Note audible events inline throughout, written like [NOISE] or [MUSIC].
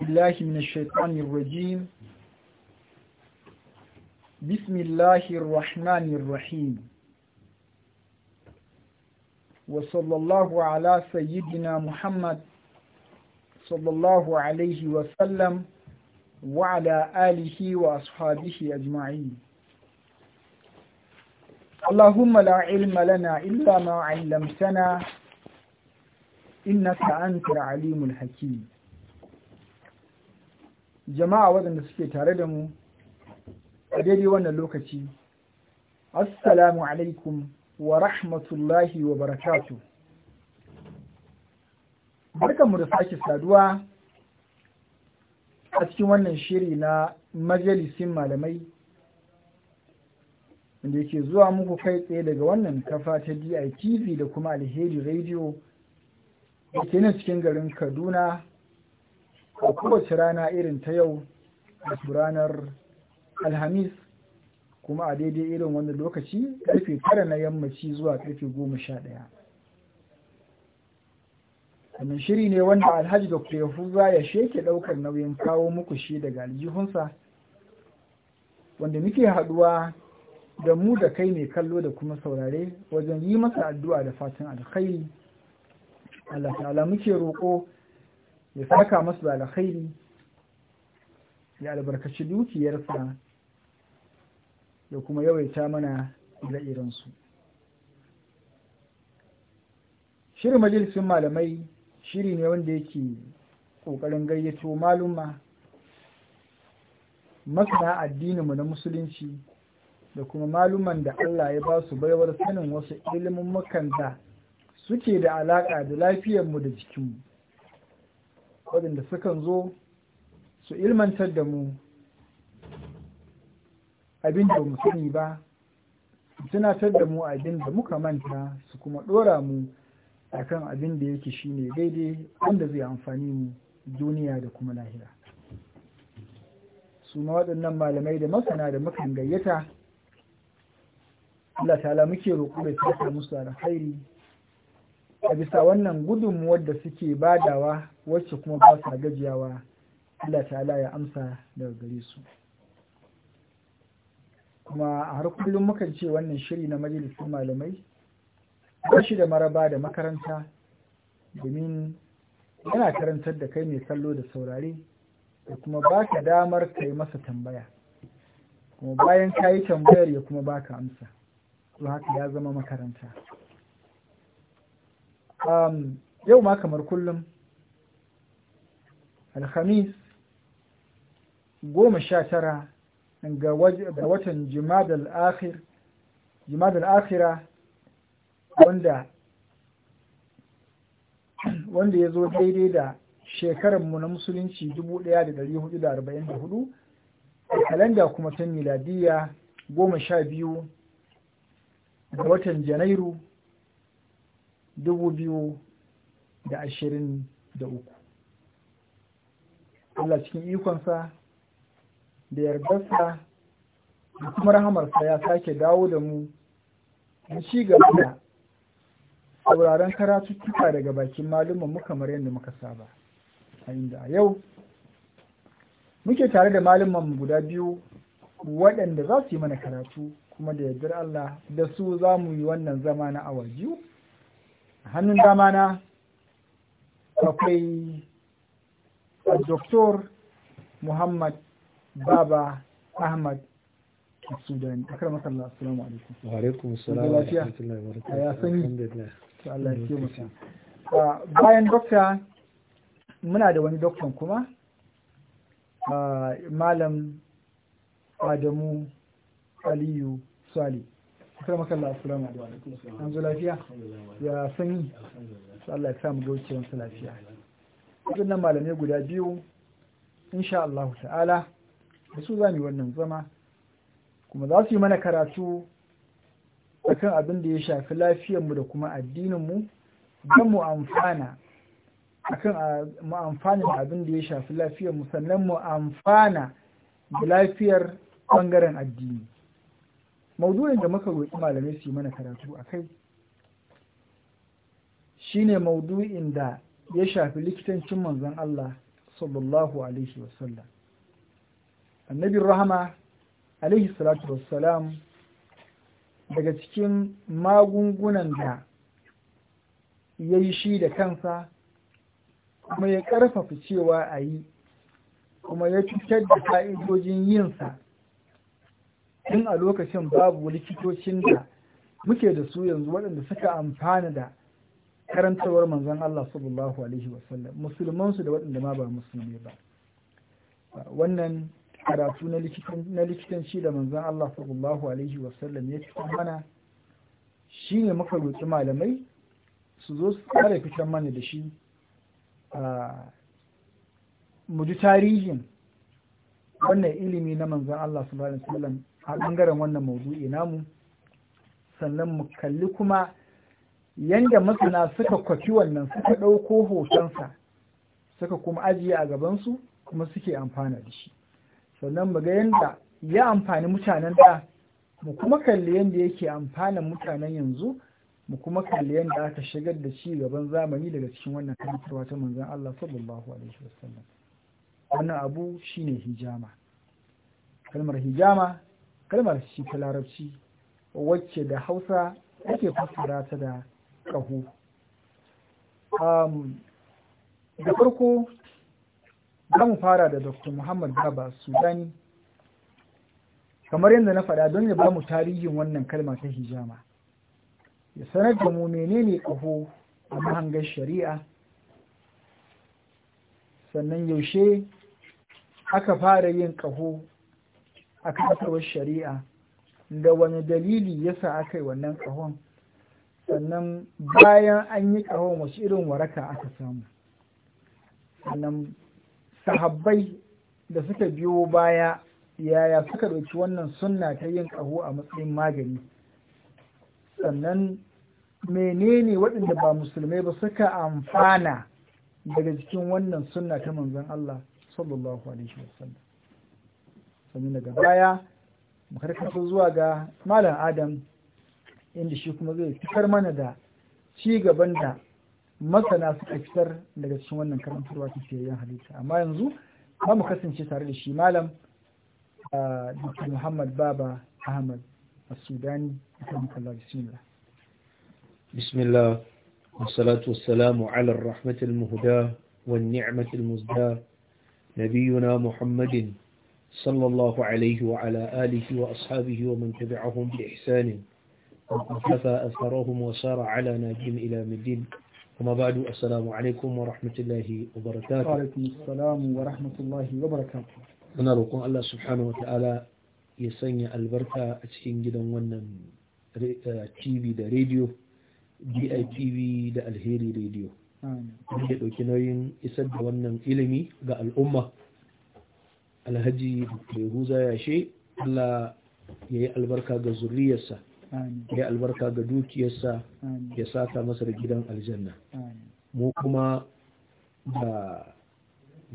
بالله من الشيطان الرجيم بسم الله الرحمن الرحيم وصلى الله على سيدنا محمد صلى الله عليه وسلم وعلى آله وأصحابه أجمعين اللهم لا علم لنا إلا ما علمتنا إنك أنت العليم الحكيم jama'a waɗanda suke tare da mu a daidai wannan lokaci assalamu alaikum wa rahmatullahi wa barakatu mu da sake saduwa a cikin wannan shiri na majalisin malamai da yake zuwa muku kai tsaye daga wannan kafa ta DITV da kuma alheri radio da ke nan cikin garin kaduna a kowace rana irin ta yau da ranar alhamis kuma a daidai irin wanda lokaci karfe tara na yammaci zuwa karfe goma sha ɗaya wannan shiri ne wanda alhaji dr yahuza ya sheke ɗaukar nauyin kawo muku shi daga aljihunsa wanda muke haɗuwa da mu da kai mai kallo da kuma saurare wajen yi masa addu'a da fatan alkhairi Allah ta'ala muke roƙo ya saka masu da alkhairi ya albarkaci dukiyarsa da kuma yawaita mana ire irinsu. shirin majalisun malamai shiri ne wanda yake ƙoƙarin gayyato maluma masana addininmu na musulunci da kuma maluman da Allah ya ba su baiwar sanin wasu ilimin da suke da alaƙa da lafiyarmu da jikinmu waɗanda sukan zo su ilmantar da mu abin da mu sani ba su tunatar da mu abin da muka manta su kuma ɗora mu a kan abin da yake ne daidai wanda zai amfani mu duniya da kuma lahira su waɗannan malamai da masana da mukan gayyata Allah ta'ala muke roƙo da ta musu alkhairi a bisa wannan gudunmuwar da suke badawa wacce kuma ba sa gajiyawa Allah ta'ala ya amsa daga gare su kuma a har kullum mukan ce wannan shiri na majalisun malamai ba shi da maraba da makaranta domin yana karantar da kai mai kallo da saurare da kuma ba ka damar kai masa tambaya kuma bayan ka yi tambayar ya kuma ba ka amsa to haka ya zama makaranta Um, yau ma kamar kullum alhamis goma sha tara ga watan jima'ar akira wanda wanda ya zo daidai da shekarar mu na musulunci 1444 kalanda kuma ta miladiya biyu ga watan janairu 2023 Allah cikin ikonsa da yardarsa da kuma rahamarsa ya sake dawo da mu mu ci gaba da sauraron karatuttuka daga bakin mu kamar yadda muka saba a inda a yau muke tare da mu guda biyu waɗanda za su yi mana karatu kuma da yardar Allah da su za mu yi wannan zama na awa biyu hannun dama na akwai doktor muhammad baba ahmad sudan akar masallah assalamu alaikum wa alaikum assalam wa ya sani to Allah ya ce mutum ah, bayan dokta muna da wani doktan kuma ah, malam adamu aliyu salih akar maka Allah assalamu alaikum an zo lafiya ya sanyi Allah ya samu gauce wansa lafiya waɗannan malamai guda biyu insha Allah ta'ala da su za mu yi wannan zama kuma za su yi mana karatu akan abin da ya shafi lafiyarmu da kuma addininmu don mu amfana akan mu amfana da abin da ya shafi lafiyarmu sannan mu amfana da lafiyar ɓangaren addini maudu'in da muka roƙi malamai su yi mana karatu a kai shine maudu'in da ya shafi likitancin manzon Allah sallallahu alaihi wasallam annabi rahama alaihi salatu wassalam daga cikin magungunan da ya yi shi da kansa kuma ya ƙarfafa cewa a yi kuma ya cutar da ka'idojin yinsa tun a lokacin babu likitocin da muke da su yanzu waɗanda suka amfana da karantarwar manzon Allah sallallahu alaihi wasallam musulman su da waɗanda ma ba musulmi ba wannan karatu na likitanci da manzon Allah sallallahu alaihi wasallam ya fitar mana shine muka roƙi malamai su zo su tsara fitar mana da shi mu ji tarihin wannan ilimi na manzon Allah sallallahu alaihi wasallam a ɓangaren wannan maudu'i namu sannan mu kalli kuma yanda masana suka kwafi wannan suka ɗauko hotonsa suka kuma ajiye a gabansu kuma suke amfana da shi sannan mu ga yanda ya amfani mutanen da mu kuma kalli yanda yake amfana mutanen yanzu mu kuma kalli yanda aka shigar da ci gaban zamani daga cikin wannan karantarwa ta manzon Allah sallallahu alaihi wasallam wannan abu shine hijama kalmar hijama kalmar shi ta larabci wacce da hausa ake fassara ta da ƙaho da farko za mu fara da dr muhammad baba sudani kamar yadda na faɗa don ya ba mu tarihin wannan kalma ta hijama ya sanar da mu menene ƙaho a mahangar shari'a sannan yaushe aka fara yin ƙaho a kasarwar shari'a da wani dalili ya sa aka yi wannan ƙahon sannan bayan an yi ƙahon wasu irin waraka aka samu sannan sahabbai da suka biyo baya yaya suka ɗauki wannan sunna ta yin ƙaho a matsayin magani sannan menene waɗanda ba musulmai ba suka amfana daga cikin wannan sunna ta manzon Allah sallallahu alaihi wasallam sannan daga baya mu karkato zuwa ga malam adam inda shi kuma zai fitar mana da ci gaban da masana suka fitar daga cikin wannan karantarwa ta siyayyen halitta amma yanzu ba mu kasance tare da shi malam ah, dr muhammad baba ahmad السوداني رحمه a بسم الله بسم الله والصلاة والسلام على الرحمة wa والنعمة المزداة nabiyuna muhammadin. صلى الله عليه وعلى آله وأصحابه ومن تبعهم بإحسان وكفى أثرهم وسار على ناجم إلى مدين وما بعد السلام عليكم ورحمة الله وبركاته وعليكم السلام ورحمة الله وبركاته أنا رقم الله سبحانه وتعالى يسني البركة أتكين جدا ونن تي في دا راديو دي اي تي في دا الهيري راديو. آمين. نحن نحن نحن نحن نحن نحن alhaji mai huza yashe Allah ya yi albarka ga zuriyarsa ya yi albarka ga dukiyarsa ya saka masa da gidan aljanna mu kuma da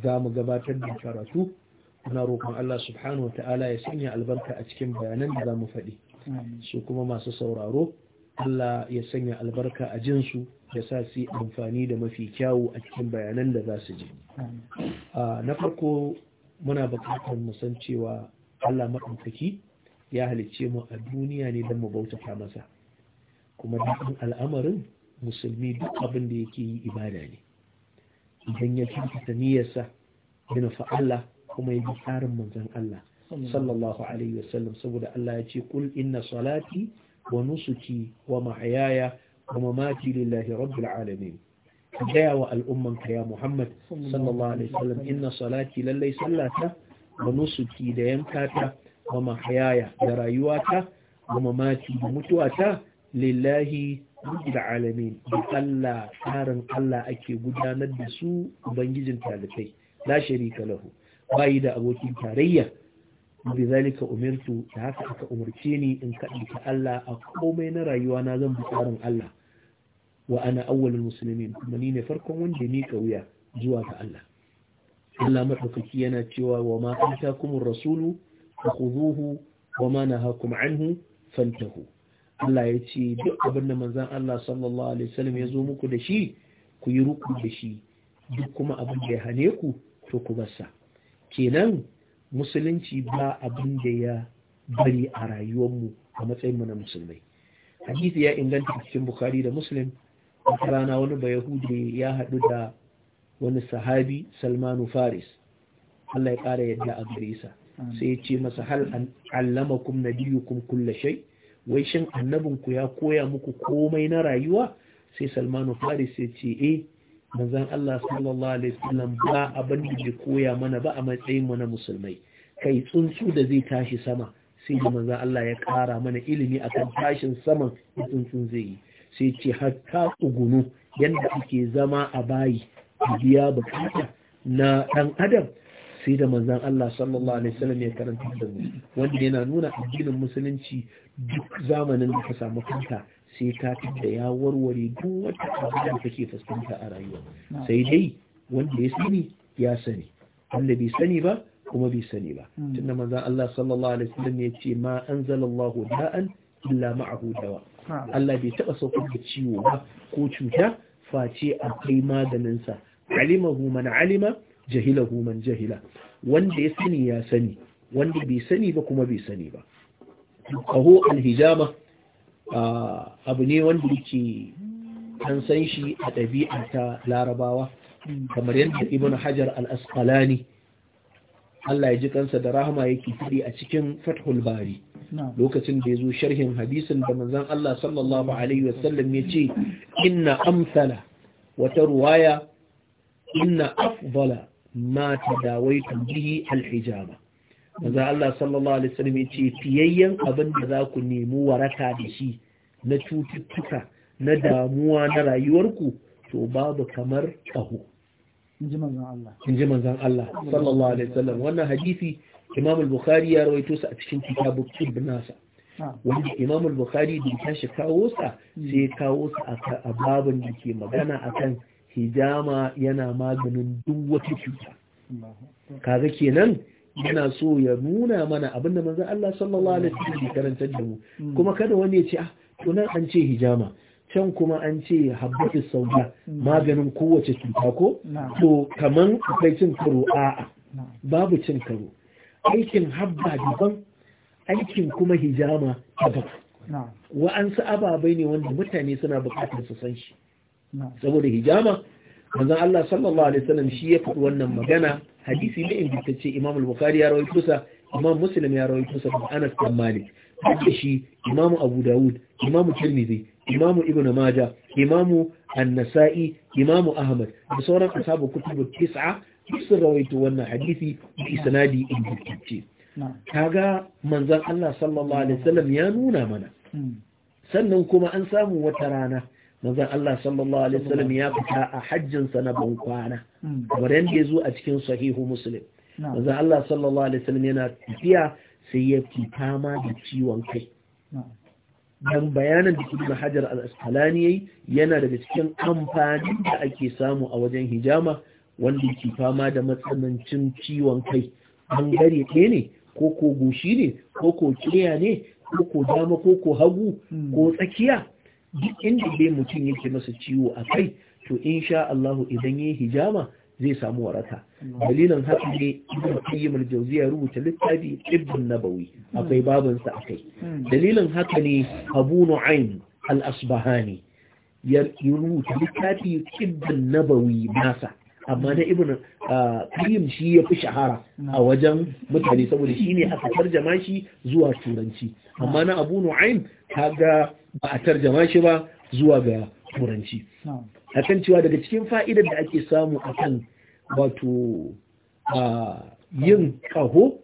za mu gabatar da karatu muna roƙon Allah subhanahu wa ta'ala ya sanya albarka a cikin bayanan da za mu faɗi su kuma masu sauraro Allah ya sanya albarka a jinsu ya sa su amfani da mafi kyawu a cikin bayanan da za su ji ah, na farko muna buƙatar mu san cewa Allah maɗaukaki ya halicce mu a duniya ne don mu bautata masa kuma dukkan al'amarin musulmi duk abin da yake yi ibada ne idan ya kyautata niyyarsa ya nufa Allah kuma ya bi tsarin manzon Allah sallallahu alaihi wasallam saboda Allah ya ce kul inna salati wa nusuki wa mahayaya wa mamati lillahi rabbil alamin ka gaya wa al'ummanka ya Muhammad sallallahu alaihi wasallam inna salati lallai sallata wa nusuki da yankata wa mahayaya da rayuwata wa mamati da mutuwata lillahi rabbil alamin Allah tsarin Allah ake gudanar da su ubangijin talibai la sharika lahu bayi da abokin tarayya bi zalika umirtu da haka aka umarce ni in kaɗi ta Allah a komai na rayuwa na zan bi tsarin Allah wa ana awwalul muslimin kuma ni ne farkon wanda ni mika wuya zuwa ga Allah Allah madaukaki yana cewa wa ma atakumur rasulu fakhuduhu wa ma nahakum anhu fantahu Allah ya ce duk abin da manzon Allah sallallahu alaihi wasallam ya zo muku da shi ku yi ruku da shi duk kuma abin da ya hane ku to ku barsa kenan musulunci ba abin da ya bari a rayuwarmu a matsayinmu na musulmai hadisi ya inganta cikin bukhari da muslim wata rana wani bayahudi ya haɗu da wani sahabi salmanu faris Allah ya ƙara yadda a gare sa sai ya ce masa hal an allamakum kum kulla shai? wai shin annabinku ya koya muku komai na rayuwa sai salmanu faris ya ce eh manzon Allah sallallahu alaihi wasallam ba abin da ya koya mana ba a matsayin mu na musulmai kai tsuntsu da zai tashi sama sai da manzon Allah ya ƙara mana ilimi akan tashin saman tsuntsun zai yi sai ce hatta tsugunu yadda ake zama a bayi biya bukata na ɗan adam sai da manzan Allah sallallahu alaihi wasallam ya karanta da mu wanda yana nuna addinin musulunci duk zamanin da ka samu kanta sai ka da ya warware duk wata abin da kake fuskanta a rayuwa sai dai wanda ya sani ya sani wanda bai sani ba kuma bai sani ba hmm. tunda manzan Allah sallallahu alaihi wasallam ya ce ma anzalallahu da'an illa ma'ahu dawa Allah bai taɓa saukar da ciwo ba ko cuta face akwai maganinsa alima human alima jahila human jahila wanda ya sani ya sani wanda bai sani ba kuma bai sani ba kaho alhijama abu ne wanda yake an san shi a ɗabi'ar ta larabawa hmm. kamar yadda ibn hajar al-asqalani Allah ya ji kansa da rahama yake fadi a cikin Fathul Bari lokacin da yazo sharhin hadisin da manzon Allah sallallahu alaihi wasallam yace inna amsala wata ruwaya inna afdala ma tadawaitu bihi al-hijama manzon Allah sallallahu alaihi wasallam yace fiyayyen abin da za ku nemi waraka da shi na cututtuka na damuwa na rayuwarku to babu kamar kaho in manzan Allah sallallahu alaihi wasallam wannan hadisi Imam al-Bukhari ya rawaito sa a cikin kitabu Tib nasa ah. wanda Imam al-Bukhari da tashi kawo sa hmm. sai kawo sa a babin da ke magana akan hijama yana maganin duk wata cuta kaga kenan yana so ya nuna mana abinda manzan Allah sallallahu alaihi wasallam ya karanta da mu hmm. kuma kada wani ya ce ah to nan an ce hijama can kuma an ce habbatus sauda mm. maganin kowace cuta ko to kaman akwai cin karo a'a babu cin karo aikin habba daban aikin kuma hijama daban wa'ansu ababai ne wanda mutane suna bukatar su san shi saboda hijama manzon Allah sallallahu alaihi wasallam shi ya faɗi wannan magana hadisi ne ingantacce Imam al-Bukhari ya rawaito sa Imam Muslim ya rawaito sa da Anas bin Malik da shi Imam Abu Dawud Imam Tirmidhi imamu ibn maja imamu an-nasa'i imamu ahmad da sauran ashabu kutubu tis'a sun rawaito wannan hadisi da isnadi ingantacce kaga manzon Allah sallallahu alaihi wasallam ya nuna mana hmm. sannan kuma an samu wata rana manzon Allah sallallahu ya fita a hajjin na ban kwana hmm. kamar yadda ya zo a cikin sahihu muslim manzon Allah sallallahu alaihi wasallam yana tafiya sai ya fita da ciwon kai dan bayanin da kuma Hajar al-Asqalani yana daga cikin amfani da ake samu a wajen hijama wanda ke fama da matsanancin ciwon kai bangare ke ne ko ko gushi ne ko ko kiya ne ko ko dama ko ko hagu hmm. ko tsakiya duk inda bai mutum yake masa ciwo a kai to insha Allah idan yayi hijama zai samu waraka dalilin haka ne ibn qayyim al-jawziya rubuta littafi ibn nabawi akwai babansa sa akai hmm. dalilin haka ne abu nu'aym al-asbahani ya rubuta littafi ibn nabawi nasa amma na ibn ah, qayyim shi ya fi shahara a hmm. wajen mutane saboda shine aka tarjama shi zuwa turanci amma na abu nu'aym kaga ba a tarjama shi ba zuwa ga turanci akan cewa daga cikin fa'idar da ake samu akan wato yin kaho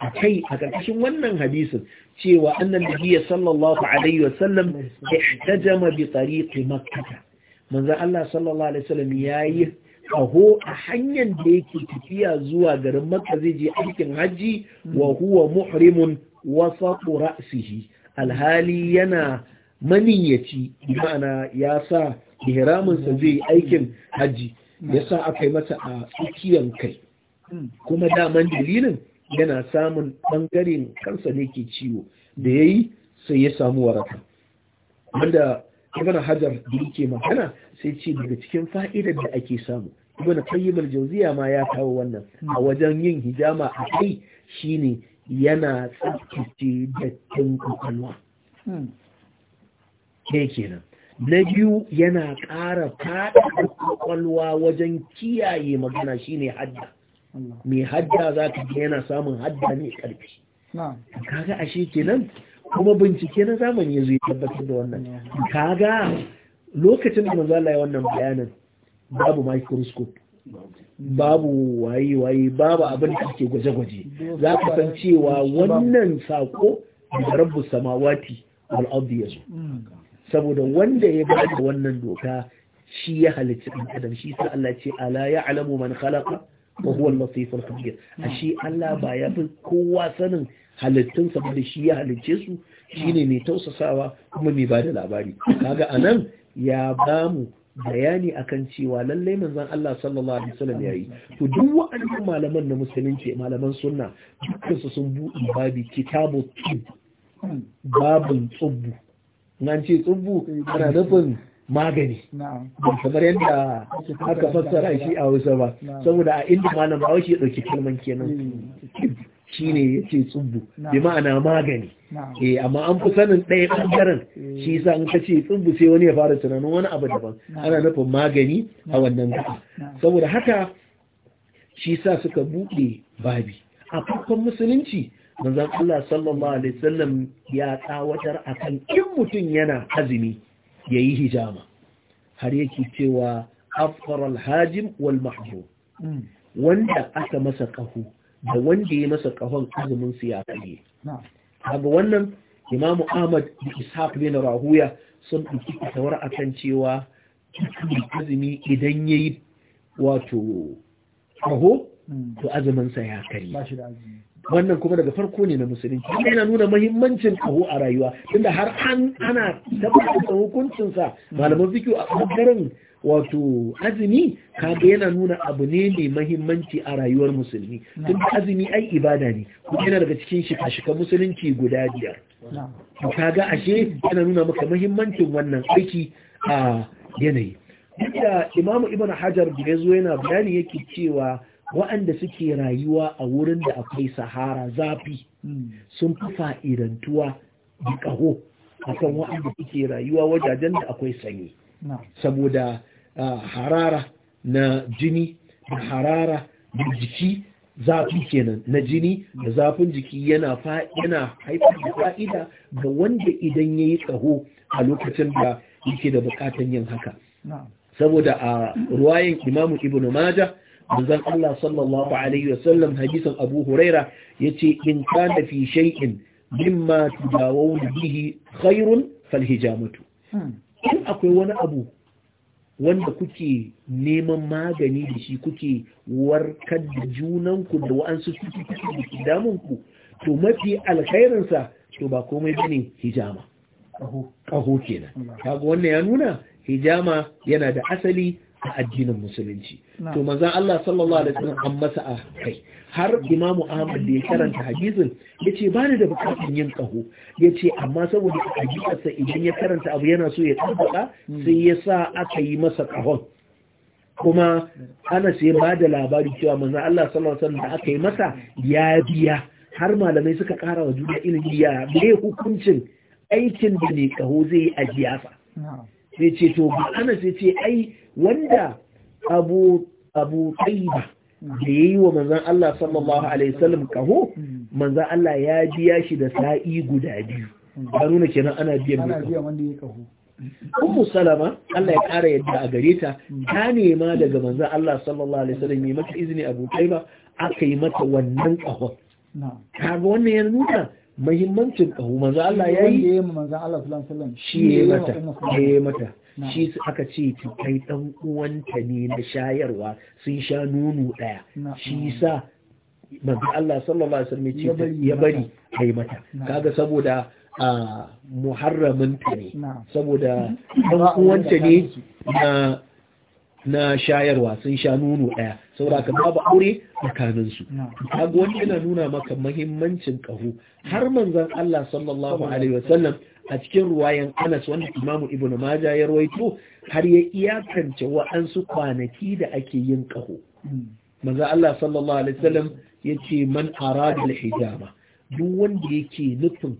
a kai a ƙarƙashin wannan hadisin cewa annan nabiyya sallallahu alaihi wasallam ihtajama bi tariqi makkah manzo Allah sallallahu alaihi wasallam yayi kaho a hanyar da yake tafiya zuwa garin makka zai je aikin hajji wa mm. huwa muhrimun wasatu ra'sihi alhali yana maniyyaci ma'ana ya sa ihraminsa zai yi aikin hajji ya sa aka yi masa a tsakiyar kai kuma daman dalilin yana samun ɓangaren kansa ne ke ciwo da ya yi sai ya samu waraka wanda ibn hajar da yake magana sai ce daga cikin fa'idar da ake samu ibn qayyim al ma ya kawo wannan a wajen yin hijama a kai shine yana da dattin kwakwalwa ke kenan na biyu yana ƙara faɗa ƙwaƙwalwa wajen kiyaye magana shine hadda mai hadda za ka yana samun hadda ne ƙarfi kaga shi kenan kuma bincike na zamani ya ya tabbatar da wannan kaga lokacin da manzo Allah ya wannan bayanin babu microscope babu waye-waye babu abin da ke gwaje-gwaje za ka san cewa wannan sako da rabbu samawati wal ardi yazo mm. saboda wanda ya bada wannan doka shi ya halicci ɗan adam shi sa Allah ce ala ya alamu man khalaqa wa huwa al-latif khabir ashi Allah ba ya fi kowa sanin halittun sa da shi ya halicce su shine mai tausasawa kuma mai bada labari kaga anan ya bamu bayani akan cewa lallai manzon Allah sallallahu alaihi wasallam yayi to duk wa'annan malaman na musulunci malaman sunna dukkan su sun buɗe babu kitabu babun tsubbu nan ce tsubbu ana nufin magani kamar yadda aka fassara shi a wasu ba saboda a inda malam ba shi ya dauki kalman kenan hmm. shi shine yace tsubbu bi ma'ana magani eh amma an fi sanin ɗaya ɓangaren eh. shi yasa in ka ce tsubbu sai wani ya fara tunanin wani abu daban ana nufin magani a wannan gaba saboda haka shi sa suka buɗe babi a farkon musulunci manzan Allah sallallahu alaihi wasallam ya tsawatar akan in mutum yana azumi yayi hijama har yake cewa afqara hajim wal mahjum hmm. wanda aka masa kahu da wanda ya masa kahon azumin su ya kage kaga wannan imamu Ahmad da Ishaq bin Rahuya sun ɗauki a akan cewa azumi idan yayi wato kaho hmm. to azumin sa ya kare wannan kuma daga farko ne na musulunci yana nuna mahimmancin kaho a rayuwa tunda har an ana tabbatar da hukuncin sa malaman fikihu a bangaren wato azumi kaga yana nuna abu ne mai mahimmanci a rayuwar musulmi tunda azumi ai ibada ne kuma yana daga cikin shika-shika musulunci guda biyar kaga ashe yana nuna maka mahimmancin wannan aiki a yanayi duk da imamu ibn hajar da ya zo yana bayani yake cewa waɗanda suke rayuwa a wurin da akwai sahara zafi hmm. sun fi fa'idantuwa da ƙaho a kan waɗanda suke rayuwa wajajen da akwai sanyi saboda harara na jini da harara da jiki zafi kenan na jini da zafin jiki yana haifar da fa'ida ga wanda idan ya yi ƙaho a lokacin da yake da bukatan yin haka saboda a ruwayin imamu ibn maja manzon Allah sallallahu alaihi wasallam hadisin Abu Huraira yace in kana fi shay'in mimma tudawun bihi khairun falhijamatu hmm. in akwai wani abu wanda kuke neman magani da shi kuke warkar da junanku da wa'ansu cututtuka da ke to mafi alkhairinsa to ba komai bane hijama ƙaho kenan kaga wannan ya nuna hijama yana da asali a addinin musulunci to maza Allah sallallahu alaihi wasallam an masa a kai har imamu Ahmad da ya karanta hadisin yace ba ni da bukatun yin kaho ce amma saboda a hakikarsa, idan ya karanta abu yana so ya tabbata hmm. sai ya sa aka yi masa kahon kuma ana sai ba da labari cewa maza Allah sallallahu alaihi wasallam da aka yi masa ya biya har malamai suka kara wa juna ilimi ya bai hukuncin aikin da ne kaho zai yi a jiyafa sai to ba ana sai ce ai wanda abu abu taiba da ya yi wa manzan Allah sallallahu Alaihi wasallam kaho manzan Allah ya biya shi da sa'i guda biyu ya nuna kenan ana biyan mai kaho Ummu Salama Allah ya ƙara yadda a gare ta ta nema daga manzan Allah sallallahu Alaihi wasallam mai mata izini abu ƙaiba aka yi mata wannan kaho kaga wannan ya nuna mahimmancin kaho manzan Allah ya yi shi ya yi mata shi aka ce ki kai ɗan uwanta ne na shayarwa sun sha nono ɗaya. shi sa manzo Allah sallallahu alaihi wasallam ya bari kai mata kaga saboda muharramin ta ne saboda mhm. ɗan uwanta ne na na shayarwa sun sha nono ɗaya saboda ka babu aure tsakanin su kaga wani yana nuna maka mahimmancin ƙaho har manzon Allah sallallahu alaihi wasallam a cikin ruwayan Anas wanda Imamu Ibn Majah ya rawaito har ya iyakance waɗansu kwanaki da ake yin ƙaho. Maza Allah sallallahu alaihi wasallam ya ce man arada al-hijama duk wanda yake nufin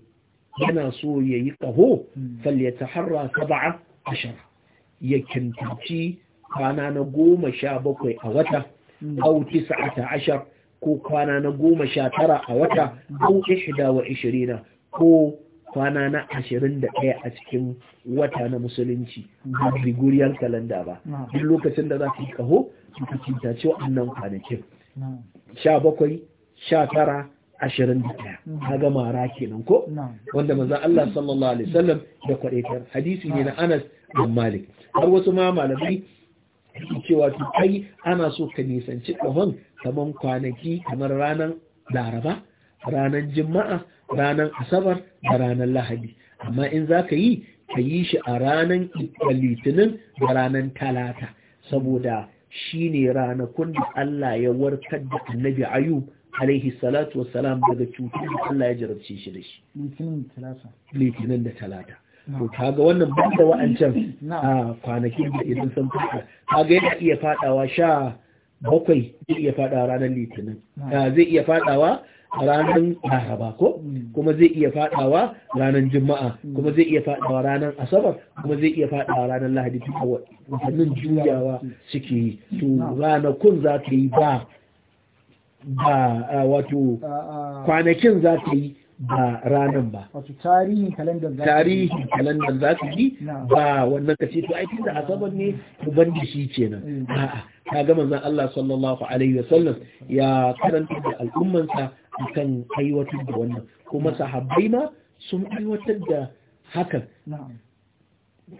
yana so ya yi ƙaho falyataharra sab'a ashar ya kintaci kwana na goma sha bakwai a wata au tis'ata ashar ko kwana na goma sha tara a wata au ihda wa ishirina ko kwana na ashirin da ɗaya a cikin wata na musulunci ba gregorian calendar ba duk lokacin da za ka yi kaho ka kintace wannan kwanakin sha bakwai sha tara ashirin da ɗaya ka ga mara kenan ko wanda maza Allah sallallahu alaihi wasallam da kwaɗaitar hadisi ne na Anas bin Malik har wasu ma malamai cewa tukai kai ana so ka nisanci kahon kamar kwanaki kamar ranar Laraba ranar Juma'a ranar asabar da ranar lahadi amma in za ka yi ka yi shi a ranar litinin da ranar talata saboda shi ne ranakun da Allah ya warkar da annabi ayub alaihi salatu wassalam daga cutar da Allah ya jarabce shi da shi litinin da talata to kaga wannan ban da wa'ancan a kwanakin da idan sun fada kaga yana iya fadawa sha bakwai zai iya fadawa ranar litinin zai iya fadawa ranar laraba ko hmm. kuma zai iya fadawa ranar juma'a hmm. kuma zai iya fadawa ranar asabar kuma zai iya fadawa ranar lahadi a wannan juyawa suke yi to hmm. ranakun za ta yi ba ba wato kwanakin za ta yi ba ranan ba wato tarihin kalendar za tarihin za ta yi ba wannan kace to ai da asabar ne to bandi shi kenan a'a ta ga manzon Allah sallallahu alaihi wasallam ya karanta da al'ummansa akan aiwatar da wannan kuma sahabbai ma sun aiwatar da hakan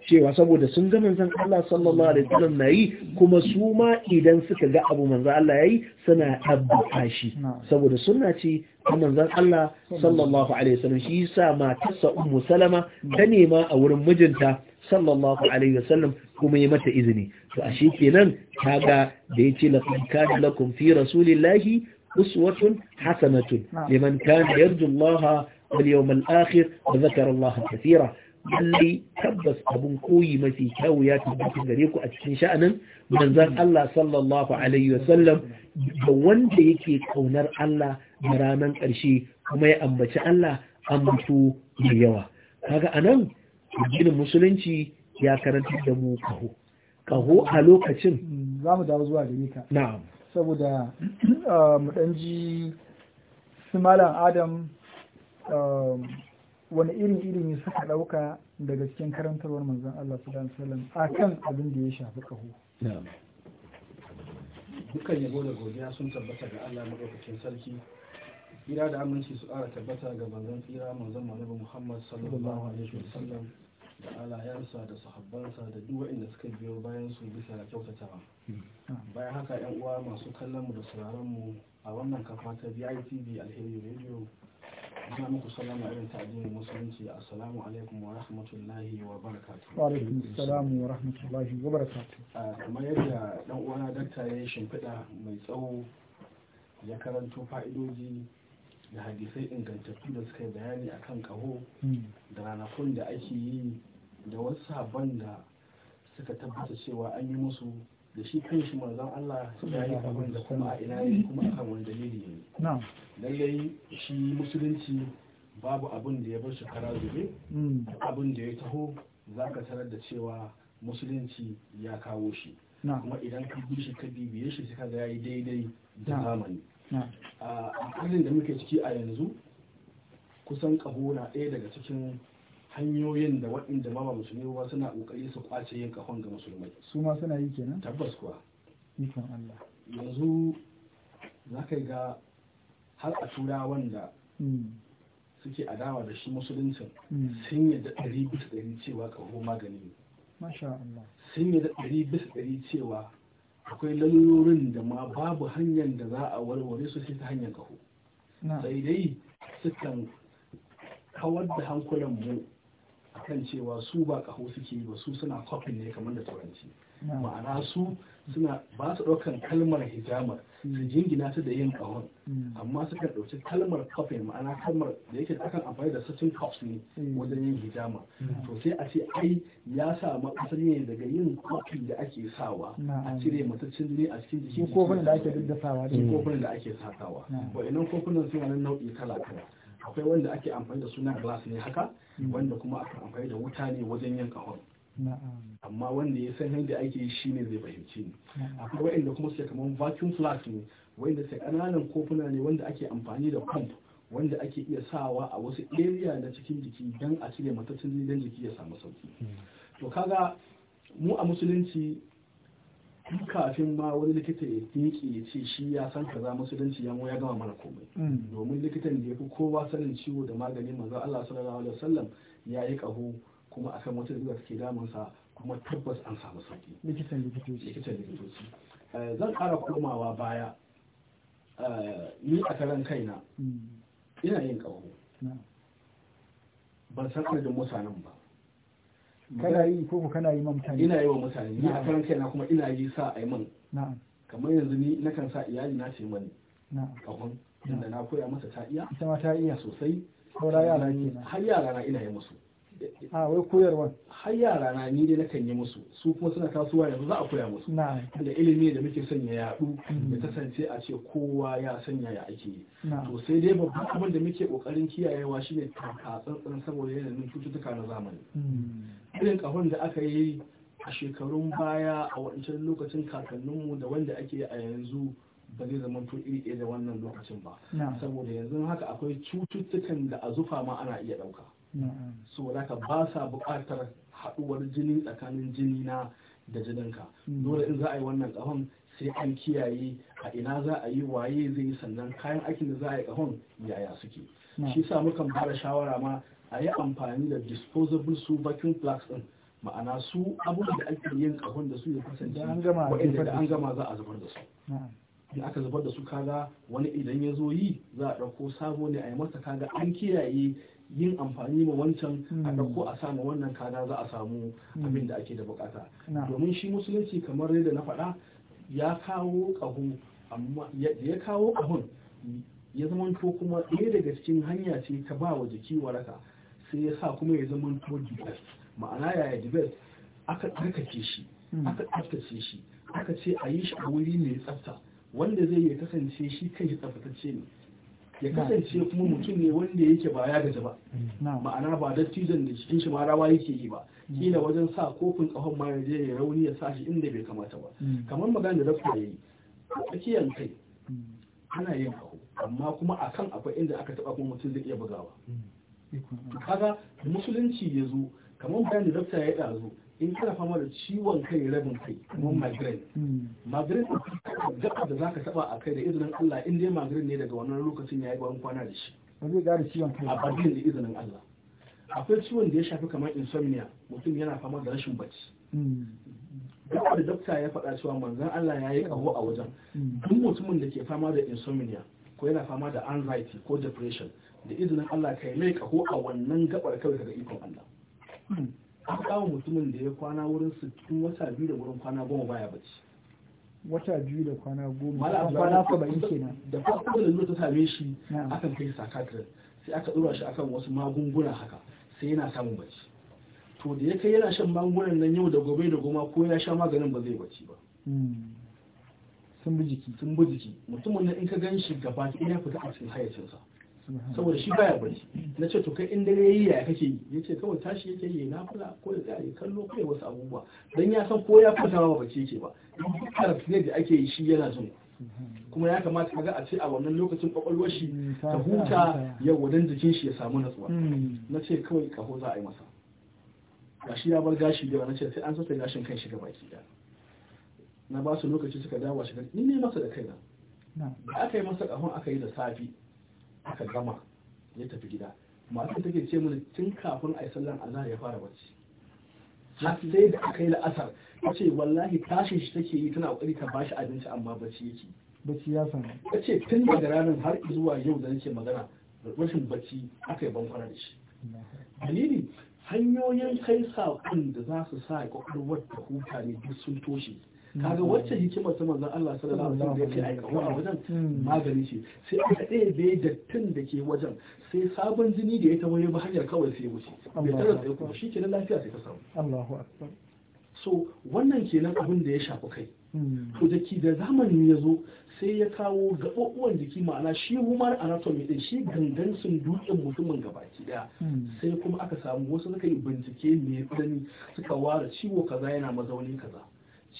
cewa saboda sun ga manzon Allah sallallahu alaihi wasallam nayi kuma su ma idan suka ga abu manzon Allah yayi suna tabbata shi saboda sunna ci, ta manzon Allah sallallahu alaihi wasallam shi yasa matarsa Ummu Salama ta nema a wurin mijinta sallallahu alaihi wasallam kuma ya mata izini to ashe kenan kaga da yace laqad kana lakum fi rasulillahi uswatun hasanatun liman kana yarju Allah wal yawmal akhir wa dhakara Allah kathira lalle tabbas abun koyi mafi kyau ya tabbata gare ku a cikin sha'anin manzon Allah sallallahu alaihi wasallam da wanda yake kaunar Allah da ranan ƙarshe kuma ya ambaci Allah ambatu da yawa kaga anan addinin musulunci ya karanta da mu kaho kaho a lokacin hmm, za mu dawo zuwa gare ka na'am saboda um, mu dan ji su malam adam um, wani irin ilimi suka dauka daga cikin karantarwar manzon Allah sallallahu alaihi wasallam akan abin da ya shafi kaho na'am dukkan yabo da godiya sun tabbata ga Allah madaukakin sarki tsira da aminci su ƙara tabbata ga manzon tsira manzon malabi muhammad sallallahu alaihi wasallam ta'ala ya rusa da sahabbansa da duk waɗanda suka biyo bayan su bisa kyautatawa bayan haka yan uwa masu kallon mu da sauraron mu a wannan kafa ta BITV Alheri Radio ina muku salama irin ta addinin musulunci assalamu alaikum wa rahmatullahi wa barakatuh alaikum wa rahmatullahi wa barakatuh kamar yadda dan uwana dakta ya shimfiɗa mai tsawo ya karanto fa'idoji da hadisai ingantattu da suka yi bayani a kan kaho hmm. da ranakun da ake yi da wasu sabon da suka tabbata cewa an yi musu da shi kan shi manzon Allah ya yi abin da kuma a ina ne kuma akan wani dalili ne lallai shi musulunci babu abin da ya bar shi kara zube hmm. abin da ya taho za ka tarar da cewa musulunci ya kawo shi kuma idan ka bi shi ka bibiye shi sai ka ga yi daidai da zamani a halin da muke ciki a yanzu kusan kaho na ɗaya daga cikin hanyoyin da waɗanda ba musulmi ba suna ƙoƙari su kwace yin ƙahon ga musulmai su ma suna yi kenan tabbas kuwa ikon Allah yanzu za ka ga har a tura wanda hmm. suke adawa da shi musuluncin hmm. sun yi da ɗari bisa ɗari cewa kaho magani ne sun yi da ɗari bisa ɗari cewa akwai lalurorin da ma babu hanyar da za a warware su ta hanyar kahu sai dai sukan kawar da hankulan mu akan cewa su ba kaho suke ba su suna kofin ne kamar da turanci ma'ana su suna ba su ɗaukan kalmar hijamar su hmm. jingina ta da yin kahon hmm. amma suka ɗauki kalmar kofin ma'ana kalmar da yake akan amfani da certain cups ne hmm. wajen yin hijama to sai a ce ai ya sa asali ne daga yin kofin da ake sawa a cire mataccen ne a cikin jikin kofunan da ake daddasawa cikin kofunan da ake wa'annan kofunan suna nan nau'i kala kala akwai wanda ake amfani da suna glass ne haka wanda kuma aka amfani da wuta ne wajen yin kahon amma wanda ya san yadda ake yi shine zai fahimci ni akwai wa'inda kuma suke kamar vacuum flask ne wa'inda suke ƙananan kofuna ne wanda ake amfani da pump wanda ake iya sawa a wasu area na cikin jiki don a cire matattun don jiki ya samu sauki hmm. to kaga mu a musulunci kafin ma wani likita ya miƙe ya ce shi ya san ka kaza musulunci ya ya gama mana komai mm. domin likitan da ya fi kowa sanin ciwo da magani manzo Allah sallallahu alaihi wasallam ya yi kaho kuma akan wata zuwa suke damunsa kuma tabbas an samu sauki likitan likitoci likitan likitoci eh, zan ƙara komawa baya eh, ni a karan kaina mm. ina yin kaho ban san da mutanen ba kana yi ko kana yi ma mutane ina yi wa mutane ni a faran kaina kuma ina yi sa a yi man kamar yanzu ni na kan sa iyali na ce mani kafin inda na koya masa ta iya ita ma ta iya sosai saura yara ne har yara na ina yi musu a ah, wai koyarwa har yara na ni dai nakan yi musu su kuma suna tasowa yanzu za a koya musu da ilimi da muke sanya ya yadu mm-hmm. ya kasance a ce kowa ya sanya ya ake yi to sai dai babban abin da muke kokarin kiyayewa shine taka tsantsan saboda yanayin cututtuka na zamani mm-hmm. irin kahon da aka yi a shekarun baya a wancan lokacin kakanninmu da wanda ake a yanzu ba zai zama to iri da wannan lokacin ba saboda yanzu haka akwai cututtukan da a zufa ma ana iya ɗauka so ka ba sa buƙatar haɗuwar jini tsakanin jini na da jininka hmm. dole in za a yi wannan ƙahon sai an kiyaye a ina za a yi waye zai yi sannan kayan aikin da za a yi ƙahon yaya suke shi sa mukan fara shawara ma a yi amfani da disposable su vacuum plugs din ma'ana su abubuwan da ake yin ƙahon da su ya kasance waɗanda da an gama za a zubar da su in aka zubar da su kaga wani idan ya zo yi za a ɗauko sabo ne a yi masa kaga an kiyaye yin amfani ma wancan a hmm. ɗauko a sama wannan kada za a samu hmm. abin da ake da bukata domin shi musulunci kamar yadda na faɗa ya kawo ƙaho amma ya kawo ƙahon ya zamanto kuma ɗaya daga cikin hanya ce ta ba wa jiki waraka sai ya sa kuma ya zamanto dibes ma'ana yaya dibes aka tsarkake shi hmm. aka tsaftace shi aka ce a yi shi a wuri mai tsafta wanda zai ya kasance shi kai tsaftace ne ya kasance kuma mutum ne wanda yake baya ya gaji ba ma'ana ba dattijan da cikin shi ma yake yi ba kila wajen sa kofin kahon ma ya je ya rauni ya sa shi inda bai kamata ba hmm. kamar magana da ya yi tsakiyar kai hmm. ana yin kaho amma kuma a kan akwai inda aka taba kuma mutum zai iya bugawa hmm. kaga musulunci ya zo kamar bayan da dakta ya ɗazu in kana fama da ciwon kai rabin kai kamar mm. migraine mm. migraine gaba da zaka taba a kai da izinin Allah in dai migraine ne daga wannan lokacin yayi ban kwana da shi zai ga ciwon kai a bakin da izinin Allah akwai ciwon da ya shafi kamar insomnia mutum yana fama da rashin bacci Duk mm. da dokta ya faɗa cewa manzon Allah ya yi kaho a wajen duk mutumin da ke fama da insomnia ko yana fama da anxiety ko depression da izinin Allah kai mai kaho a wannan gabar kawai daga ikon Allah an kawo mutumin da ya kwana wurin sittin wata biyu da wurin kwana goma baya bacci wata biyu da kwana goma malam kwana saba'in kenan da farko da ta same shi akan kai sakatare sai aka dora shi akan wasu magunguna haka sai yana samun bacci to da ya kai yana shan magungunan nan yau da gobe da goma ko ya sha maganin ba zai bacci ba hmm. sun bi jiki sun bi jiki mutumin nan in ka gan shi gaba ya fita a cikin hayacinsa saboda shi baya bari na ce to kai in dare yayi ya kake yi ya ce kawai tashi yake yi na fula ko da ya kallo kai wasu abubuwa don ya san ko ya fita ba bace yake ba karatu ne da ake yi shi yana jin kuma ya kamata kaga a ce a wannan lokacin kwakwalwar shi mm, ta huta yau wadan jikin shi ya samu natsuwa mm. na ce kawai kaho za a yi masa gashi ya bar gashi da na ce sai an sassa gashin kan shi gaba ki na ba su lokaci suka dawo shi ne masa da na. da aka yi masa kahon aka yi da safi aka gama ya tafi gida masu take ce mini tun kafin a yi sallan Allah ya fara bacci har sai da aka yi la'asar ta ce wallahi tashin shi take yi tana ƙoƙari ta bashi abinci amma bacci yake bacci ya sami ta ce tun daga ranar har zuwa yau da nake magana rashin bacci aka yi bankwana da shi dalili hanyoyin kai saƙon da za su sa ƙwaƙwalwar da hutane ne duk sun toshe kaga wacce hikimar ta manzon Allah sallallahu alaihi wasallam da yake aikawa a wajen hmm. magani ce sai aka ɗebe dattin da ke wajen sai sabon jini da ya ta tawaye ba hanyar kawai sai wuce bai tsara tsaye kuma shi kenan lafiya sai ka samu Allahu akbar so wannan kenan abin da ya shafi kai hmm. to da ki da zamani ya zo sai ya kawo gaɓaɓuwan jiki ma'ana shi humar anatomy din shi gangan sun dukin mutumin gabaki daya hmm. sai kuma aka samu wasu suka yi bincike mai dani suka ware ciwo kaza yana mazauni kaza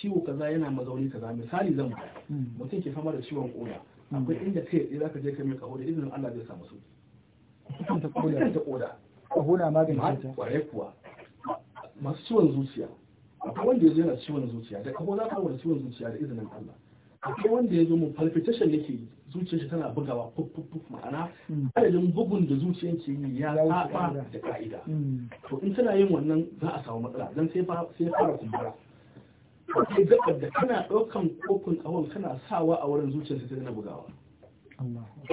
ciwo kaza yana mazauni kaza misali zan ba hmm. mutum ke fama da ciwon koda hmm. akwai inda kai tsaye zaka je ka mai kaho da izinin Allah zai samu su ta koda ta koda kaho na magani ta kware kuwa masu ciwon zuciya akwai wanda ya zo yana ciwon zuciya da kaho za ka wani ciwon zuciya da izinin Allah akwai wanda ya zo palpitation yake zuciyarsa tana bugawa puf puf puf ma'ana hmm. adadin bugun da zuciyar ke yi ya saba da ka'ida to in tana yin wannan za a samu matsala dan sai fara kumbura sai gabar da kana ɗaukan kofin awon kana sawa a wurin zuciyarsa ta na bugawa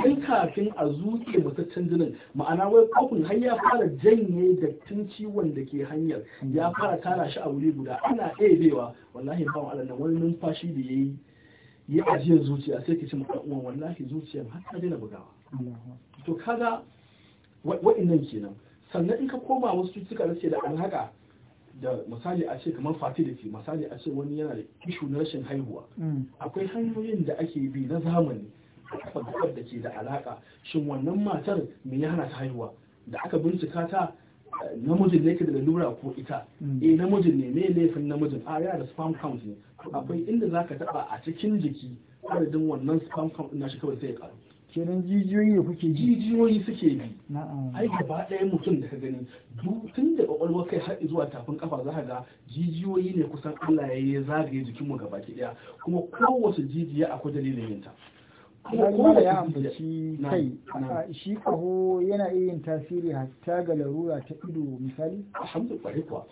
in kafin a zuke mataccen jinin ma'ana wai kofin har ya fara janye tun ciwon da ke hanyar ya fara tara shi a wuri guda ana ɗebewa wallahi ba wa wani numfashi da ya yi ya ajiyar zuciya sai ki ci maka uwan wallahi zuciya har ta daina bugawa to kaga wa'innan kenan sannan in ka koma wasu cututtuka da ke da alhaka da misali a ce kamar fertility misali a ce wani yana da ishu na rashin haihuwa mm. akwai hanyoyin da ake bi na zamani a da ke da alaka shin wannan matar mai ya hana ta haihuwa da aka bincika ta namijin ne ke da lura ko ita mm. eh namijin ne mai laifin namijin a ah, yana da sperm count ne akwai inda zaka taba a cikin jiki adadin wannan sperm count na shi kawai sai ya karu kenan jijiyoyi ne kuke ji jijiyoyi suke bi ai gaba ɗaya mutum da ka gani tun da kwakwalwa kai har zuwa tafin kafa za ka ga jijiyoyi ne kusan Allah ya yi zagaye jikin mu gaba ɗaya kuma kowace jijiya akwai dalilin yinta kuma da ya ambaci kai shi kaho yana iya yin tasiri hatta ga larura ta ido misali alhamdulillah kuwa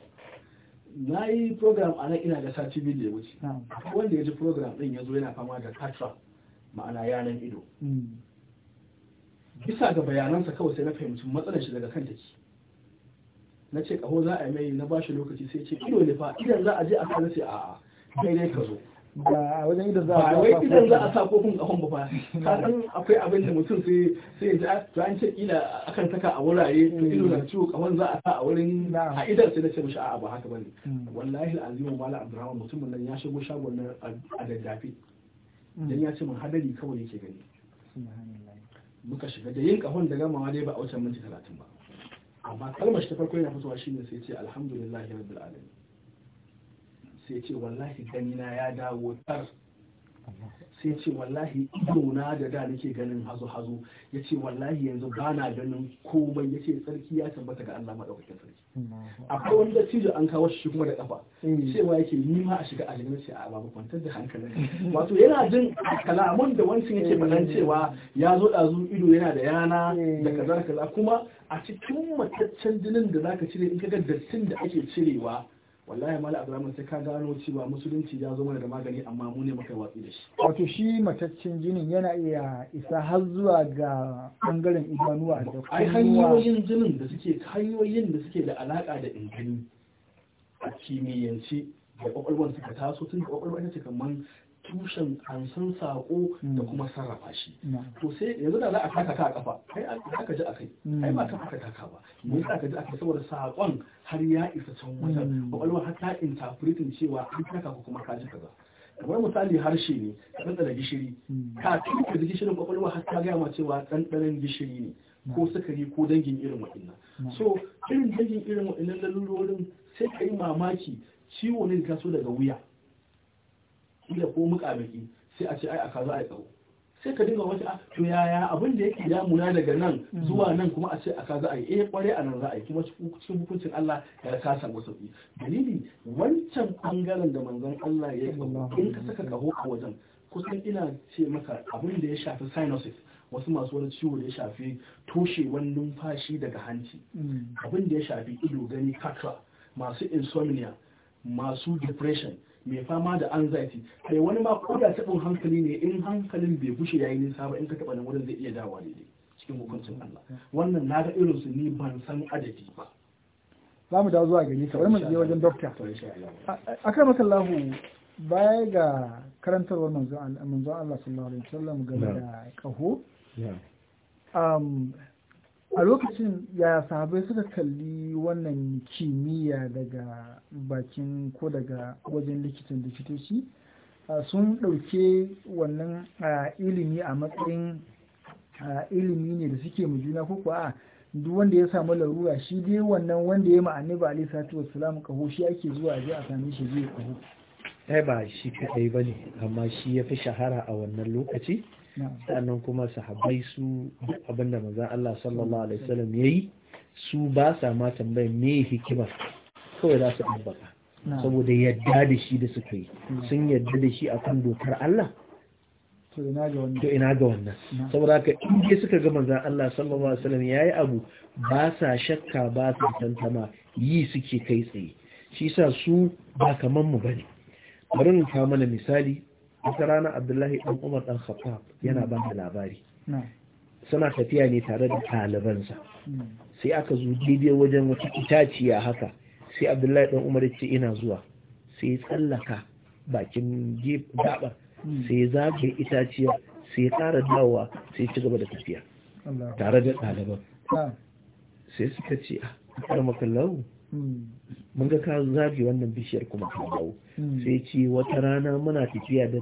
na yi program a nan ina da sati biyu da ya wuce wanda ya ji program din ya zo yana fama da katra ma'ana yanan ido hmm. bisa ga bayanansa kawai sai na fahimci matsalar shi daga kanta ce na ce kaho za a yi mai na bashi lokaci sai ce ido ne fa idan za a je a kana sai a kai dai ka zo ba wajen idan za a wai idan za a sa kofin kahon ba fa ka san akwai abin da mutum sai sai ya ji a ah, an ce kila akan saka a wurare to ido na ciwo kahon za a sa a wurin a idan sai na ce mishi a'a ba haka bane hmm. wallahi alazim mala abdurrahman mutumin nan ya shigo shagon nan a daddafe hmm. dan ya ce mun hadari kawai yake gani muka shiga da yin kahon da gamawa dai ba a wuce minti talatin ba amma kalmar shi ta farko yana fitowa shine sai ce alhamdulillah ya rabu alamin sai ce wallahi ganina ya dawo tar sai ya ce wallahi idona da da nake ganin hazo hazo ya ce wallahi yanzu ba na ganin komai ya ce sarki ya tabbata ga Allah maɗaukakin sarki akwai wani dattijo an kawo shi kuma da kafa hmm. cewa yake ni ma a shiga aljanna ce a babu kwantar da hankali wato yana jin kalamun da wancan yake faɗan hmm. cewa ya zo ɗazu ido yana da yana da hmm. kaza kaza kuma a cikin mataccen jinin da zaka cire in ka ga dattin da ake cirewa wallahi mala abdurrahman sai ka gano cewa musulunci ya zo mana da magani amma mu ne maka watsi da shi wato shi mataccin jinin yana iya isa har zuwa ga bangaren idanuwa da ai hanyoyin jinin da suke hanyoyin da suke da alaka da injini a kimiyyance da kwakwalwar suka taso tun da kwakwalwar ce tushen ansan sako da hmm. kuma sarrafa shi hmm. to sai yanzu da za a taka ka a kafa kai aka ji akai kai ba hmm. ka aka taka ba me yasa ka ji akai saboda sakon har ya isa can wajen kwakwalwa har ta interpretin cewa an taka ko kuma ka ji kaza kamar misali harshe ne ka tsada gishiri ka tuka da gishirin kwakwalwa har ta gaya ma cewa ɗanɗanon gishiri ne ko sukari ko dangin irin waɗannan so irin dangin irin waɗannan lalurorin sai ka yi mamaki ciwo ne da taso daga wuya kila ko mukabaki sai a ce ai a yi ai sai ka dinga wata to yaya abin da yake damuna daga nan mm. zuwa nan kuma a ce a yi ai eh kware a nan za a yi kuma cikin hukuncin Allah ya ka wasu sauki dalili wancan bangaren da manzon Allah ya yi in ka saka kaho a wajen kusan ina ce maka abin da ya shafi sinuses wasu masu wani ciwo da ya shafi toshe wani numfashi daga hanci mm. abin da ya shafi ido gani kakra masu insomnia masu depression mai fama da anxiety kai wani ma ko da tabin hankali ne in hankalin bai bushe yayi nisa ba in ka taba nan wurin zai iya dawowa ne cikin hukuncin Allah wannan na ga irin su ni ban san adadi ba za mu dawo zuwa gare ka mun mu je wajen doctor akan masallahu baya ga karantarwar manzon Allah sallallahu alaihi wasallam game da kaho a lokacin ya sahabai suka kalli wannan kimiyya daga bakin ko daga wajen likitan likitoci sun ɗauke wannan ilimi a matsayin ilimi ne da suke mu juna ko kuwa duk wanda ya samu larura shi dai wannan wanda ya ma'ani ba alaihi salatu wassalam kaho shi ake zuwa je a sami shi zai kaho ba shi kadai ne, amma shi ya fi shahara a wannan lokaci sannan kuma sahabbai su abinda maza Allah sallallahu alaihi wasallam yayi su ba sa ma tambayar me hikima kawai za su ambata saboda yadda da shi da suka yi sun yadda da shi akan dokar Allah to ina ga wannan saboda haka in suka ga manzon Allah sallallahu alaihi wasallam yayi abu ba sa shakka ba sa tantama yi suke kai tsaye shi sa su ba kaman mu bane bari in kawo mana misali wata rana abdullahi dan umar dan khattab yana mm. ba da labari suna tafiya ne tare da ɗalibansa mm. sai aka zo daidai wajen wata itaciya haka sai abdullahi dan umar ce ina zuwa sai ya tsallaka bakin gabar mm. sai ya zagaye itaciya sai ya ƙara dawowa sai ya ci gaba da tafiya tare da ɗaliban sai suka ce a ah, karmakallahu mun ga ka zafi wannan bishiyar kuma ka dawo hmm. sai ce wata rana muna tafiya da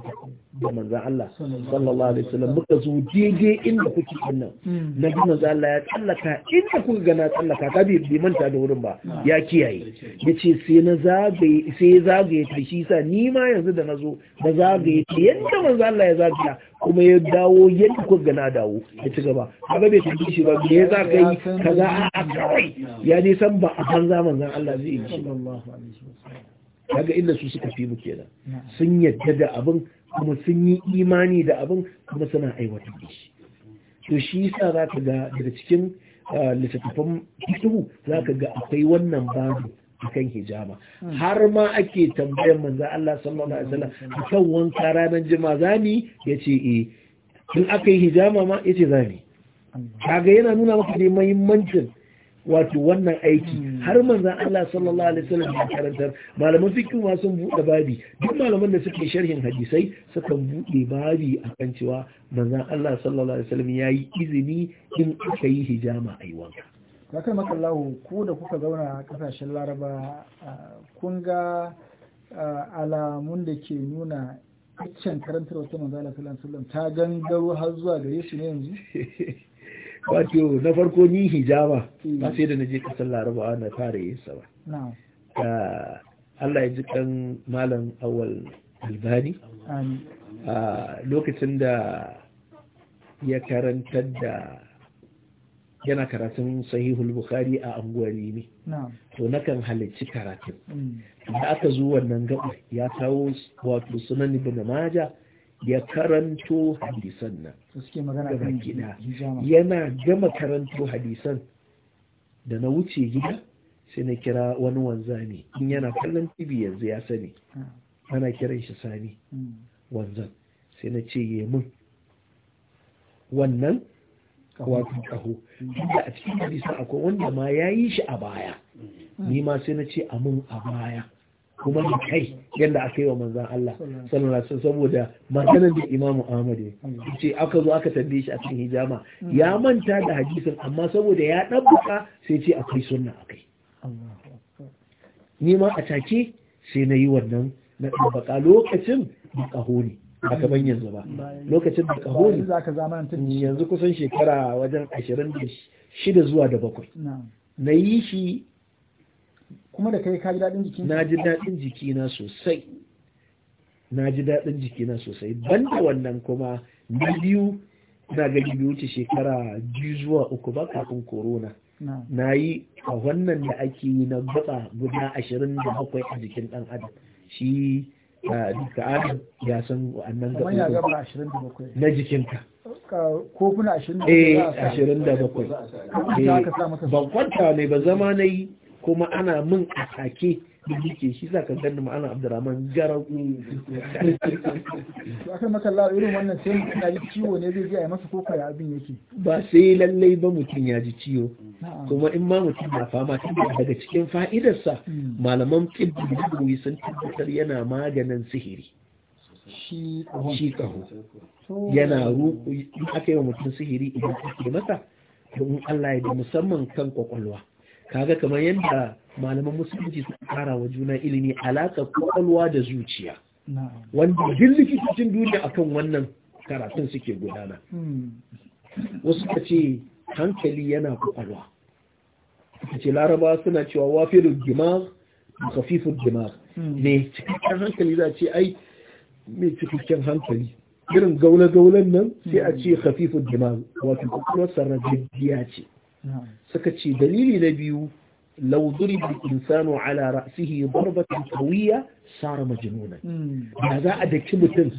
da manzo Allah sallallahu alaihi wasallam muka zo daidai inda kuke nan hmm. na manzo Allah ya tsallaka inda kuka ga na tsallaka ka bi bi manta da wurin ba hmm. ya kiyaye yace sai na zagaye sai zagaye ta shi sa ni ma yanzu da nazo da zagaye ta yanda manzo Allah ya zagaya kuma ya dawo yadda kuka ga dawo ya ci gaba kaga bai tafi shi ba me ya zagaye kaza a kawai ya dai san ba a banza manzo Allah zai yi kaga illa su suka fi muke da sun yadda da abin kuma sun yi imani da abin kuma suna aiwatar da shi to shi yasa za ka ga daga cikin ah, littattafan fikihu za ka ga akwai wannan babu akan hijama hmm. har ma ake tambayar manzo Allah sallallahu alaihi wasallam hmm. akan wanka ranar jima zani yace e eh. in aka yi hijama ma yace zani kaga yana nuna maka da muhimmancin wato wannan aiki hmm. har manzan Allah sallallahu alaihi wasallam ya karantar malaman fikin ma sun bude babi duk malaman da suke sharhin hadisai suka bude babi akan cewa manzan Allah sallallahu alaihi wasallam yayi izini in aka yi hijama yi wanka zakar makallahu ku da kuka zauna kasashen Laraba kun ga alamun da ke nuna iccen karantar wata manzan Allah sallallahu alaihi wasallam ta gangaro har zuwa gare shi ne yanzu [LAUGHS] wato na farko ni hijaba ba sai da na je kasar larabawa na fara yin sa ba ah, Allah ya ji kan malam awal albani a ah, lokacin da ya karantar da yana karatun sahihul bukhari a anguwari ne to na kan halarci karatun mm. da aka zo wannan gabar ya kawo wato sunan ibn majah ya karanto hadisan nan gaba gida yana gama karanto hadisan da na wuce gida sai na kira wani wanzani. in yana kallon tv yanzu ya sani ah. ana kiran shi sani hmm. wanzan sai na ce yi mun wannan wato kaho inda hmm. a cikin hadisan akwai wanda ma ya yi shi a baya hmm. ni ma sai na ce a mun a baya kuma da kai yadda aka yi wa manzan Allah sallallahu alaihi saboda maganar da Imam Ahmad ya ce aka zo aka tambaye shi a cikin hijama ya manta da hadisin amma saboda ya dabbuka sai ce akwai sunna akai ni ma a take sai na yi wannan na dabbaka lokacin da kaho ne a gaban yanzu ba lokacin da kaho ne yanzu kusan shekara wajen ashirin da shida zuwa da bakwai na yi shi kuma da kai ka ji daɗin jikin na ji daɗin jikina sosai na ji daɗin jikina sosai banda wannan kuma na biyu na ga biyu wuce shekara biyu zuwa uku ba kafin corona na yi a wannan da ake yi na gaba guda ashirin da bakwai a jikin ɗan adam shi duka adam ya san wannan gaba na jikinka kuna ashirin da bakwai eh, eh, ban kwanta ne ba zama na yi kuma ana min sake da yake shi za ka gani ma'ana abdurrahman garau [LAUGHS] kan makalla irin wannan sai mutum ya ji ciwo ne zai ziyar masa kofa ya abin yake ba sai lallai ba mutum ya ji ciwo kuma in ma mutum na fama daga cikin fa'idarsa hmm. malaman tsibbi sun tabbatar yana maganin sihiri shi kaho yana ruku aka yi wa mutum sihiri idan ake masa don Allah ya da musamman kan kwakwalwa kaga kamar yadda malaman musulunci su kara wa juna ilimi alaƙa kwakwalwa da zuciya wanda duk likitocin duniya akan wannan karatun suke gudana hmm. wasu ka ce hankali yana kwakwalwa ka ce laraba suna cewa wafirin dimag kafifin gimar ne hmm. cikakken hankali za a ce ai mai cikakken hankali irin gaula-gaulan nan sai a ce hmm. kafifu dimag wato kwakwalwar sarrafin biya ce suka ce dalili na biyu lauduri da insano ala ra'asihi barbatin kawiyya sara majinunan hmm. da za a daki mutum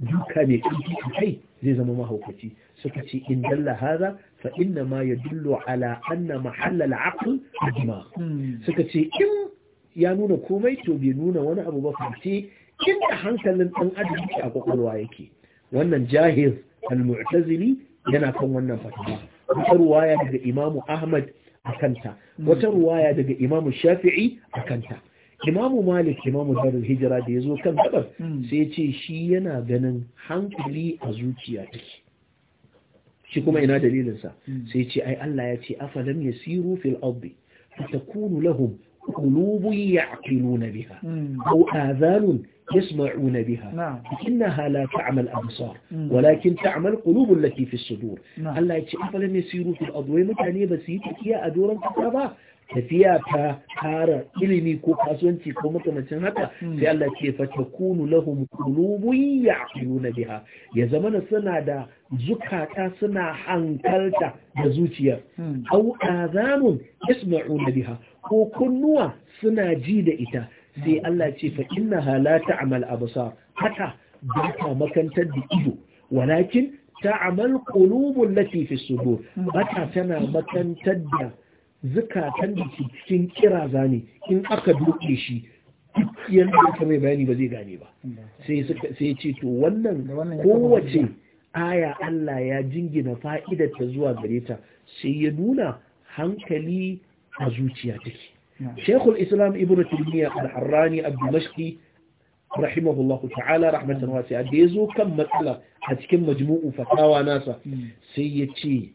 duka mai ƙarfi kai zai zama mahaukaci suka ce in dalla haza fa inna ma ya dillo ala anna mahalla la'aƙul ajima hmm. suka ce in ya nuna komai to bai nuna wani abu ba fahimci in da hankalin ɗan adam a ƙwaƙwalwa yake wannan jahil al-mu'tazili yana kan wannan fatima wata ruwaya daga imamu ahmad a kanta wata hmm. ruwaya daga imamu shafi'i a kanta imamu malik imamu darul hijira da ya zo kan gabar hmm. sai ce shi yana ganin hankali a zuciya take shi kuma ina dalilinsa hmm. sai ce ai Allah ya ce afalam yasiru fil ardi fatakunu lahum qulubun ya'qiluna biha aw adhanun يسمعون بها نعم. إنها لا تعمل أبصار ولكن تعمل قلوب التي في الصدور الله يتشي أفلم يسيروا في الأرض ومتعني بسيطك يا أدورا كتابا tafiya ta tara ilimi ko kasuwanci ko makamacin haka sai Allah ce fa takunu lahum qulubun na biha ya zamana suna da zukata suna hankalta da zuciya au azamun yasma'una biha ko kunnuwa suna ji da ita sai Allah ce fa innaha la ta'mal absar haka ba ta makantar da ido walakin ta'mal qulubul lati fi sudur bata tana makantar da zukatan da ke cikin kiraza ne in aka duke shi yadda ka mai bayani ba zai gane ba sai ya ce to wannan kowace aya Allah ya jingina fa'idar ta zuwa gare ta sai ya nuna hankali a zuciya take شيخ الإسلام ابن تيمية الحراني الدمشقي رحمه الله تعالى رحمة واسعة ديزو كم مسألة هتكم مجموع فتاوى ناسا سيتي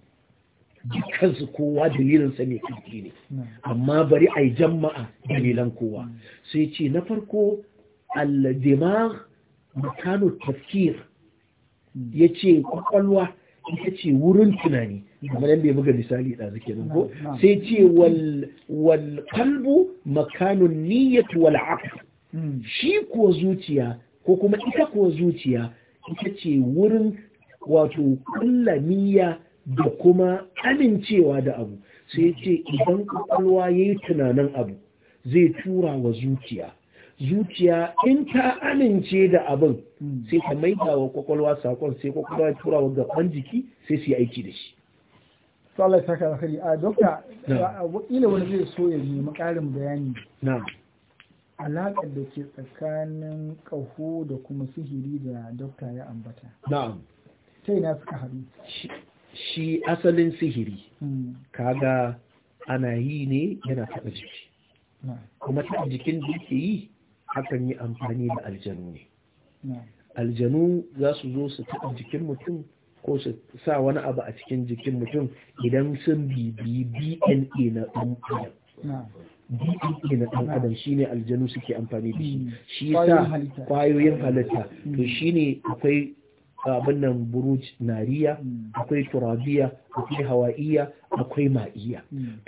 dukansu kowa dalilinsa ne kirki ne amma bari a yi jama'a dalilan kowa sai ce na farko al-dimag makanu tafkir ya ce kwakwalwa ya ce wurin tunani kamar yadda ya buga misali da zuke nan ko sai ce wal kalbu makanun niyyat wal aql hmm. shi ko zuciya ko kuma ita ko zuciya ita ce wurin wato kullaniya da kuma amincewa da abu sai ce idan kwakwalwa ya yi tunanin abu zai tura wa zuciya zuciya in ta amince da abin hmm. sai ta maida wa kwakwalwa sakon sai kwakwalwa tura wa gaban jiki sai su yi aiki da shi Sallai ta ya kari a dokta ila wani zai so ya nemi karin bayani na'am alaƙar da ke tsakanin ƙaho da kuma sihiri da dokta ya ambata na'am ta ina suka haɗu shi asalin sihiri hmm. kaga ana yi ne yana taɓa jiki kuma taɓa jikin da yake yi akan yi amfani da aljanu ne aljanu za su zo su taɓa jikin mutum ko su sa wani abu a cikin jikin mutum idan sun bibiyi dna na ɗan adam dna na ɗan adam shine aljanu suke amfani da shi hmm. shi sa kwayoyin halitta hmm. to shi ne akwai abin nan buruj nariya hmm. akwai turabiya akwai hawa'iya akwai ma'iya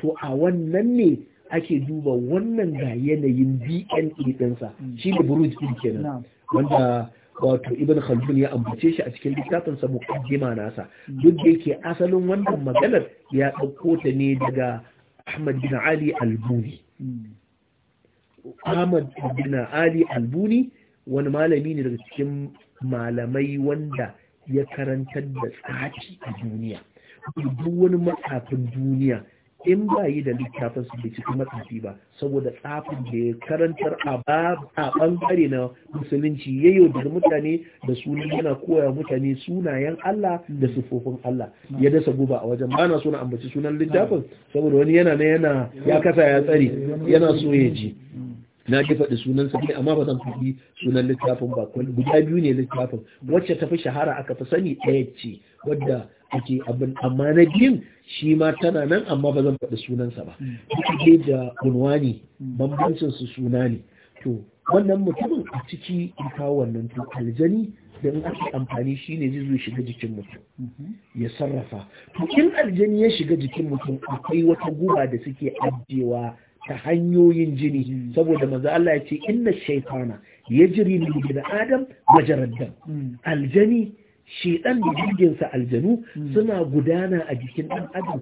to a wannan ne ake duba wannan ga yanayin DNA ɗinsa shi ne buruj ɗin kenan wanda wato ibn khaldun ya ambace shi a cikin littafin sa muqaddima nasa duk da yake asalin wannan maganar ya dauko ta ne daga Ahmad bin Ali al-Buni. Ahmad bin Ali al-Buni wani malami ne daga cikin malamai wanda ya karantar da tsaci a duniya duk wani matsafin duniya in ba yi da littafin su bai cikin matsafi ba saboda tsafin da ya karantar a bangare na musulunci ya yaudar mutane da suna yana koya mutane sunayen Allah da sufofin Allah ya dasa guba a wajen ba na suna ambaci sunan littafin saboda wani yana na yana ya kasa ya tsare yana so ya ji na ji faɗi sa ne amma ba zan faɗi sunan littafin ba guda biyu ne littafin wacce tafi shahara aka fi sani ɗaya ce wadda ake abin amma na biyun shi ma tana nan amma ba zan faɗi sunansa ba mm. duka dai da unwani mm. bambancin su suna ne to wannan mutumin a ciki in kawo wannan to aljani da in ake amfani shi ne zai shiga jikin mutum mm-hmm. ya sarrafa to in aljani ya shiga jikin mutum akwai wata guba da suke ajiyewa ta hanyoyin jini mm. saboda maza Allah ya ce inna shaitana ya jiri min bin adam majaraddan aljani shidan da jirginsa aljanu suna gudana a jikin ɗan adam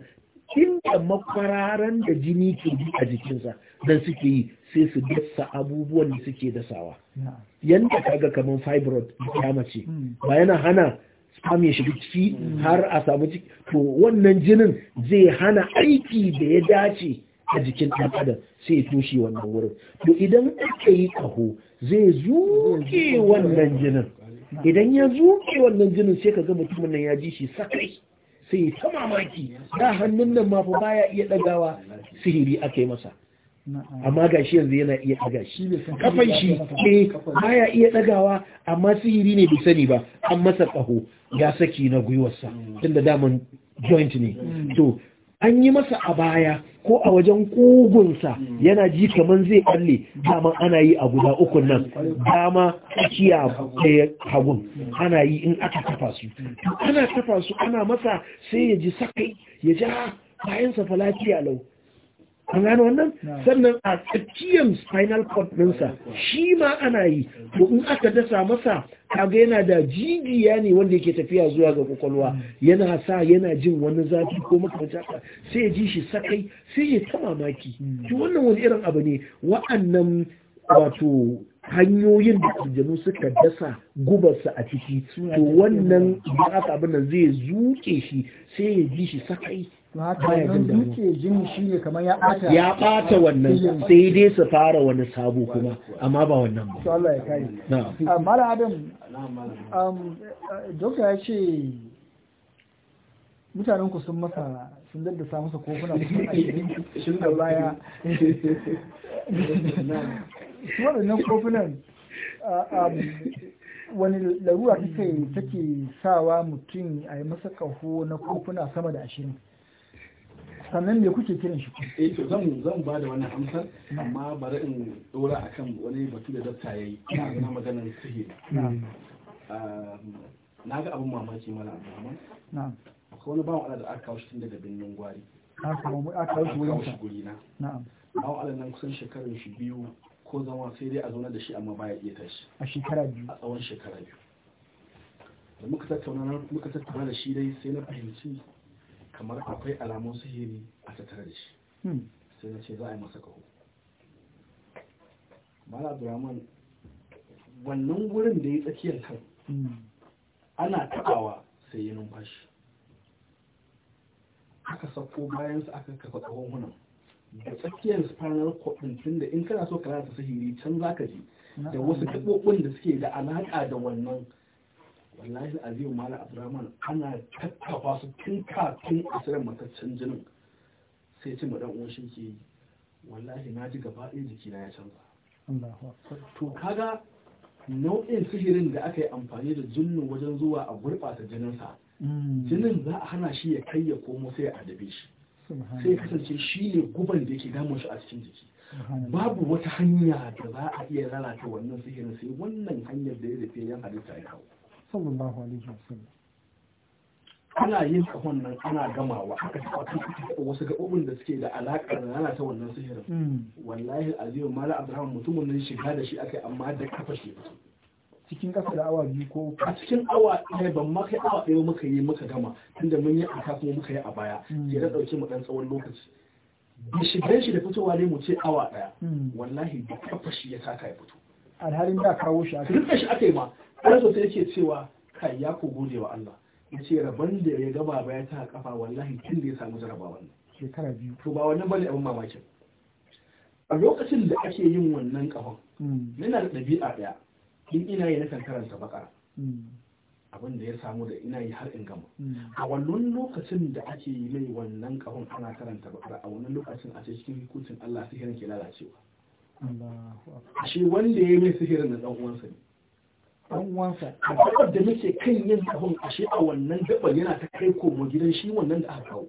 inda makwararan da jini ke bi a jikinsa Dan suke yi sai su dasa abubuwan da suke dasawa yadda kaga kamar fibroid ya mace ba yana hana sperm ya shiga ciki har a samu ciki to wannan jinin zai hana aiki da ya dace a jikin ɗan adam sai ya toshe wannan wurin to idan aka yi kaho zai zuke wannan jinin idan ya zuke wannan jinin sai ka ga mutumin nan ya ji shi sakai sai ya ta mamaki da hannun nan ma fa baya iya dagawa sihiri aka yi masa amma ga shi yanzu yana iya daga shi kafan shi eh baya iya dagawa amma sihiri ne bai sani ba an masa kaho ya saki na gwiwarsa tunda daman joint ne mm. to an yi masa a baya ko a wajen kugunsa yana ji kamar zai kalle dama ana yi a guda ukun nan dama tsakiya ɗaya hagun ana yi in aka kafa su ana kafa su ana masa sai ya ji sakai ya ja bayansa fa lau an gano wannan sannan a tsakiyar spinal cord ɗinsa shi ma ana yi to in aka dasa masa kaga yana da jijiya ne wanda yake tafiya zuwa ga kwakwalwa yana sa yana jin wani zafi ko makamata sai ya ji shi sakai sai ya ta mamaki hmm. to wannan wani irin abu ne wa'annan wato hanyoyin da aljanu suka dasa gubarsa a ciki to wannan idan aka abin nan zai zuke shi sai ya ji shi sakai ya ɓata wannan sai dai su fara wani sabo kuma amma ba wannan ba Allah ya kai amma da adam um, doka ya ce mutanen ku sun masa sun dadda daddasa masa kofuna [LAUGHS] sun da baya [LAUGHS] su waɗannan kofunan um, wani larura take sawa mutum a yi masa ƙaho na kofuna sama da ashirin sannan me kuke kiran shi eh to zan zan ba da wannan amsar amma bari in dora akan wani batu da dakta yayi ina ga maganar sihiri na ga abin mamaki mana amma akwai wani bawan Allah da aka kawo shi tun daga birnin gwari aka kawo shi guri na na'am bawan Allah nan kusan shekarun shi biyu ko zama sai dai a zauna da shi amma baya iya tashi a shekara biyu a tsawon shekara biyu da muka tattauna muka tattauna da shi dai sai na fahimci kamar akwai alamun sihiri a tattare da shi hmm. sai na ce za a yi masa kaho mala abdurrahman wannan wurin da ya tsakiyar kan hmm. ana taɓawa sai ya numfashi aka sako bayan su aka kafa kahon hunan da tsakiyar spinal cord din da in kana so ka sihiri can za ka ji. da wasu gaɓoɓin da suke da alaƙa da wannan wallahi aziyu mala abdurrahman ana tattafa su tun kafin asirin matattun jinin sai ce dan uwan shi ke wallahi na ji gaba ɗaya jiki na ya canza to kaga nau'in sihirin da aka yi amfani da jinnu wajen zuwa a gurɓata jininsa mm. jinin za a hana shi ya kai ya komo sai a dabe shi sai kasance shi ne guban da yake damun shi a cikin jiki babu wata hanya da za a iya lalata wannan sihirin sai wannan hanyar da ya rufe yan halitta ya kawo sallallahu alaihi wasallam ana yin kahon nan ana gamawa aka taɓa wasu gaɓoɓin da suke da alaƙa da lalata wannan sihirin hmm. wallahi azimin mala abraham mutumin nan shiga da shi aka amma da kafa shi cikin da awa biyu ko a cikin awa ɗaya ban ma kai awa ɗaya muka yi muka gama tunda mun yi a kuma muka yi a baya ke hmm. da ɗauki mu ɗan tsawon lokaci da shigan shi da fitowa ne mu ce awa ɗaya hmm. wallahi da kafa shi ya saka ya fito alhalin da kawo shi aka kai. shi aka ma ɗansa sai yake cewa kai ya ku gode wa Allah ya ce rabon da ya gaba ba ya ta kafa wallahi tun da ya samu jaraba nan shekara biyu to ba wannan bane abin mamakin a lokacin da ake yin wannan kafan hmm. yana da ɗabi'a ɗaya in ina yi nakan karanta bakara hmm. abin da ya samu da ina yi har in gama hmm. a wannan lokacin da ake yi mai wannan kafan ana karanta bakara a wannan lokacin a cikin hukuncin Allah sihirin ke lalacewa ashe wanda ya yi mai sihirin da ɗan uwansa ne dan a gabar da muke kan yin abun ashe a wannan gabar yana ta kai komo gidan shi wannan da aka kawo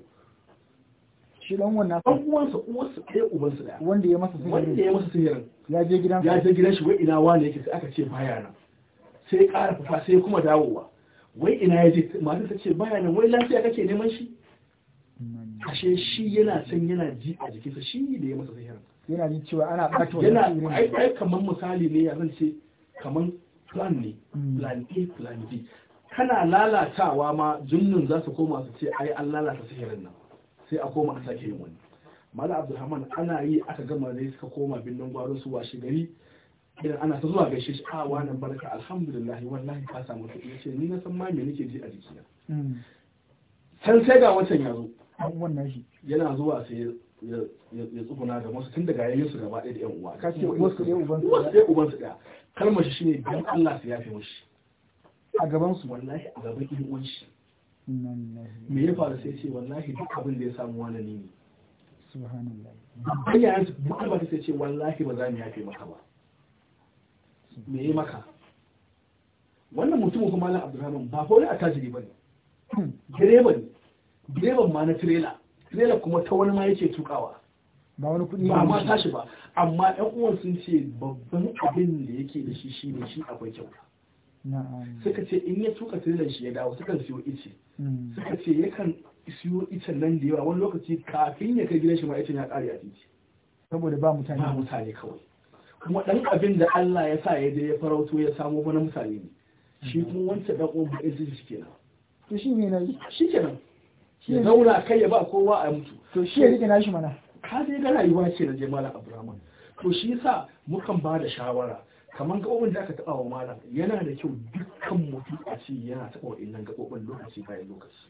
shi dan wannan dan uwansa uwarsa ɗaya ubansa ɗaya wanda ya masa sihirin wanda ya masa sihirin ya je gidan ya je gidan shi wai ina wani yake sai aka ce baya nan sai ƙara fafa sai kuma dawowa wai ina ya je matar ta ce baya nan wai lafiya kake neman shi ashe shi yana san yana ji a jikinsa shi da ya masa sihirin yana ji cewa ana ɓata wani yana ai kamar misali ne ya zan ce kamar plan ne hmm. plan a plan b kana lalatawa ma jinnin za su koma su ce ai an lalata sihirin nan sai a koma a sake yin wani mala abdulrahman ana yi aka gama da suka koma binnin gwaro su washe gari idan ana ta zuwa gaishe shi a ah, wani barka alhamdulillah wallahi ka samu ya ce ni na san ma me nake ji a jikina san hmm. sai ga wancan ya zo yana zuwa sai ya tsuguna ga masu tun daga yayin su gaba ɗaya da yan uwa ka ce wasu ɗaya uban su ɗaya kalmar shi shine dan Allah su yafe mushi. a gaban su wallahi a gaban ihu wanshi me ya faru sai ce wallahi duk abin da ya samu wani ne subhanallah bayan duk abin da sai ce wallahi ba za mu yafe maka ba me ya maka wannan mutumin kuma Malam Abdulrahman ba ko a tajiri bane direba ne direban ma na trailer trailer kuma ta wani ma yake tukawa ba wani kudi ba ma tashi ba amma ɗan uwan sun ce babban abin da yake da shi shine shi akwai kyauta suka ce in ya tuka tilan shi ya dawo suka siyo ice hmm. suka ce yakan siyo icen nan da yawa wani lokaci kafin ya kai gidan shi ma icen ya ƙare a titi saboda ba mutane ba mutane kawai kuma ɗan abin da Allah ya sa ya je ya farauto ya samo wani mutane ne shi hmm. kuma wancan ɗan uwan ba irin shi kenan to shi ne na shi kenan ya zauna kai ya ba kowa a mutu to shi ya rike nashi mana ka dai ga rayuwa ce na jama'a malam Abraman to shi yasa mukan ba da shawara kamar gaɓoɓin da aka taɓa wa malam yana da kyau dukkan mutum a ce yana taɓa wa'innan gaɓoɓin lokaci bayan lokaci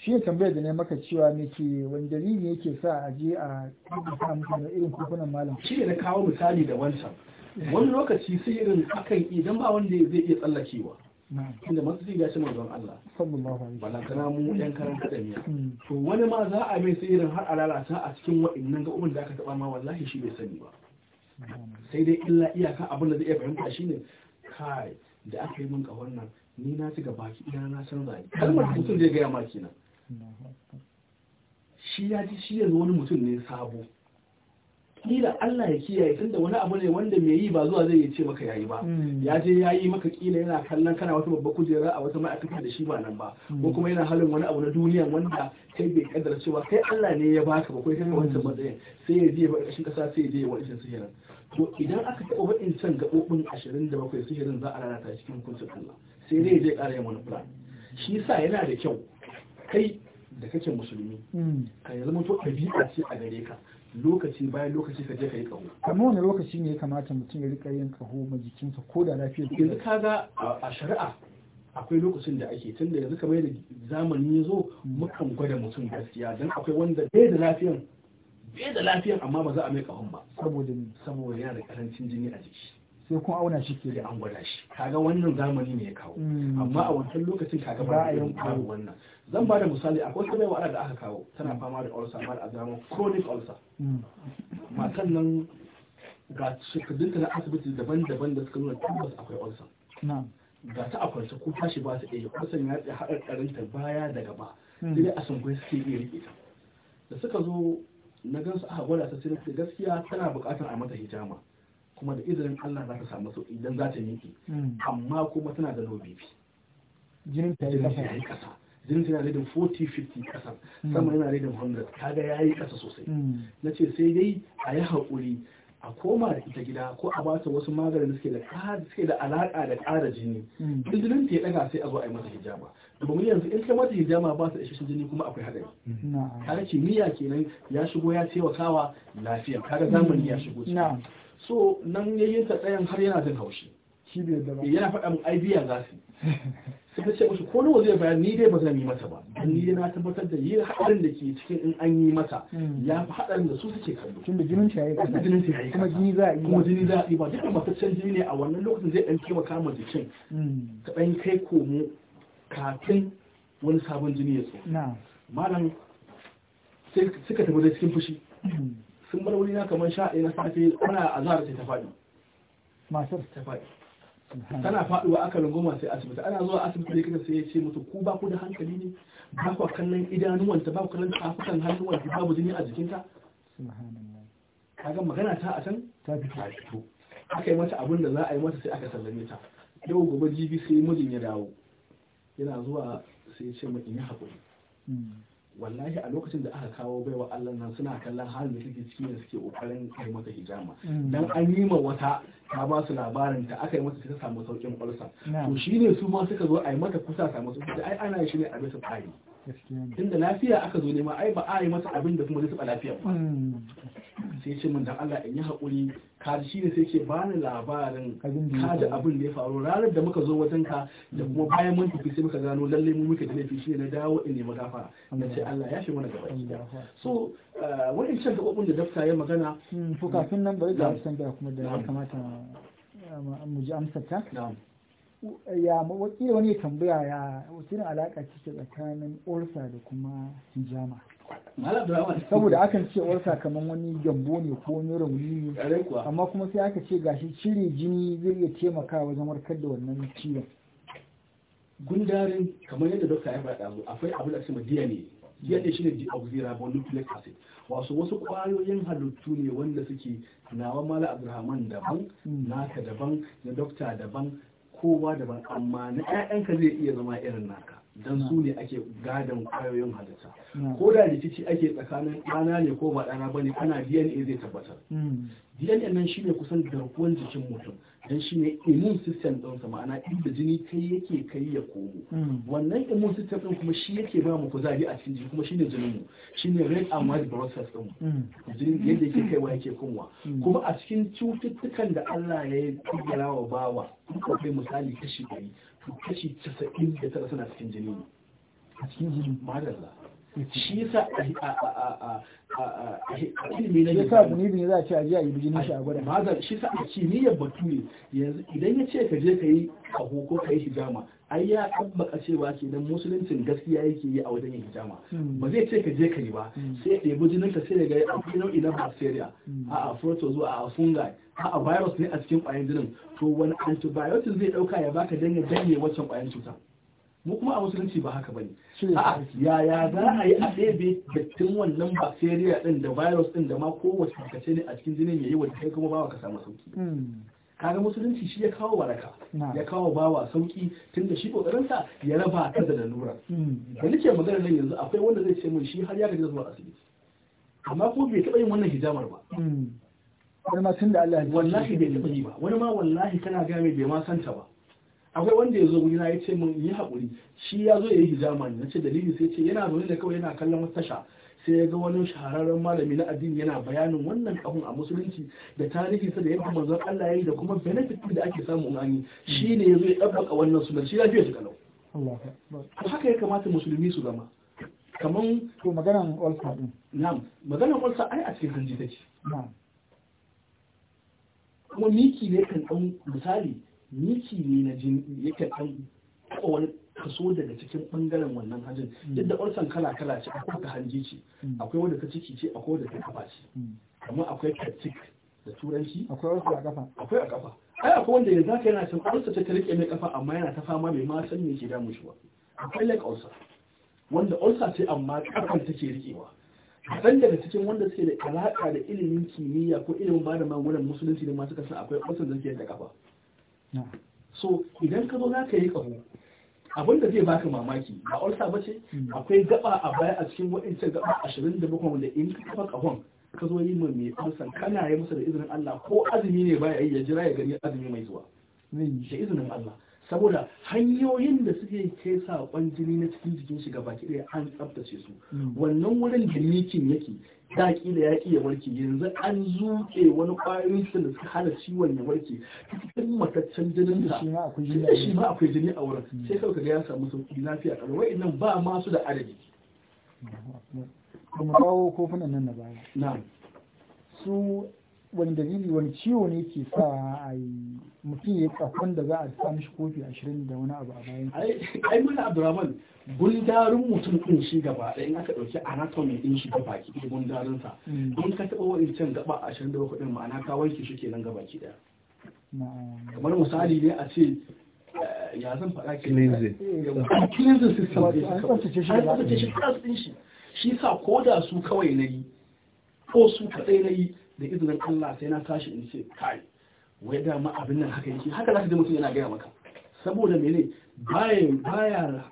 shi ne tambayar da na maka cewa ne ke wani dalili yake sa a je a sa mutane irin kofunan malam shi ne na kawo misali da wancan wani lokaci sai irin akan idan ba wanda zai iya tsallakewa inda masu zai gashi manzon Allah balantana mu yan karan kadamiya hmm. to wani ma za a mai sai irin har a lalata a cikin wa'annan gaɓoɓin da aka taɓa ma wallahi shi bai sani ba sai dai illa iyaka abin da zai iya fahimta shine kai da aka yi min kawar nan ni na ci gaba ki ina na san zai kalmar mutum zai gaya maki shi ya ji shi yanzu wani mutum ne sabo kila Allah ya kiyaye tun da wani abu ne wanda mai yi ba zuwa zai yi ce maka yayi ba hmm. ya je ya yi maka kila yana kallon kana wata babban kujera a wata ma'aikata da shi ba nan ba ko hmm. kuma yana halin wani abu na duniya wanda kai bai kaddara cewa kai Allah ne ya baka ba kai kai wancan matsayin sai ya je ba ƙarshen ƙasa sai ya je wancan sihirin to idan aka taɓa wadin gaɓoɓin ashirin da bakwai sihirin za a lalata cikin hukuncin Allah sai dai zai ƙara yin wani fura shi yasa yana da kyau kai da kake musulmi hmm. ka ya zama to ɗabi'a ce a gare ka lokaci bayan lokaci ka je ka yi kaho kamar wani lokaci ne ya kamata mutum ya riƙa yin kaho ma jikinsa ko da lafiyar yanzu ga a shari'a akwai lokacin da ake tun da yanzu kamar da zamani ya zo mukan gwada mutum gaskiya don akwai wanda bai da lafiyan bai da lafiyan amma ba za a mai kahon ba saboda saboda yana da karancin jini a jiki sai kuma auna shi ke da an gwada shi kaga wannan zamani ne ya kawo hmm. amma a wancan lokacin kaga ba a yin kawo wannan zan ba da misali akwai wata baiwa da aka kawo tana fama da ulcer amma a zaman chronic ulcer hmm. matan nan ga shekadunta na asibiti daban-daban da suka nuna tabbas akwai ulcer ga ta akwai kwance ko tashi ba su ɗaya kusan ya tsaye haɗar ƙarinta baya da gaba hmm. sai dai a sunkwai suke iya riƙe ta da suka zo na gan su aka gwada ta sai gaskiya tana buƙatar a mata hijama kuma da izinin Allah za ta samu sauƙi idan za ta miƙe hmm. amma kuma tana da low bp jinin ta yi ƙasa jinin ta yana da 40-50 kasa hmm. sama yana da 100 kaga ya yi ƙasa sosai na ce sai dai a yi haƙuri a koma da ita gida ko a bata wasu maganin suke da suke da alaka da ƙara jini hmm. duk jinin ta ya daga sai a zo a yi mata hijaba domin yanzu in ta mata hijaba ba ta isasshen jini kuma akwai hadari hmm. kaga kimiyya kenan ya shigo ya kawa lafiya kaga zamani ya shigo so nan yayin ta tsayan har yana jin haushi yana faɗa mun ai za su [LAUGHS] sai ta ce mashi ko nawa zai bayar ni dai ba zan yi masa ba dan ni na tabbatar da yin hadarin da ke cikin in an yi masa hmm. ya fi hadarin da su suke kallo da jinin ta yayi kasa jinin ta yayi kuma jini za a yi kuma jini za a yi ba dukkan mataccen jini ne a wannan lokacin zai dan taimaka ma jikin hmm. ka dan kai komo kafin wani sabon jini ya so malam sai suka tafi cikin fushi hmm. sun bar wuri na kamar sha ɗaya na safe ana azhar sai ta faɗi masar ta faɗi tana faduwa aka runguma sai asibiti ana zuwa asibiti likita sai ya ce mutu ku ba ku da hankali ne ba ku kallon idanuwanta ba ku kallon tafukan ta babu jini a jikinta kaga magana ta a can ta fito aka yi mata abin da za a yi mata sai aka sallame ta yau gobe jibi sai mijin ya dawo yana zuwa sai ya ce mai in yi haƙuri hmm. wallahi a lokacin da aka kawo baiwa Allah nan suna kallon halin da suke ciki da suke kokarin kai mata hijama hmm. dan an yi ma wata ta ba su labarin da aka yi masa suka samu saukin kwalsa to shi ne su ma suka zo a yi mata kusa samu sauki ai ana shi ne a bisa tsari da lafiya aka zo nema ai ba a yi masa abin da kuma zai taɓa lafiya ba hmm. sai ce min dan Allah in yi haƙuri ka ji shi ne sai ce ba ni labarin ka ji abin da ya faru ranar da muka zo wajen ka da kuma bayan mun tafi sai muka gano lalle mu muka da laifi shi ne na dawo in nema gafa na ce Allah ya shi mana gaba so eh, wani can gaɓaɓɓun da dafta ya magana hmm, to kafin nan bari ga san da kuma da ya kamata an muji amsarta ya wakil wani tambaya ya wakilin alaka cike tsakanin orsa da kuma hijama saboda akan ce orsa kamar wani gyambo ne ko wani rauni ne amma kuma sai aka ce gashi cire jini zai iya taimaka wajen warkar da wannan ciwon gundarin kamar yadda dokta ya faɗa mu akwai abu da ne ya ɗin shine deoxyribonucleic acid wasu wasu kwayoyin halittu ne wanda suke nawa mala abrahaman daban naka daban na dokta daban kowa daban amma na ƴaƴanka zai iya zama irin naka don su ne ake gadon kwayoyin halitta ko da rikici ake tsakanin ɗana ne ko ba ɗana ba ne ana dna zai tabbatar hmm. dna nan shine kusan garkuwan jikin mutum don shi ne immune system ɗinsa ma'ana inda jini kai yake kai ya komo hmm. wannan immune system ɗin kuma shi yake ba mu kuzari a cikin jiki kuma shi ne jinin mu shi ne red and white blood cells ɗin hmm. jini yadda yake kaiwa yake kunwa kuma a cikin cututtukan da Allah ya yi wa bawa akwai misali kashi ɗari kashi casa'in da tara suna cikin jini ne a cikin jini madalla mm-hmm. shi yasa a ilimi na yasa bunibin ya za a ce a ji a yi bijinin shi a gwada maza shi yasa a ni kimiyyar bature yanzu idan ya ce ka je ka yi kaho ko ka yi hijama ai ya tabbaka cewa ke dan musuluncin gaskiya yake yi a wajen yin hijama mm-hmm. ba zai ce ka je ka yi ba mm-hmm. sai ya ɗebi jinin ka sai ya ga akwai nau'i na bacteria a afroto zuwa a fungi a virus ne a cikin ƙwayan jinin to wani antibiotic zai ɗauka ya baka dan ya wancan waccan ƙwayan cuta mu kuma a musulunci ba haka bane a'a yaya za a yi a ɗebe dattin wannan bacteria din da virus ɗin da ma kowace kace ne a cikin jinin yayi wanda kai kuma bawa ka samu sauki hmm. kaga musulunci shi ya kawo waraka ya kawo bawa sauki tunda shi sa ya raba ta da lalura hmm. da nake magana nan yanzu akwai wanda zai ce mun shi har ya gaji zuwa asibiti amma ko bai taɓa yin wannan hijamar ba hmm. wani da Allah ya bai ba wani ma wallahi kana ga mai bai ma santa ba akwai wanda ya zo wuri na ya ce min yi hakuri. shi ya zo ya yi hijama ne na ce dalili sai ce yana zaune da kawai yana kallon wata tasha sai ya ga wani shahararren malami na addini yana bayanin wannan kahun a musulunci da tarihi sa da yadda manzon Allah ya yi da kuma benefit da ake samu in an shi ne ya zo ya ɗabbaka wannan sunan shi lafiya shi kalau to haka ya kamata musulmi su zama kaman to maganan ulsa din na'am maganan ai a cikin hanji ta na'am kuma miki ne kan ɗan misali miki ne na jin yake ɗan kowa wani kaso daga cikin ɓangaren wannan hajjin hmm. duk da ulsan kala kala ce akwai ka hanji ce hmm. akwai wanda ta ciki ce akwai wanda ta kafa ce hmm. amma akwai katik da turanci akwai wanda a kafa akwai a kafa ai akwai wanda yanzu ka yana cin ulsa ta rike mai kafa amma yana ta fama mai ma san me ke damu shi ba akwai leg ulsa wanda ulsa ce amma kafan take rikewa kaɗan daga cikin wanda suke da alaƙa da ilimin kimiyya ko ilimin ba da magunan musulunci da masu kasa akwai wasan zan da ƙafa? so idan ka zo za ka yi ƙaho abin da zai baka mamaki ba Olsa ba ce mm. akwai gaba a baya a cikin waɗancan gaba ashirin da bakwai wanda in ka kafa ƙahon ka zo yi ma mai ulsa kana yi masa da izinin Allah ko azumi ne ya yi ya jira ya gani azumi mai zuwa da izinin Allah saboda hanyoyin da suke kai saƙon jini na cikin jikin shiga baki ɗaya an tsabtace su mm. wannan wurin da mikin yake da kila ya iya warke yanzu an zuke wani ƙwayoyin su da suka hana ciwon ya warke cikin mataccen jinin da shi ma akwai jini a wurin mm. sai kawai ga ya samu sauƙi lafiya Wai wa'annan ba masu da adadi kuma kawo kofunan nan na baya su wani dalili wani ciwo ne ke sa a yi mutum ya kafin da za a sa mishi kofi ashirin da wani abu a bayan ai mana abdurrahman gundarin mutum din shi gaba ɗaya in aka ɗauki anatomy din shi gaba ki ɗaya gundarin sa hmm. in ka taɓa can gaba ashirin da bakwai ɗin ma'ana ka wanke shi kenan gaba ki ɗaya kamar misali ne a ce eh, ya zan faɗa ke cleansing cleansing system tsaftace shi shi sa ko da su kawai na yi ko su kaɗai na yi da izinin Allah sai na tashi in ce kai wai da ma abin nan haka yake haka zaka ji mutum yana gaya maka saboda mene baya baya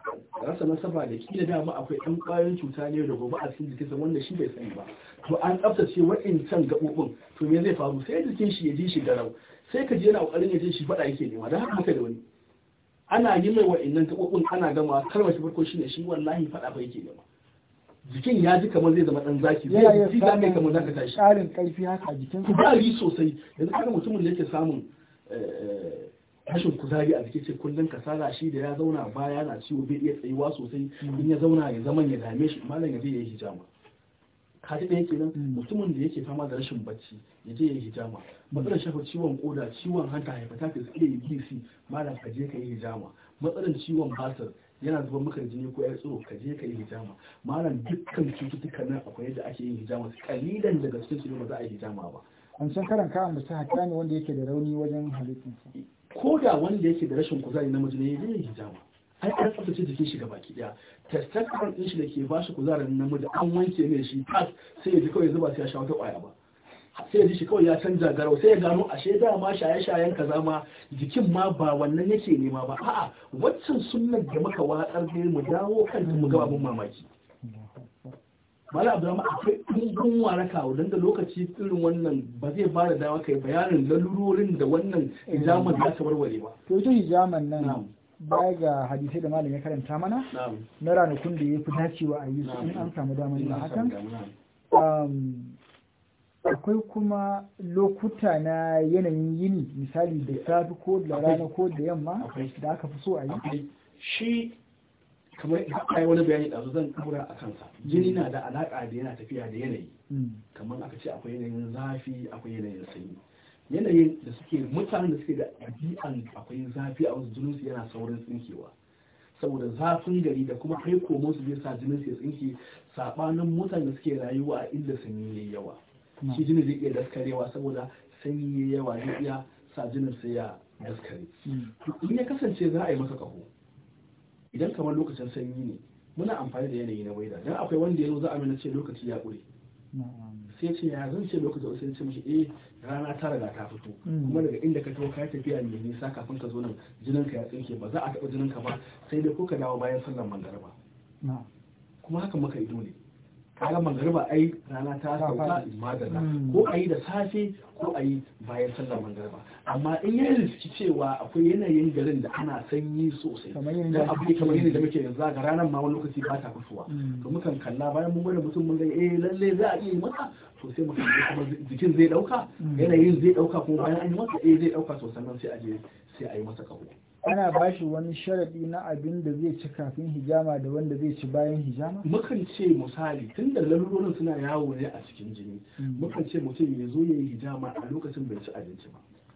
rasa nasaba da kila da ma akwai ɗan ƙwayoyin cuta ne da gobe a cikin jikinsa wanda shi bai sani ba to an tsaftace waɗancan gabobin to me zai faru sai jikin shi ya ji shi garau sai ka je yana kokarin ya ji shi fada yake nema Dan haka da wani ana yi mai nan gabobin ana gama kalmar farko shine shi wallahi faɗa ba yake nema jikin ya ji kamar zai zama dan zaki zai ji da mai kamar zaka tashi karin karfi haka jikin kuzari sosai yanzu kaga mutumin da yake samun eh, eh, rashin kuzari a jikin ce kullum kasala shi da ya zauna baya na ciwo bai iya tsayuwa sosai hmm. in ya zauna ya zama ya dame shi malam ya zai yi hijama kaji ɗaya kenan hmm. mutumin da yake fama da rashin bacci ya je ya hijama matsalar shafa ciwon koda ciwon hanta hepatitis A B C malam ka je ka yi hijama matsalar ciwon basir yana zuba maka jini ko ya tsoro ka je ka yi hijama malam dukkan cututtuka nan akwai yadda ake yin hijama kalilan daga cikin su ne ba za a yi hijama ba an san karan ka ambata hatta ne wanda yake da rauni wajen halittarsa ko da wanda yake da rashin kuzari na mijina ya yi hijama ai an tsaftace jikin shi gaba daya testosterone din shi da ke bashi kuzarin namiji an wanke mai shi tas sai ya ji kawai zuba sai ya sha wata kwaya ba sai ya ji shi kawai ya canza garau sai ya gano ashe ma shaye-shayen kazama ma jikin ma ba wannan yake nema ba a'a waccan sunnan da muka watsar ne mu dawo kan mu ga abin mamaki mala abdurrahma akwai ɗumbin waraka don da lokaci irin wannan ba zai ba da dama kai bayanin lalurorin da wannan hijaman za ta warware ba to ita hijaman nan baya ga hadisai da malam ya karanta mana na ranakun da ya fi dacewa a yi in an samu damar yin hakan akwai kuma lokuta na yanayin yini misali da safi ko da rana ko da yamma da aka fi so a yi shi kamar ai wani bayani ɗazu zan kura a kansa jini mm. na da alaƙa da yana tafiya da yanayi mm. kamar aka ce akwai yanayin zafi akwai yanayin sanyi yanayin da suke mutanen da suke da ɗabi'an akwai zafi a wasu jininsu yana saurin tsinkewa saboda zafin gari da kuma kai komo su zai sa su ya tsinke saɓanin mutanen da suke rayuwa a inda sanyi yayi yawa shi jini zai iya daskarewa saboda sanyi ya yawa zai iya sa jinin sai ya daskare hmm. in ya kasance za a yi masa kaho idan kamar lokacin sanyi ne muna amfani da yanayi na waida dan akwai wanda ya za a mana ce lokaci ya ƙure sai ce ya zan ce lokacin sai ce mishi eh rana ta riga ta fito hmm. kuma daga inda ka tafi ka tafiya ne nisa kafin ka zo nan jinin ka ya tsinke ba za a taɓa jinin ka ba sai dai ko ka dawo bayan sallan magariba kuma haka muka ido ne kaga magariba ai rana ta sauka madalla hmm. ko a yi da safe ko a yi bayan sallar magariba amma in ya riski cewa akwai yanayin garin da ana sanyi sosai da abu kamar yadda muke yanzu ga ranar ma wani lokaci ba ta fitowa hmm. to mukan kalla bayan mun gwada mutum mun ga eh lalle za a iya yi maka to sai mutum kuma jikin zai dauka hmm. yanayin zai dauka kuma bayan an yi masa eh zai dauka sosai nan sai a je sai a yi masa kawo ana ba shi wani sharaɗi na abin da zai ci kafin hijama da wanda zai ci bayan hijama? Mukan ce misali tun da lalurorin suna yawo ne a cikin jini, hmm. mukan ce mutum ya zo ya yi hijama a lokacin bai ci abinci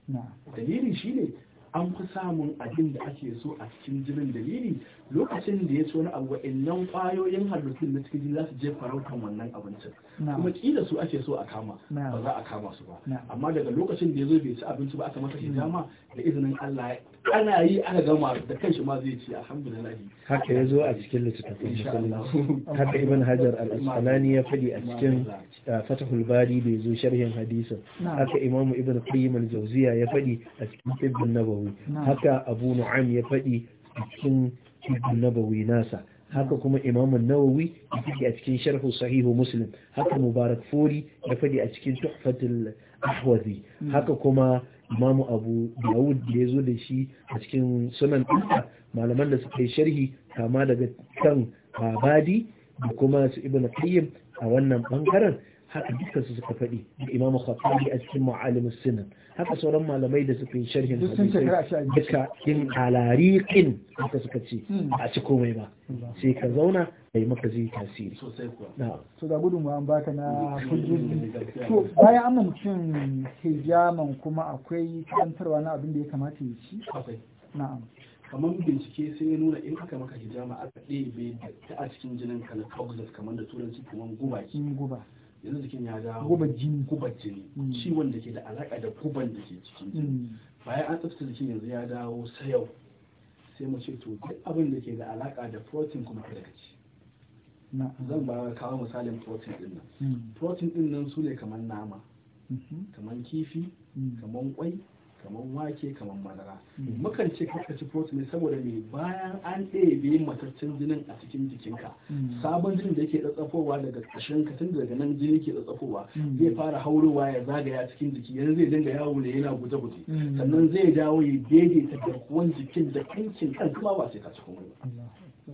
ba. Dalili shi ne an fi samun abin da ake so a cikin jinin dalili lokacin da ya so na abu wa'annan kwayoyin halittun da suke za su je farautan wannan abincin kuma kila su ake so a kama ba za a kama su ba amma daga lokacin da ya zo bai ci abinci ba aka masa mm. hijama da izinin Allah ana yi aka gama da kanshi ma zai ci alhamdulillah haka ya zo a cikin littattafan musulmi haka ibn hajar al-asqalani ya fadi a cikin fatahul bari da ya zo sharhin hadisin haka imamu ibn qayyim al-jawziya ya fadi a cikin tibbin nabawi haka abu nu'am ya fadi a cikin cikin nasa haka kuma imamun nawawi ya faɗi a cikin sharhu sahihu muslim haka mubarak fori ya faɗi a cikin tuhfatul ahwazi hmm. haka kuma imamu abu dawud da ya zo da shi a cikin sunan ɗinsa malaman da suka yi sharhi kama daga kan babadi da kuma su ibn qayyim a wannan bangaren haka dukkan su suka faɗi da imamu khattabi a cikin mu'alimus sunan haka sauran malamai da suka yi sharhin hadisai duka in alariƙin haka suka ce hmm. a ci komai ba sai ka zauna mai maka zai tasiri to da gudun an baka na hujjoji to bayan amincin hijaman kuma akwai kantarwa na abin da ya kamata ya ci na'am kamar bincike sun yi nuna in aka maka hijama aka ɗebe ta a cikin jinin ka na kamar da turanci kamar guba yanzu jikin ya dawo gubar jini gubar jini mm. ciwon da ke da alaka da guban da ke cikin jini mm. bayan an tsaftace jikin yanzu ya dawo yau sai mu ce to duk abin da ke da alaka da protein kuma ka ka ci zan ba kawo misalin protein din nan mm. protein din nan su ne kamar nama mm-hmm. kamar kifi kamar kwai kamar wake kamar madara hmm. mukan ce ka ci protein saboda me bayan an ɗebe matattun jinin a cikin jikinka hmm. sabon jinin da yake tsatsafowa daga ƙashin ka tun daga nan jini ke tsatsafowa hmm. zai fara haurowa ya zagaya cikin jiki yanzu zai dinga yawo ne yana guje guje sannan zai dawo ya daidaita garkuwan jikin da kankin kan kuma ba sai ka ci komai ba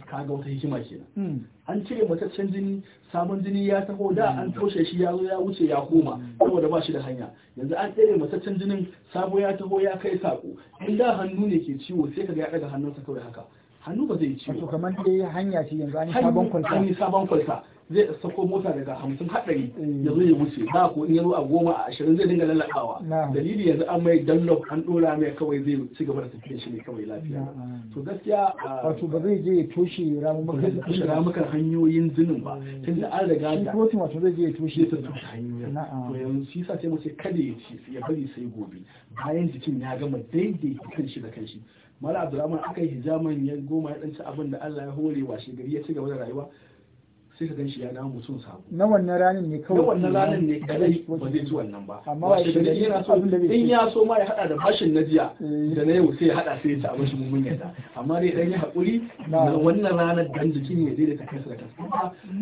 Ka ga wata hikima ke kenan hmm. an cire mataccen jini sabon jini ya taho da hmm. an toshe shi ya zo ya wuce ya koma saboda ba shi da hanya yanzu an tsere mataccen jinin sabo ya taho ya kai saƙo. in da hannu ne ke ciwo sai ka ya daga hannunsa kawai haka hannu ba zai yi ciwo kamar dai hanya ce yanzu an yi sabon kwalta an yi sabon kwalta zai sako mota daga hamsin haɗari eh. ya zo ya wuce ba ko in ya a goma a ashirin zai dinga lallakawa dalili yanzu an mai dallo an ɗora mai kawai zai ci gaba da tafiya shi ne kawai lafiya to gaskiya ah, wato ba zai je ya toshe ramukan ramukan hanyoyin zinin ba eh. tun da an riga da protein wato zai je ya toshe ya toshe hanyoyin to yanzu shi sa sai mu ce kada ya ci ya bari sai gobe bayan jikin ya gama daidai kan kanshi da kanshi mala abdurrahman aka yi hijaman ya goma ya danci abin da Allah ya hore wa shi gari ya ci gaba da rayuwa sai ka ganshi ya dawo mutum sabo na wannan ranin ne kawai wannan ranin ne kadai ba zai ci wannan ba amma wa shi yana so in ya so ma ya hada da bashin na jiya eh. da na yau sai ya hada sai ya ci abin shi mun da amma dai dan ya hakuri na wannan ranar dan ne ya da kansa da kansa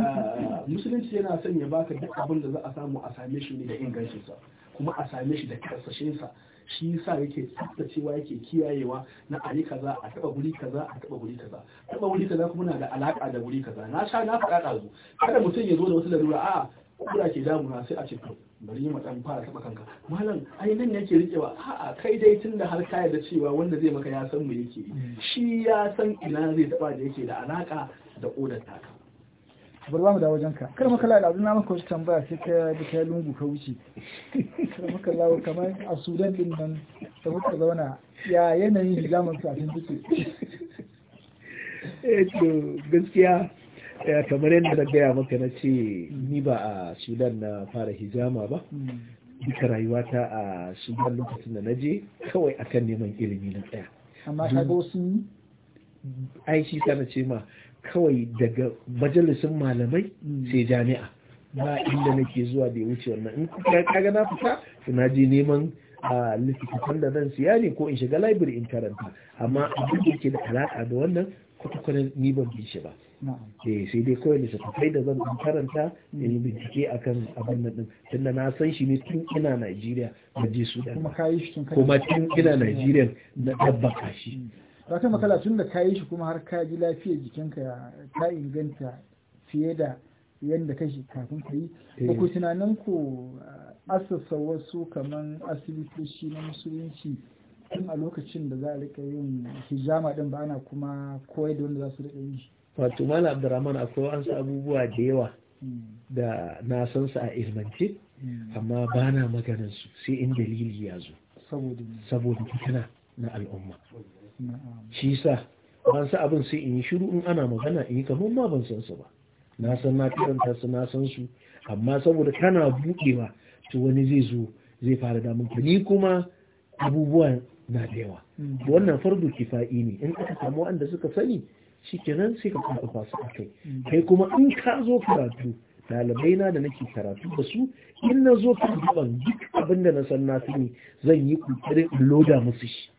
ah, musulunci yana son ya baka duk abin da za a samu a same shi ne da ingancinsa kuma a same shi da karsashinsa shi sa yake tsaftacewa yake kiyayewa na yi kaza a taba guri kaza a taba guri kaza taba guri kaza kuma na da alaka da guri kaza na sha na faɗa ɗazu kada mutum ya zo da wasu larura a kura ke damuna sai a ce to bari mu dan fara taba kanka malam ai nan yake rikewa a'a kai dai tunda har ka yarda cewa wanda zai maka ya san mu yake mm. shi ya san ina zai taba da yake da alaka da kodar taka bari ba mu da wajen ka kar maka lalata na maka wasu tambaya sai ka bi ta lungu ka wuce kar maka lawo kamar a sudan din nan da muka zauna ya yanayin shiga masu a eh to gaskiya eh, kamar yadda na gaya maka na ce ni ba a sudan na fara hijama ba hmm. duka rayuwata a sudan lokacin da na je kawai akan neman ilimi na tsaya amma ka go sun ai shi ta na ce ma kawai daga majalisun malamai hmm. sai jami'a ba inda nake zuwa da ya wuce wannan in kuka kaga na fita to na je neman a da zan siya ne ko in shiga library in karanta amma abin da yake da alaka da wannan kwatakwata ni ban bi shi ba eh sai dai kawai kai da zan karanta da yi bincike akan abin nan din tunda na san shi ne tun ina Najeriya ba je Sudan kuma kayi shi tun kuma tun ina Najeriya na dabbaka kashi. Hmm. ta kai makala tun da ka yi shi kuma har ka ji lafiyar jikinka ta inganta fiye da yadda kashi kafin ka yi eh. ba ku tunanin ku ah, asassa wasu kaman asibitoci na musulunci tun a lokacin da za a rika yin hijama din ba ana kuma koyar da wanda za su rika yi wato mala abdurrahman akwai an abubuwa da yawa hmm. da na san su a ilmance hmm. amma ba na maganin su sai in dalili ya zo saboda fitina na al'umma shi sa ban sa abin sai in yi shiru in ana magana in yi kamar ma ban san su ba na san na karanta su na san su amma saboda kana buɗewa to wani zai zo zai fara damun ka ni kuma abubuwa na da yawa mm. wannan fardu kifa'i ne in aka samu wanda suka sani shikenan sai ka kuma fasu akai kai mm. Kai kuma in ka zo karatu dalibai na da nake karatu da su in na zo karatu ban duk abin da na san na sani zan yi kokarin loda musu shi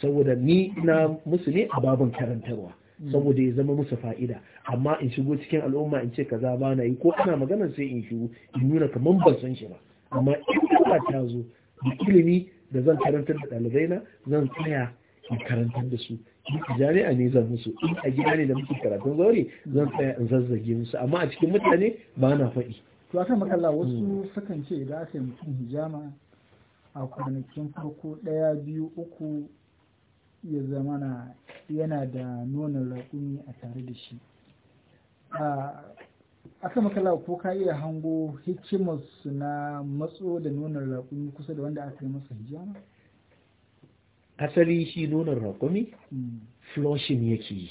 saboda ni na musu ne a babin karantarwa saboda ya zama musu fa'ida amma in shigo cikin al'umma in ce kaza ba na yi ko ana magana sai in shigo in nuna kamar ban san shi ba amma in ba ta zo da ilimi da zan karantar da ɗalibai na zan tsaya in karantar da su in jami'a ne zan musu in a gida ne da muke karatun zaure zan tsaya in zazzage musu amma a cikin mutane ba na faɗi to akan makalla wasu sukan ce idan aka yi mutum hijama a kwanakin farko ɗaya biyu uku ya zama yana da nonon raƙumi a tare da shi aka makala ko ka iya hango hikimarsu na matso da nonon raƙumi kusa da wanda aka yi masa hijama? asali shi nonon raƙumi hmm. flushing yake yi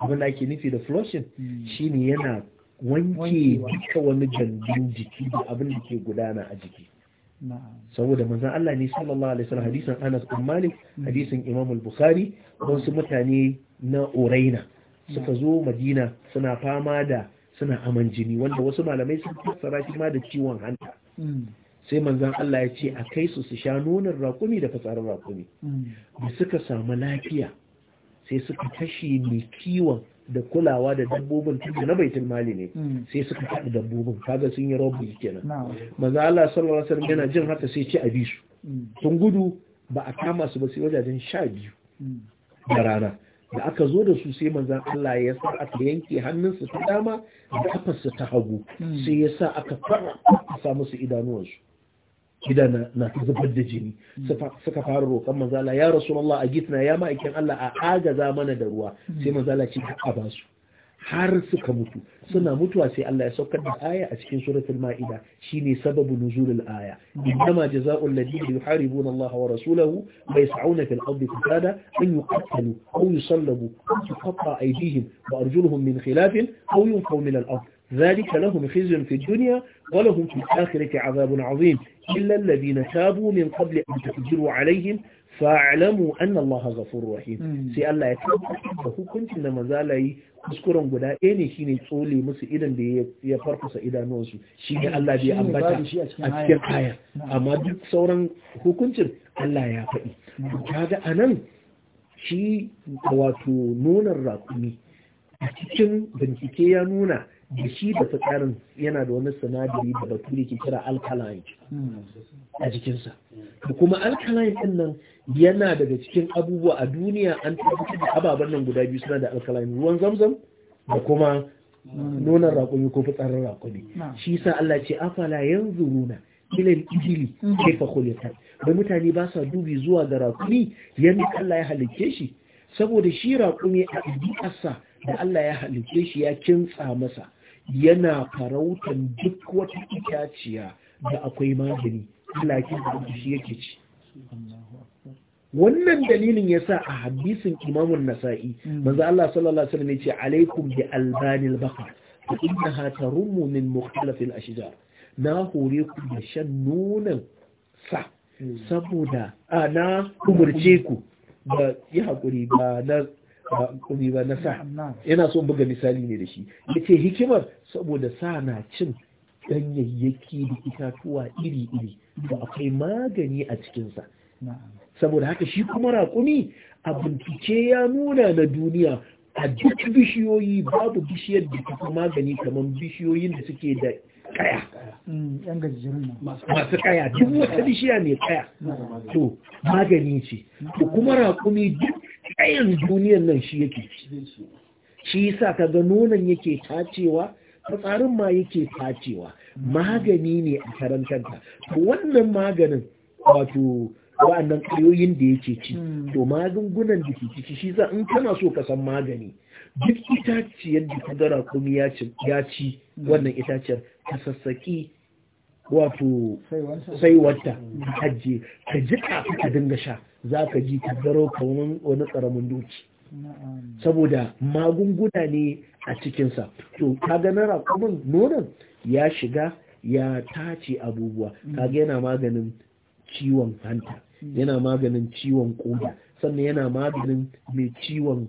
abin da ake nufi da flushing hmm. ne yana wanke duka wani jandun jiki da abin da ke gudana a jiki saboda manzan Allah ne sallallahu alaihi wasallam hadisin Anas bin Malik hmm. hadisin Imam al-Bukhari wasu mutane na Uraina suka zo Madina suna fama da suna aman jini wanda wasu malamai sun fassara shi ma da ciwon hanta hmm. sai manzan Allah ya ce a kai su su sha nonon rakumi da fasarar rakumi hmm. da suka samu lafiya sai suka kashe mai kiwon da kulawa da dabbobin tunda na baitul mali ne hmm. sai suka faɗi dabbobin kaga sun yi rabbi kenan maza Allah sallallahu alaihi wasallam yana jin haka sai ce a bi su Tun hmm. gudu ba a kama su ba sai wajajen sha biyu hmm. da rana da aka zo da su sai manzan Allah ya sa aka yanke hannunsu ta dama da kafarsu ta hagu sai ya sa aka fara a sa musu idanuwansu gida na zubar da jini suka fara roƙon manzala ya rasulallah a gitna ya ma'aikin Allah a agaza mana da ruwa sai manzala ce a ba su har suka mutu suna mutuwa sai Allah ya saukar da aya a cikin suratul ma'ida shine sababu nuzulul aya innama jazaa'ul ladina yuharibuna Allah wa rasulahu wa yas'una fil ardi fasada an yuqtalu aw yusallabu aw tuqatta aydihim wa arjuluhum min khilafin aw yunfaw min al ذلك لهم خزي في الدنيا ولهم في الآخرة عذاب عظيم إلا الذين تابوا من قبل أن تفجروا عليهم فاعلموا أن الله غفور رحيم سي الله يتوقف كنت لما زالي kuskuren guda ɗaya ne shine tsole musu idan da ya farfasa idanuwansu shi ne Allah bai ambata a cikin aya amma duk sauran hukuncin Allah ya faɗi kaga anan shi wato nonon raƙumi a cikin bincike ya nuna da shi da fitsarin yana da wani sinadari da bature ke kira alkaline a jikinsa da kuma alkaline din nan yana daga cikin abubuwa a duniya an tafi da ababen nan guda biyu suna da alkaline ruwan zamzam da kuma nonon rakumi ko fitsarin rakumi shi sa Allah ce afala yanzu runa ilil ijili kaifa khuliqat da mutane ba sa dubi zuwa ga rakumi yanda Allah ya halicce shi saboda shi rakumi a ɗabi'arsa da Allah ya halicce shi ya kintsa masa yana farautan duk wata itaciya da akwai magani lakin da shi yake ci wannan dalilin ya sa a hadisin Imam nasai manzo Allah sallallahu alaihi wasallam yace alaikum bi albanil baqar fa innaha tarumu min mukhtalaf al ashjar na hore ku da shan nonon sa saboda a na ku ba yi hakuri ba na ba ba na sa yana so buga misali ne da shi ya ce hikimar saboda sa na cin ganyayyaki da itatuwa iri-iri da akwai magani a cikinsa saboda haka shi kuma raƙumi a bincike ya nuna na duniya a duk bishiyoyi babu bishiyar da ta magani kamar bishiyoyin da suke da mm, kaya masu kaya duk wata bishiya mai kaya to magani ce to kuma raƙumi duk tsayin duniyar nan shi yake shi yasa kaga nonon yake tacewa fitsarin ma yake tacewa magani ne a karan kanta wannan maganin wato wa'annan ƙayoyin da yake ci hmm. to magungunan da ke ciki shi za in kana so ka san magani duk itaciyar da ka gara kuma ya ci hmm. wannan itaciyar ka sassaƙi. wato saiwarta wata hajji ka ji ka dinga sha za ka ji ka zaro ka wani tsaramin doki saboda magunguna ne a cikinsa to kaga na rakumin nonon ya shiga ya tace abubuwa mm. kaga yana maganin ciwon hanta mm. yana maganin ciwon koda sannan yana maganin mai ciwon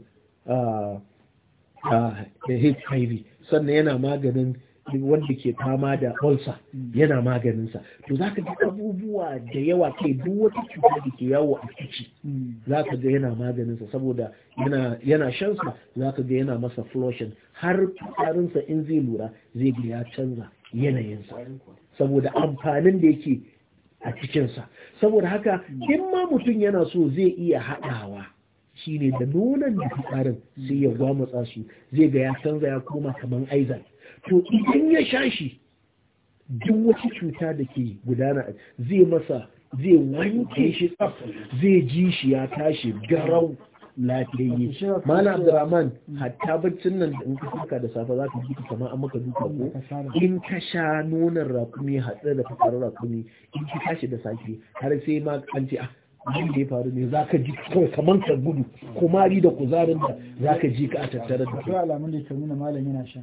HIV ah, ah, sannan yana maganin wanda ke fama da balsa yana maganinsa to za ka ga abubuwa da yawa kai duk wata cuta da ke yawo a ciki za ka ga yana maganinsa saboda yana shansa za ka ga yana masa flushing har fitsarinsa in zai lura zai ga ya canza yanayinsa saboda amfanin da yake a cikinsa saboda haka in ma mutum yana so zai iya haɗawa shine da nonon da fitsarin sai ya gwamutsa su zai ga ya canza ya koma kamar aizan. to idan ya sha shi duk wata cuta da ke gudana zai masa zai wanke shi tsaf zai ji shi ya tashi garau lafiyayye mana abdurrahman hatta baccin nan da in ka saka da safe za ka jika kama an maka duka ko in ka sha nonon rakumi hatsar da fasar rakumi in ka tashi da safe har sai ma an ce ah da ya faru ne za ka ji kawai kamar ka gudu kuma ri da kuzarin da za ka ji ka a tattara da su. alamun da nuna yana sha.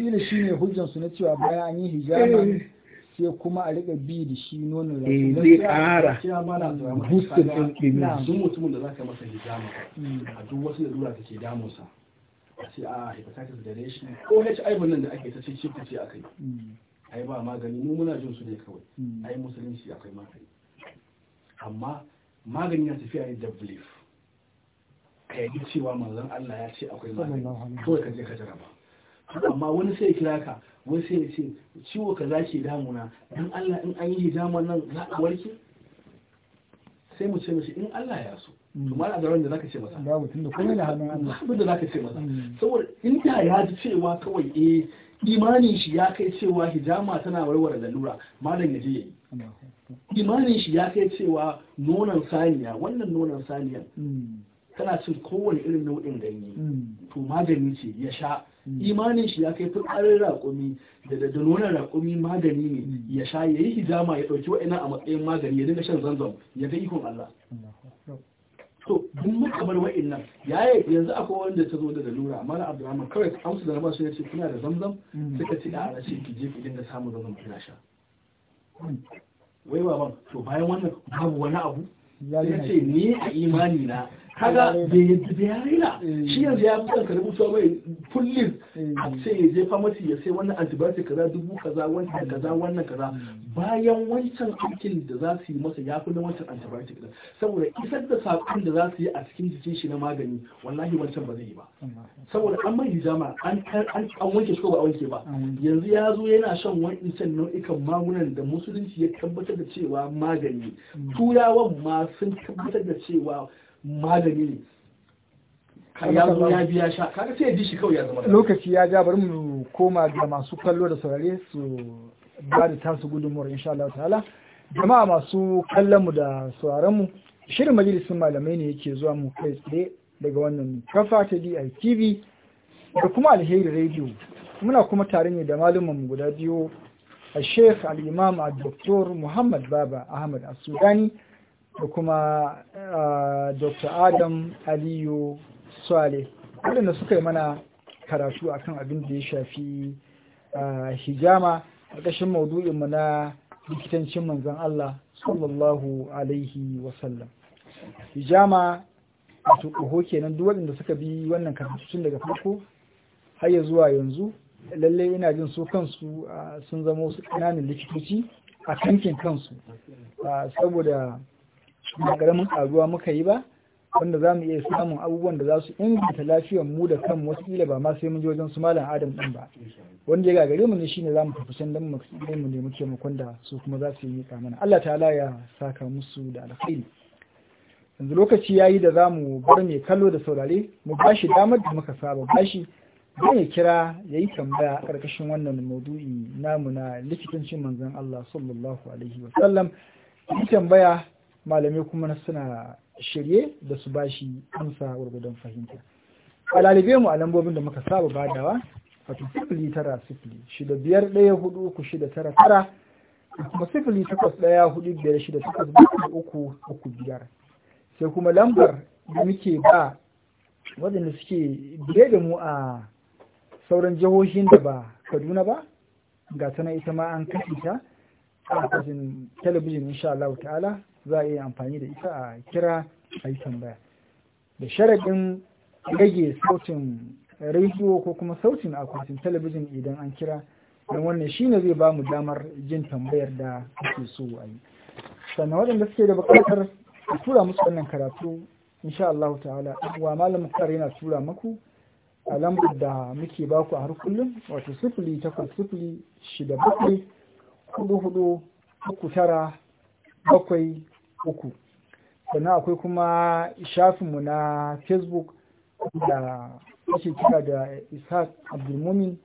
ila shi ne hujjansu na cewa bayan an yi hijama sai kuma a riƙa bi da shi nonon rafi eh, zai ƙara boostin ɗin ɗin sun mutumin da za ka masa hijama hmm. a duk wasu dura da ke damunsa a ce a ah, hepatitis da shi ko hiv nan da ake ta ce ce ku ce a kai hmm. ai ba magani mu muna jin su ne kawai hmm. ai musulunci akwai magani amma magani ya tafiya ne da belief ka yi cewa manzan Allah ya ce akwai magani kawai ka je ka jaraba amma wani sai kira ka wani sai ya ce ciwo ka za ke damuna dan Allah in an yi damar nan za a warke sai mu ce mashi in Allah ya so hmm. to mala da wanda zaka ce masa komai da hannun Allah abin da zaka ce masa hmm. saboda in ta ya ji cewa kawai eh imanin shi ya kai cewa hijama tana warware lalura malam ya je yi imanin shi ya kai cewa nonon saniya wannan nonon saniya tana cin kowane irin nau'in ganye to magani ce ya sha imanin shi ya kai fitsarin raƙumi da da nonon raƙumi magani ne ya sha ya yi hijama ya ɗauki wa'ina a matsayin magani ya dinga shan zanzan ya ga ikon Allah to duk mun kamar wa'annan yaye yanzu akwai wanda ta zo da lura na Abdulrahman kawai amsa da rabar su yace kuna da zamzam mm. suka ci a rashin ki je ki dinga samu zamzam kina sha mm. wai baban to bayan wannan babu wani abu ya ce ni a imani na kaga da yadda da ya eh. shi yanzu ya mutan karbi rubuta mai kullum eh. a ce ya je famasi ya sai wannan antibiotic kaza dubu kaza wannan kaza wannan kaza hmm. bayan wancan aikin da za su yi masa ya fi na wancan antibiotic da. saboda isar da sakon da za su yi a cikin jikin shi na magani wallahi wancan ba zai yi ba saboda an mai hijama an an wanke shi ko ba a wanke ba yanzu ya zo yana shan wancan nau'ikan magunan da musulunci ya tabbatar da cewa magani hmm. turawan ma sun tabbatar da cewa malami ne ya biya sha shi kawai ya zama lokaci ya ja bari mu koma ga masu kallo da saurare su ba da tasu gudunmuwar insha Allah ta'ala jama'a masu kallon mu da sauraron mu shirin majalisun malamai ne yake zuwa mu kai tsaye daga wannan kafa ta DITV da kuma alheri radio muna kuma tare ne da malumin guda biyu a sheikh al-imam Dr. muhammad baba ahmad as da kuma dr adam aliyu swale waɗanda suka yi mana karatu akan abin da ya shafi hijama a ƙashin maudu'inmu na likitancin manzan Allah sallallahu alaihi wasallam hijama wato ƙaho kenan duk waɗanda suka bi wannan karatu daga farko har ya zuwa yanzu lallai ina jin su kansu sun zama wasu ƙananan likitoci a kankin kansu saboda ba ƙaramin ƙaruwa muka yi ba wanda za mu iya samun abubuwan da za su inganta lafiyar mu da kan wasu ba ma sai mun je wajen su malam adam din ba wanda ya gagare mu ne shine za mu tafi can dan mu mu nemi taimakon da su kuma za su yi mana Allah ta'ala ya saka musu da alkhairi yanzu lokaci yayi da za mu bar mai kallo da saurare mu bashi damar da muka saba bashi zai ya kira ya yi tambaya a ƙarƙashin wannan maudu'i namu na likitancin manzon Allah sallallahu alaihi wa sallam yi tambaya malamai kuma suna shirye da su bashi amsa gwargwadon fahimta a lalibe mu a lambobin da muka saba badawa wato sifili tara sifili shida biyar ɗaya hudu uku shida tara tara kuma sifili takwas ɗaya hudu biyar shida takwas bakwai uku uku biyar sai kuma lambar da muke ba waɗanda suke biye da mu a sauran jihohin da ba kaduna ba ga tana ita ma an kashe ta a talabijin insha Allah ta'ala za a iya amfani da ita a kira a yi tambaya da sharaɗin rage sautin rediyo ko kuma sautin akwatin talabijin idan an kira don wannan shi ne zai ba mu damar jin tambayar da ake so a yi sannan waɗanda suke da buƙatar a tura musu wannan karatu insha Allah ta'ala wa malam Muktar yana tura maku a lambar da muke baku a har kullum wato sifili takwas sifili shida bakwai hudu hudu uku tara bakwai uku sannan akwai kuma shafinmu na facebook da ake kira da ishaq abdulmumin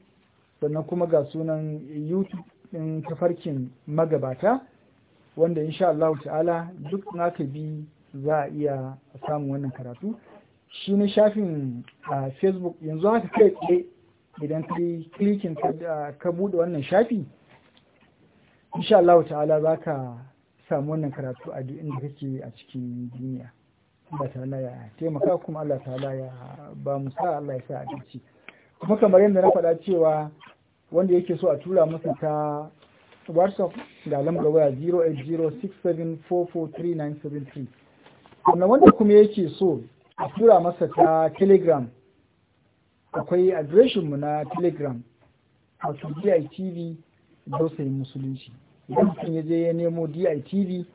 sannan kuma ga sunan youtube ɗin tafarkin magabata wanda insha Allah ta'ala duk naka ka bi za a iya samun wannan karatu shi na shafin a facebook yanzu haka kai tsaye idan ka klikin ka buɗe wannan shafi insha Allah ta'ala za ka samu wannan karatu a duk inda kake a cikin duniya Allah ta'ala ya taimaka kuma Allah ta'ala ya ba mu sa Allah ya sa a cici kuma kamar yadda na faɗa cewa wanda yake so a tura masa ta WhatsApp ga lambar waya 0806744393 sannan wanda kuma yake so a tura masa ta Telegram akwai adireshinmu na Telegram a TV Dausayin Musulunci idan mutum ya je ya nemo DITV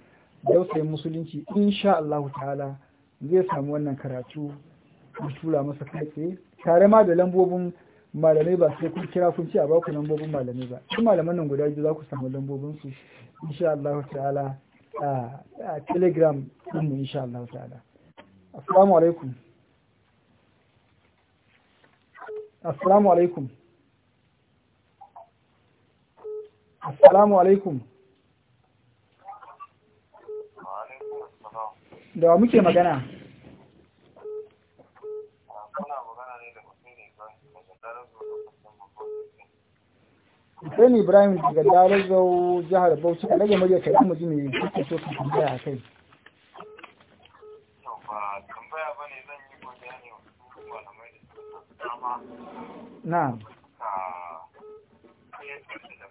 dausayin musulunci insha Allah ta'ala zai samu wannan karatu a tura masa kai tsaye tare ma da lambobin malamai ba sai kun kira kun ce a baku lambobin malamai ba shi malaman nan guda biyu za ku samu lambobin su insha Allah ta'ala a telegram din mu insha Allah ta'ala assalamu alaikum assalamu alaikum Assalamu alaikum. Da wa muke magana? Hussein Ibrahim daga Darazau jihar Bauchi a rage murya kai, mu ji me kuke so ka tambaya a kai. Na'am.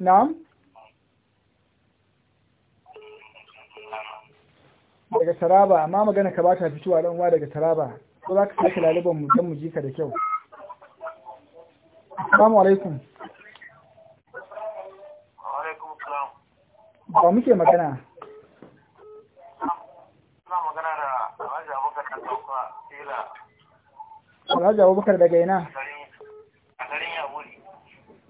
na'am daga taraba amma magana ka ba ta fitowa dan uwa daga taraba ko za ka sake laliban mu don mu ji ka da kyau assalamu alaikum ba muke magana Alhaji Abubakar daga ina?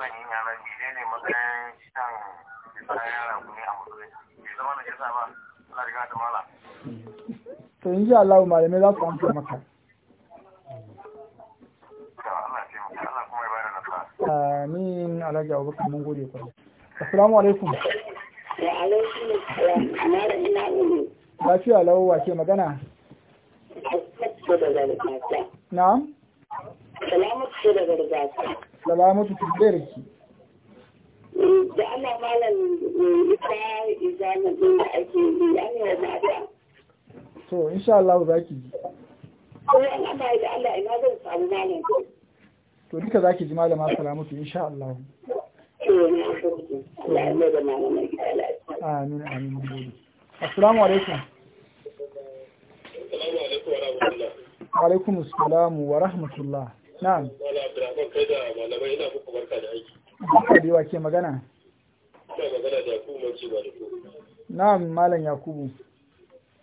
kisan yi yaran ne ne matsayin shan kisan yaran ku ne a musulunci zama na kisa ba riga ta mala to Allah malamai za su maka Amin Alhaji mun gode Assalamu alaikum. Wa alaikum assalam. Ana da magana? Na'am. Salamu ce daga salamatu tambayar ki da ana malam ita izana din da ake yi an yi da to insha Allah za ki ji ko an ana da Allah ina zan samu malam to duka za ki ji malama salamatu insha Allah Amin, amin, Assalamu alaikum. Wa alaikum assalamu wa rahmatullah. na'am wala kai da malamai ina muku barka da aiki barka da ke magana ina magana da yakubu mace ba da ku na'am malam yakubu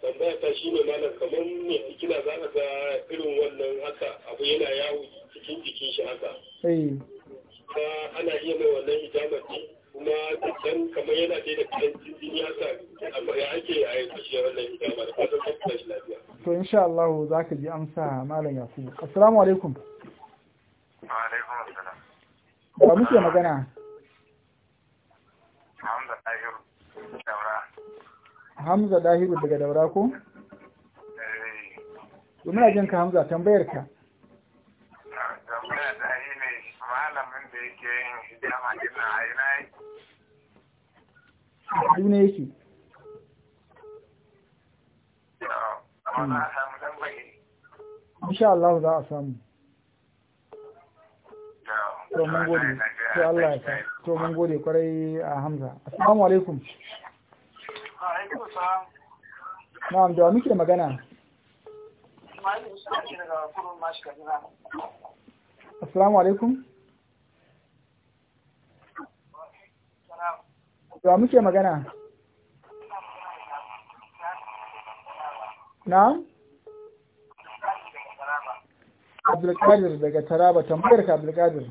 tambaya ta shi ne malam kamar me kina za ka ga irin wannan haka abu yana yawo cikin jikin shi haka eh ka ana iya mai wannan ne, kuma dan kamar yana da karancin jini haka amma ya ake a yi kashe wannan hijamar ka shi lafiya to insha Allah za ka ji amsa malam yakubu assalamu alaikum Wa muke magana. Hamza Dahiru Daura. Hamza Dahiru daga Daura ko? Eh. Muna jin ka Hamza tambayar ka. Ah, tambayar da yi ne malamin da yake yin hijama din na aina yake. Dune yake. Insha Allah za a samu. to mun gode to Allah ya sa to kwarai a Hamza assalamu alaikum da magana assalamu alaikum da muke magana na'am Abdulkadir daga Taraba tambayar ka Abdulkadir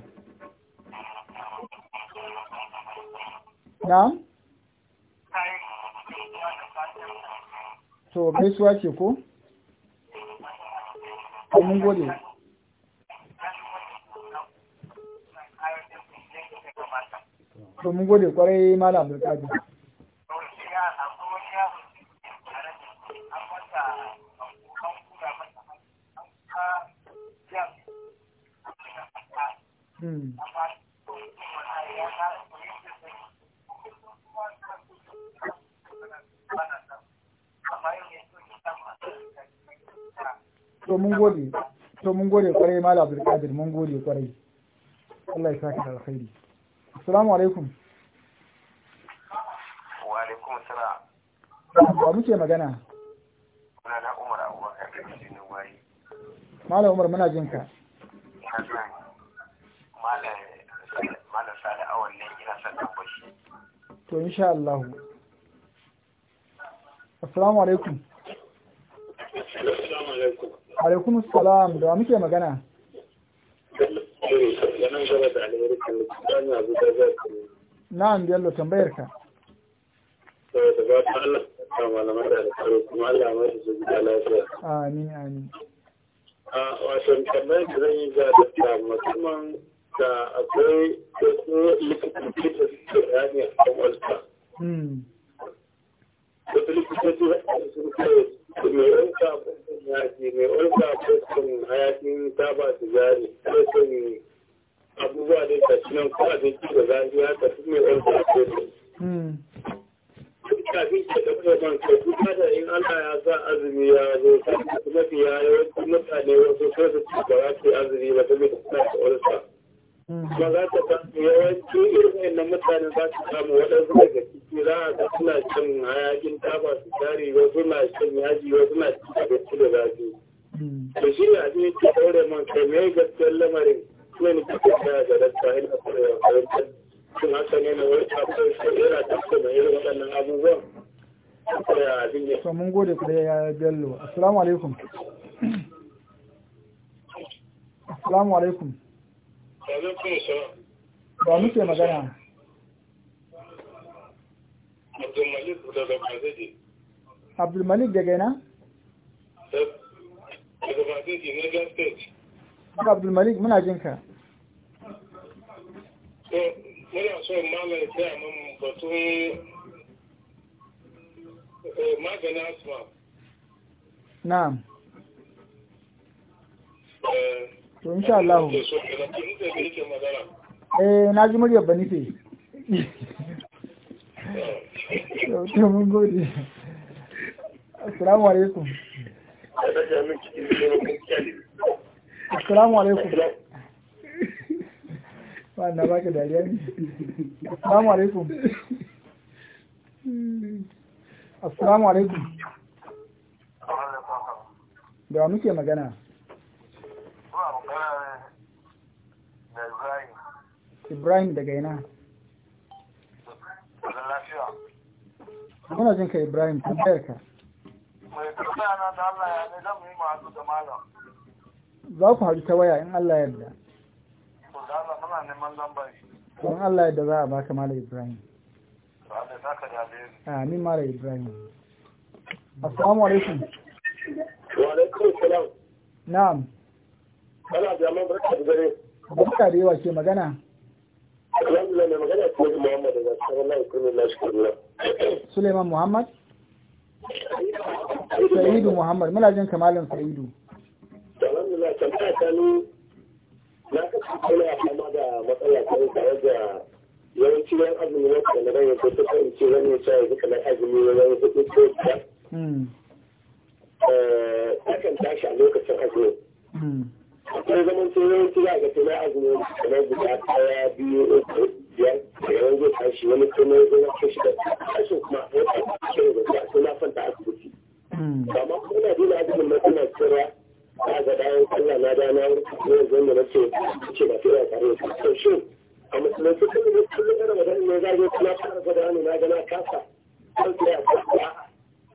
na'am to gaisuwa ce ko mun gode to mun gode kwarai malam abdulkadir Hmm. to mun gode to mun gode kwarai mun gode kwarai Allah ya saka alkhairi assalamu alaikum wa alaikum assalam ba muke magana na Umar Malam Umar muna jin ka to insha Allah assalamu alaikum alaikum salam da muke magana na'am bello tambayar ka da ba ta da a wasan tambayar da zan yi musamman da akwai wasu likitoci da suke rani a kan walta hmm. wasu likitoci da suke mai wanka mai wanka kusan hayakin taba sigari abubuwa da ta shi nan da hmm. da zafi mai in Allah ya sa azumi ya zo kuma mafi yawanci mutane wasu sai su ci azumi ba saboda suna da wanka ba mm. za ta faɗi. yawanci irin wannan mutane za su samu waɗansu daga ciki za a ga suna cin hayakin taba su tare wasu na cin yaji wasu na cin abinci da zafi mm. to shi ne abin ke ɗaure man kai mai gaskiyar lamarin suna ne kuka kaya da dakta ina kuma yawan karantar shin haka ne na wani kafin shi yana tattala irin waɗannan abubuwan to mun gode ku ya bello assalamu alaikum assalamu alaikum Ba muke magana. Abdulmalik daga Mazaje. Abdulmalik daga yana? Daga Mazaje, Niger State. Haka Abdulmalik muna jin ka. Muna so malar taya mun batun eh, maganin asma. Na'am. Eh, to insha Allah eh na ji muryar ba banife to mun gode assalamu alaikum assalamu alaikum ba wannan baka dariya ne assalamu alaikum assalamu alaikum da muke magana Ibrahim daga ina? Muna jin ka Ibrahim tambayar Za ku haɗu ta waya in Allah yadda. Allah in Allah za a baka malam Ibrahim. Ba Amin malam Ibrahim. Assalamu alaikum. Wa alaikum salam. Na'am. Ana da yamma barka da dare. Barka da yawa ke magana. Alhamdulillah mai magana da Muhammad da sallallahu alaihi wa sallam. Suleiman Muhammad. Sa'idu Muhammad muna jin kamalin Sa'idu. Alhamdulillah tambaya ta ni na kasance na fama da matsala ta tare da yawanci yan azumi na da na yanzu ta kan ce wani ya ce duka na azumi na yanzu ta ta. tashi a lokacin azumi. Hmm. akwai zaman kira su za ga turai azumi kamar guda ɗaya biyu uku biyar da yawan zai tashi wani turai zai na kashi da tashin kuma a wata kashe da zai a na fanta asibiti hmm. amma kuma na dina azumin na tana kira ta ga dayan Allah na dana ne zan da nace ce ba tare da to shi a musulunci kuma ne kullum da ramadan ne za ga na fara na gana kasa sai ya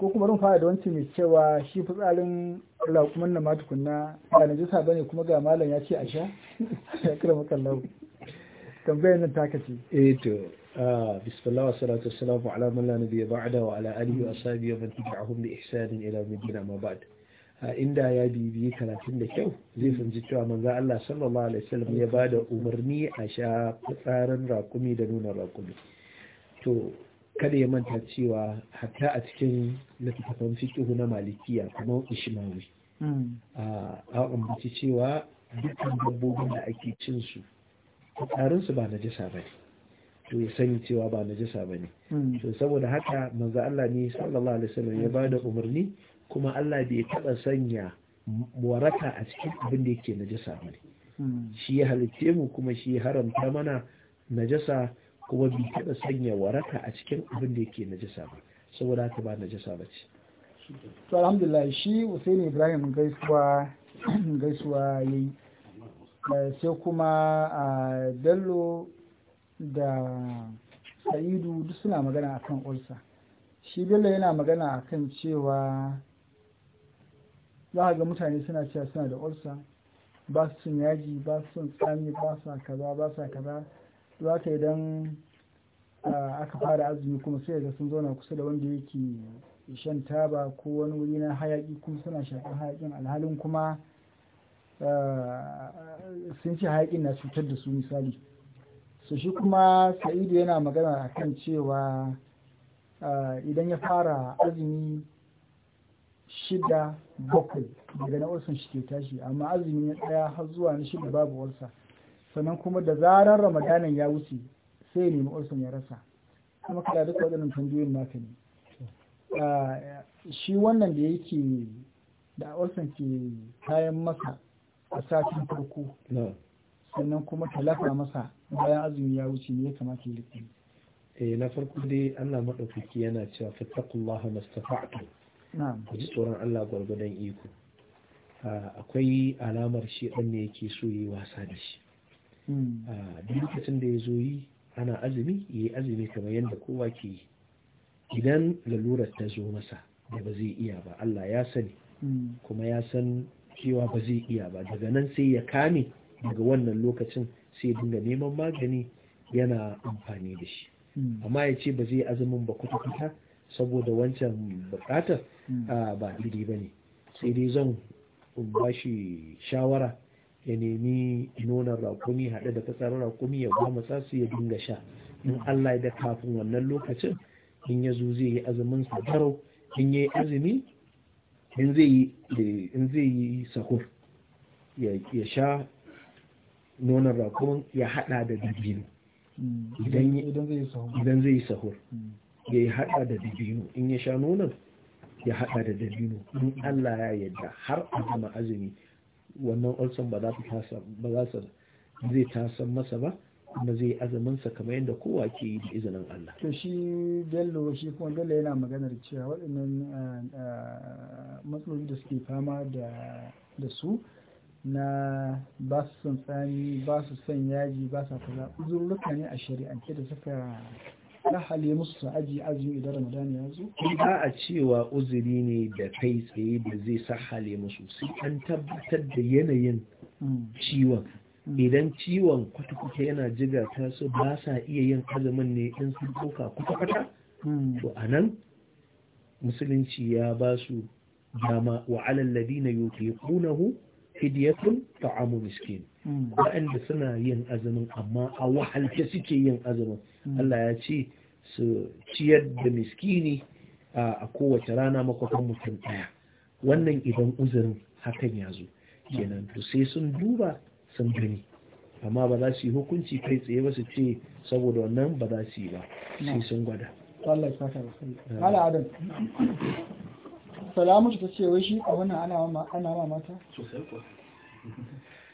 ko kuma rin fara da wancan mai cewa shi fitsarin raƙumin na matukunna ba na jisa bane kuma ga malam ya ce a sha [LAUGHS] ya kira makallau tambayar nan taka ce eh to bismillah wa salatu wa salamu ala man la nabiyya ba'da wa ala alihi wa ashabihi wa man tabi'ahum bi ihsanin ila yawmiddin amma ba'd inda ya bibiyi karatun da kyau zai fahimci cewa manzo Allah sallallahu alaihi wasallam ya bada umarni a sha fitsarin raƙumi da nuna raƙumi to kada ya manta cewa hatta a cikin littattafan fiqhu na malikiya kuma ishimawi hmm. a ambaci cewa dukkan dabbobin da ake cin su tsarin su ba najasa bane to ya sani cewa ba na najasa bane hmm. to saboda haka manzo Allah ne sallallahu alaihi wasallam ya bada umarni kuma Allah bai taba sanya waraka a cikin abin da yake najasa ne. Hmm. shi ya halitte mu kuma shi ya haramta mana najasa kuma bi taɓa sanya waraka a cikin abin da yake najasa ba saboda haka ba najasa ba ce to alhamdulillah shi usaini Ibrahim gaisuwa [CLEARS THROAT] gaisuwa yi, eh, sai kuma a Bello da Sa'idu duk suna magana akan ulsa shi Bello yana magana a kan cewa za a ga mutane suna cewa suna da ulsa ba su yaji ba su tsami ba su kaza ba sa kaza za ka idan aka fara azumi kuma sai ga sun zauna kusa da wanda yake shan taba ko wani wuri na hayaki kuma suna shafin hayakin alhalin kuma sun ce hayakin na cutar da su misali su shi kuma sa'idu yana magana a kan cewa idan ya fara azumi shida bakwai daga na shi ke tashi amma azumi na ɗaya har zuwa na shida babu warsa sannan kuma da zarar ramadanin ya wuce sai ya nemi ya rasa kuma kada duka waɗannan tambayoyin naka ne ah, shi wannan da yake da ursun ke kayan masa a satin farko sannan kuma talafa masa bayan azumi ya wuce ne ya kamata ya rike eh na farko dai Allah madaukaki yana cewa fattaqullaha mastata'tum na'am ku ji tsoron Allah gwargwadon iko ah, akwai alamar shi ɗan ne yake so yi wasa da shi Hmm. a ah, lokacin da ya zo yi ana azumi ya yi azumi kamar yadda kowa ke yi idan lalurar ta zo masa da ba zai iya ba Allah ya sani hmm. kuma ya san cewa ba zai iya ba daga nan sai ya kame daga wannan lokacin sai dinga neman magani yana amfani da shi hmm. amma ya ce ba zai azumin ba kuta-kuta saboda wancan bukatar ah, ba dide ba ne sai dai zan ba shawara ya nemi nonon raƙumi haɗe da fitsarin raƙumi ya ba matsa su ya dinga sha in Allah ya da kafin wannan lokacin in ya zo zai yi azumin sa in ya yi azumi in zai yi eh, sahur ya sha nonon raƙumin ya haɗa da dabino hmm. idan zai yi sahur hmm. ya yi haɗa da dabino in ya sha nonon ya haɗa da dabino in Allah ya yarda har a azumi wannan ulcer ba za ta zai tasan masa ba kuma zai azuminsa kamar yadda kowa ke yi da izinin Allah. To shi Bello shi kuma Bello yana maganar cewa waɗannan eh, eh, matsaloli da suke fama da su na ba su son tsani ba su son yaji ba su kaza uzurruka ne a shari'ance da suka na hali musu su aji azumi idan ramadan ya zo ba a cewa uzuri ne da kai tsaye da zai sa hali musu sai an tabbatar da yanayin hmm. ciwon hmm. idan ciwon kwata-kwata yana jiga ta su ba sa iya yin azumin ne in sun ɗauka kwata-kwata hmm. to a nan musulunci ya ba su dama wa alallabi na ke kunahu hidiyatun ta'amu miskin hmm. waɗanda suna yin azumin amma a wahalce suke yin azumin hmm. Allah ya ce su ciyar da miskini a kowace rana makwakwan mutum ɗaya wannan idan uzurin hakan ya zo kenan to sai sun duba sun gani amma ba za su yi hukunci kai tsaye ba su ce saboda wannan ba za su yi ba sai sun gwada salamu ta ce wai shi a wannan ana ma mata sosai ko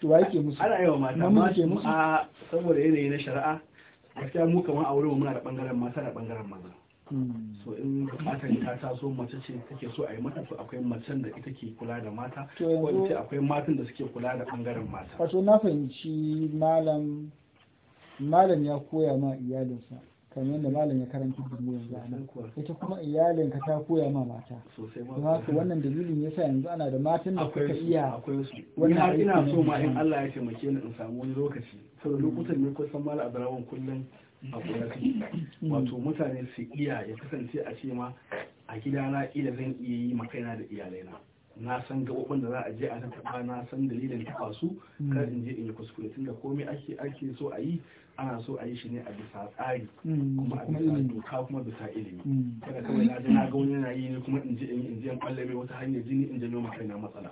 to wa yake musu ana wa mata ma ke musu a saboda yanayi na shari'a gaskiya mu kamar a wurin muna da ɓangaren mata da ɓangaren maza hmm. so in bukatar ta taso mace ce take so a yi mata to akwai macen da ita ke kula da mata ko in ce akwai matan da suke kula da ɓangaren mata wato na fahimci malam malam ya koya ma iyalinsa kamar yadda malam ya karanta dubu yanzu a nan ita kuma iyalin ka ta koya ma mata kuma su wannan dalilin yasa yanzu ana da matan da suka iya wannan aiki ina so ma in Allah ya taimake ni in samu wani lokaci saboda lokutan ne kusan mala abarawan kullum a wato mutane su iya ya kasance a ce ma a gidana ila zan iya yi makaina da iyalaina na san gaɓoɓin da za a je a na taɓa na san dalilin taɓa su hmm. kar in je in yi kuskure tunda komai ake ake so a yi ana so a yi shi ne a bisa tsari hmm. kuma a bisa doka kuma bisa ilimi hmm. kada kawai na je na ga wani yana yi ne kuma in je in je in kwalle mai wata hanyar jini in je noma kaina matsala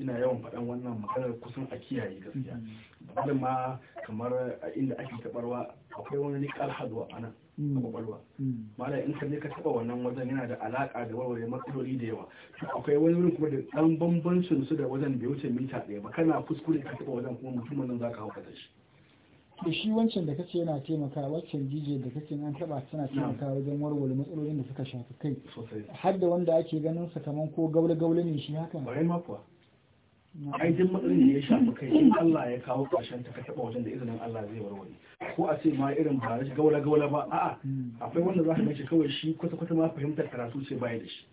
ina yawan faɗan wannan maganar kusan a kiyaye gaskiya ma kamar inda ake taɓarwa akwai wani ni haduwa a nan a mm. kwakwalwa mm. mala in ka ka taba wannan wajen yana da alaka da warware matsaloli da yawa akwai wani wurin kuma da dan bambancin su da wajen bai wuce mita ɗaya ba kana kuskure ka taba wajen kuma mutum nan zaka hauka da shi to shi wancan da kace yana taimaka wancan jijiyar da kace an taba tana taimakawa wajen warware matsalolin da suka shafi kai har da wanda ake ganin sa kaman ko gaule gaule ne shi haka bayan kuwa ai duk matsalin da ya shafi kai in Allah ya kawo ƙarshen ta ka taɓa wajen da izinin Allah zai warware ko a ce ma irin ba shi gaula gaula ba a'a akwai wanda za ka mace kawai shi kwata kwata ma fahimtar karatu ce baya da shi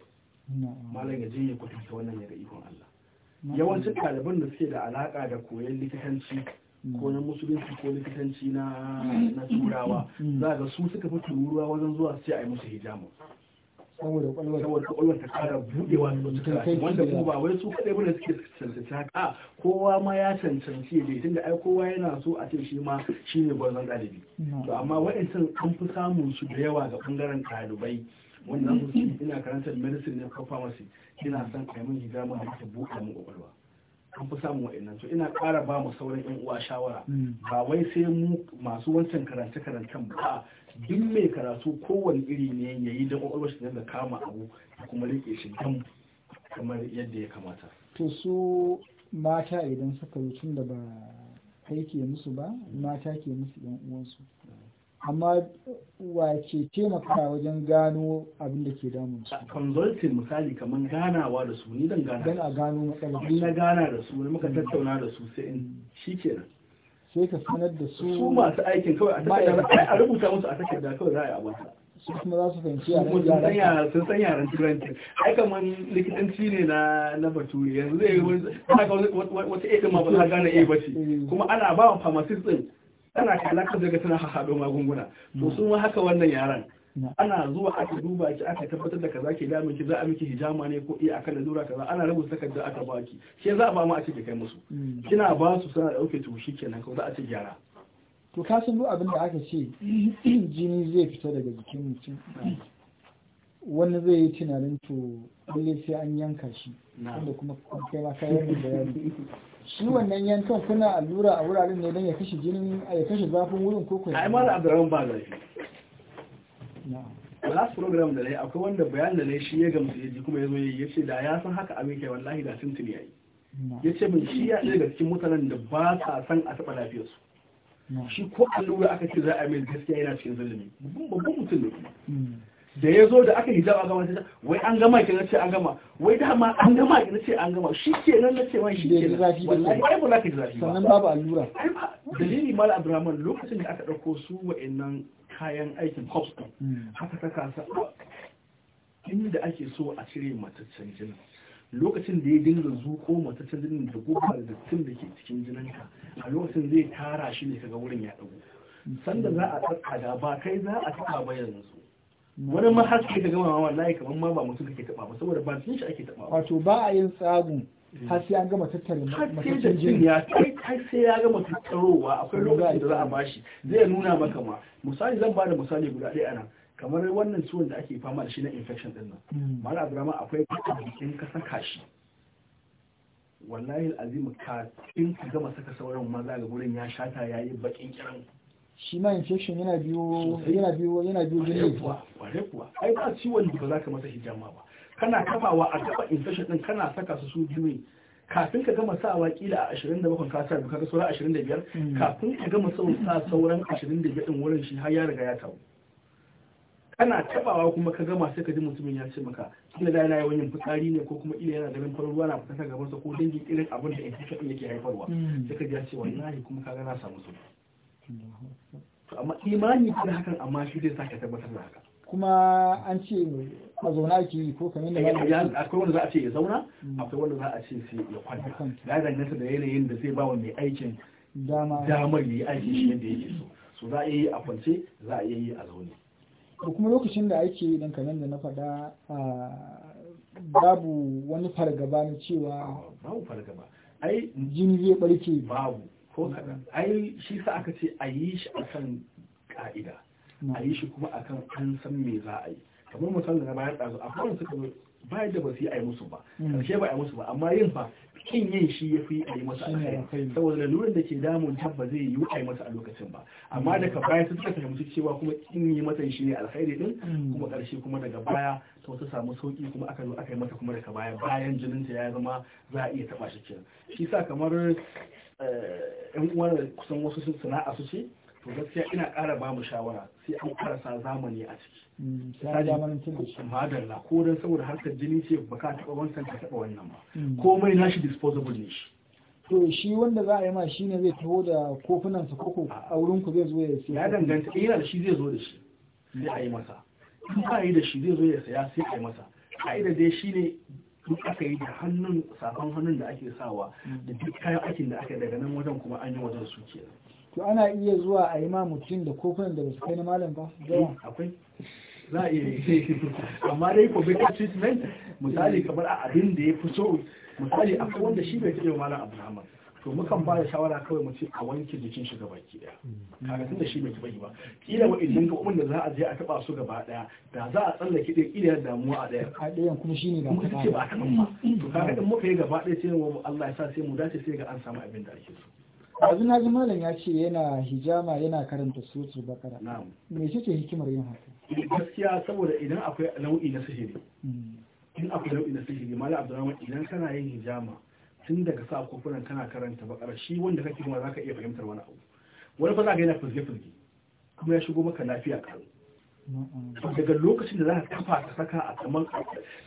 malam ya je ya kwatanta wannan ya ga ikon Allah yawancin ɗaliban da suke da alaƙa da koyon likitanci ko na musulunci ko likitanci na turawa za ga su suka fi tururuwa wajen zuwa sai a yi musu hijama saboda kwakwalwar ta kara budewa wanda ko ba wai su kadai bane suke cancanci haka kowa ma ya cancanci ne tunda ai kowa yana so a ce shi ma shi ne gwarzon ɗalibi to amma wa'ancan an fi samun su da yawa ga bangaren ɗalibai wannan mm-hmm. ina karantar medicine ne ko pharmacy ina son kai min hijama da ta buɗe min kwakwalwa an fi samun waɗannan so ina ƙara ba mu sauran yan uwa shawara mm. ba wai sai mu masu wancan karance-karancen ba duk mai karatu kowane iri ne ya yi da ƙwaƙwalwar shi da kama abu da kuma rike shi dam kamar yadda ya kamata to su mata idan suka yi tun da ba aiki musu ba mata ke musu yan uwansu amma wa ke taimaka wajen gano abin da ke damun su consulting misali kamar ganawa da su ni dan gana gano matsalar na gana da su muka tattauna da su sai in shi nan. sai ka sanar da su su masu aikin kawai a rubuta musu a takarda kawai za a yi abota su kuma za su fahimci a yaran sun san yaran turanci kamar likitanci ne na na baturi yanzu zai yi wata aidin ma ba za gane ba bace eh. kuma ana ba wa pharmacist din tana kalakar daga tana haɗo magunguna to hmm. sun haka wannan yaran ana zuwa aka duba ki aka tabbatar da kaza ke damin ki za a miki hijama ne ko iya akan lura kaza ana rubuta takarda aka ba ki ke za a ba mu a ce kai musu mm. kina ba su sana dauke tushe kenan ko za a ci gyara to ka san duk abin da aka ce [CLEARS THROAT] jini zai fita daga jikin mutum wani zai yi tunanin to lalle sai an yanka shi wanda kuma kai ma ka yanka bayani shi wannan yankan kuna allura a wuraren ne don ya kashe jinin ya kashe zafin wurin ko kuma ai mala abdurrahman ba zafi last program da lai akwai wanda bayan da lai shi ya gamsu ya ji kuma ya zo ya ce da ya san haka abin kai wallahi da tuntuni ya yi ya ce min shi ya ɗaya daga cikin mutanen da ba sa san a taɓa lafiyarsu shi ko allura aka ce za a mai gaskiya yana cikin zulumi babban mutum ne kuma hmm. da ya zo da aka yi a gama ta wai an gama ki na ce an gama wai dama an gama ki na ce an gama shi ke nan na ce wai shi ke zafi da wai bula za ka ji zafi ba sannan babu allura dalili mal abdurrahman lokacin da aka ɗauko su wa'annan kayan aikin hopscotch haka hmm. ta kasa inda ake so a cire mataccen jinin lokacin da ya dinga zuko mataccen jinin da gobar da tun da ke cikin jininka a lokacin zai tara shi ne kaga wurin ya dago sanda za a tsakada ba kai za a taka ba yanzu wani ma haske gama wallahi kamar ma ba mutum kake taba ba saboda ba shi ake taba wato ba a yin tsagun har sai an gama tattare matattun jini har sai ya gama tattarowa akwai lokacin da za a bashi zai nuna maka ma misali zan ba da misali guda ɗaya nan. kamar wannan ciwon da ake fama da shi na infection din nan hmm. mara abdurrahman akwai in ka saka shi wallahi azim ka in ka gama saka sauran maza ga gurin ya shata ya yi bakin kiran shi ma infection yana biyo yana biyo yana biyo jini kuwa ai ba ciwon da ba za ka masa hijama ba kana kafawa a gaba infection din kana saka su su biyu kafin ka gama sawa kila a 27 ka sa ka ga sauran 25 kafin ka gama sa sauran 25 din wurin shi har ya riga ya tawo kana tabawa kuma ka gama sai ka ji mutumin ya ce maka kila da yana yawan yin fitsari ne ko kuma ila yana da farin ruwa na fitar gaban sa ko dangin irin abin da infection din yake haifarwa hmm. sai ka ji ya ce wallahi kuma ka ga na samu su amma imani kuma hakan amma shi zai sake tabbatar da haka kuma an ce mazauna ke yi ko kamar yadda eh, akwai wanda za a ce ya zauna mm. akwai wanda za a ce sai ya kwanta ya danganta da yanayin da zai ba wa mai aikin damar yi aiki shi yadda yake so so za a yi a kwance za a yi a zaune da kuma lokacin da ake yi kamar da na faɗa babu wani fargaba na cewa babu fargaba ai jini zai barke babu ko mm. kaɗan ai shi sa aka ce a yi shi akan ka'ida a mm. yi shi kuma akan an san me za a yi kamar misalin na bayan ɗazu akwai wani suka bayan da ba su yi a yi musu ba hmm. karshe ba a musu ba amma yin ba kin yin shi ya fi a yi masa alkhairi saboda lalurar da ke damun ba zai yi a yi masa a lokacin ba amma hmm. daga baya su suka fahimci cewa kuma kin yi masa shi ne alkhairi din hmm. kuma karshe kuma daga baya ta wata samu sauki kuma aka zo aka yi masa kuma daga baya bayan jinin ta ya zama za a iya taba shi kenan shi sa kamar yan eh, uwa kusan wasu sana'a su ce to gaskiya ina kara ba mu shawara sai an karasa zamani a ciki mm, sai madalla ko dan saboda harkar jini ce baka taɓa wancan ka taɓa wannan ba mm. komai nashi disposable ne shi to shi wanda za a yi ma shi ne zai taho da kofunan su koko a wurin ku zai zo ya sai ya danganta ina eh, da shi zai zo da shi sai a yi masa in ba yi da shi zai zo ya saya sai a yi masa da dai shi ne duk aka yi da hannun safan hannun da ake sawa da duk kayan aikin da aka daga nan wajen kuma an yi wajen su ke to ana iya zuwa a yi ma mutum da kofin da basu su kai na malam ba eh, akwai za a iya yi [LAUGHS] amma dai ko bai treatment misali kamar a abin da ya fi so misali akwai wanda shi bai ce malam abu to mukan ba da shawara kawai mu ce a wanke jikin shi gaba ki daya hmm. kaga tunda shi bai taba yi ba kila wa idan ga da za a je a taba su gaba daya da za a tsallake dai kila damuwa a daya a daya kuma shine ga kuma ce ba ta ba to kaga idan muka yi gaba daya sai mu Allah ya sa sai mu dace sai ga an samu abin da ake so yanzu na ji malam ya ce yana hijama yana karanta suratul bakara me ce hikimar yin haka eh, gaskiya saboda idan akwai nau'i na sihiri hmm. in akwai nau'i na sihiri malam abdurrahman idan kana yin hijama tun daga sa kofunan kana karanta bakara shi wanda kake kuma zaka iya fahimtar wani abu wani fa zaka yana fuzge fuzge kuma ya shigo maka lafiya karo daga lokacin da zaka kafa ta saka a kaman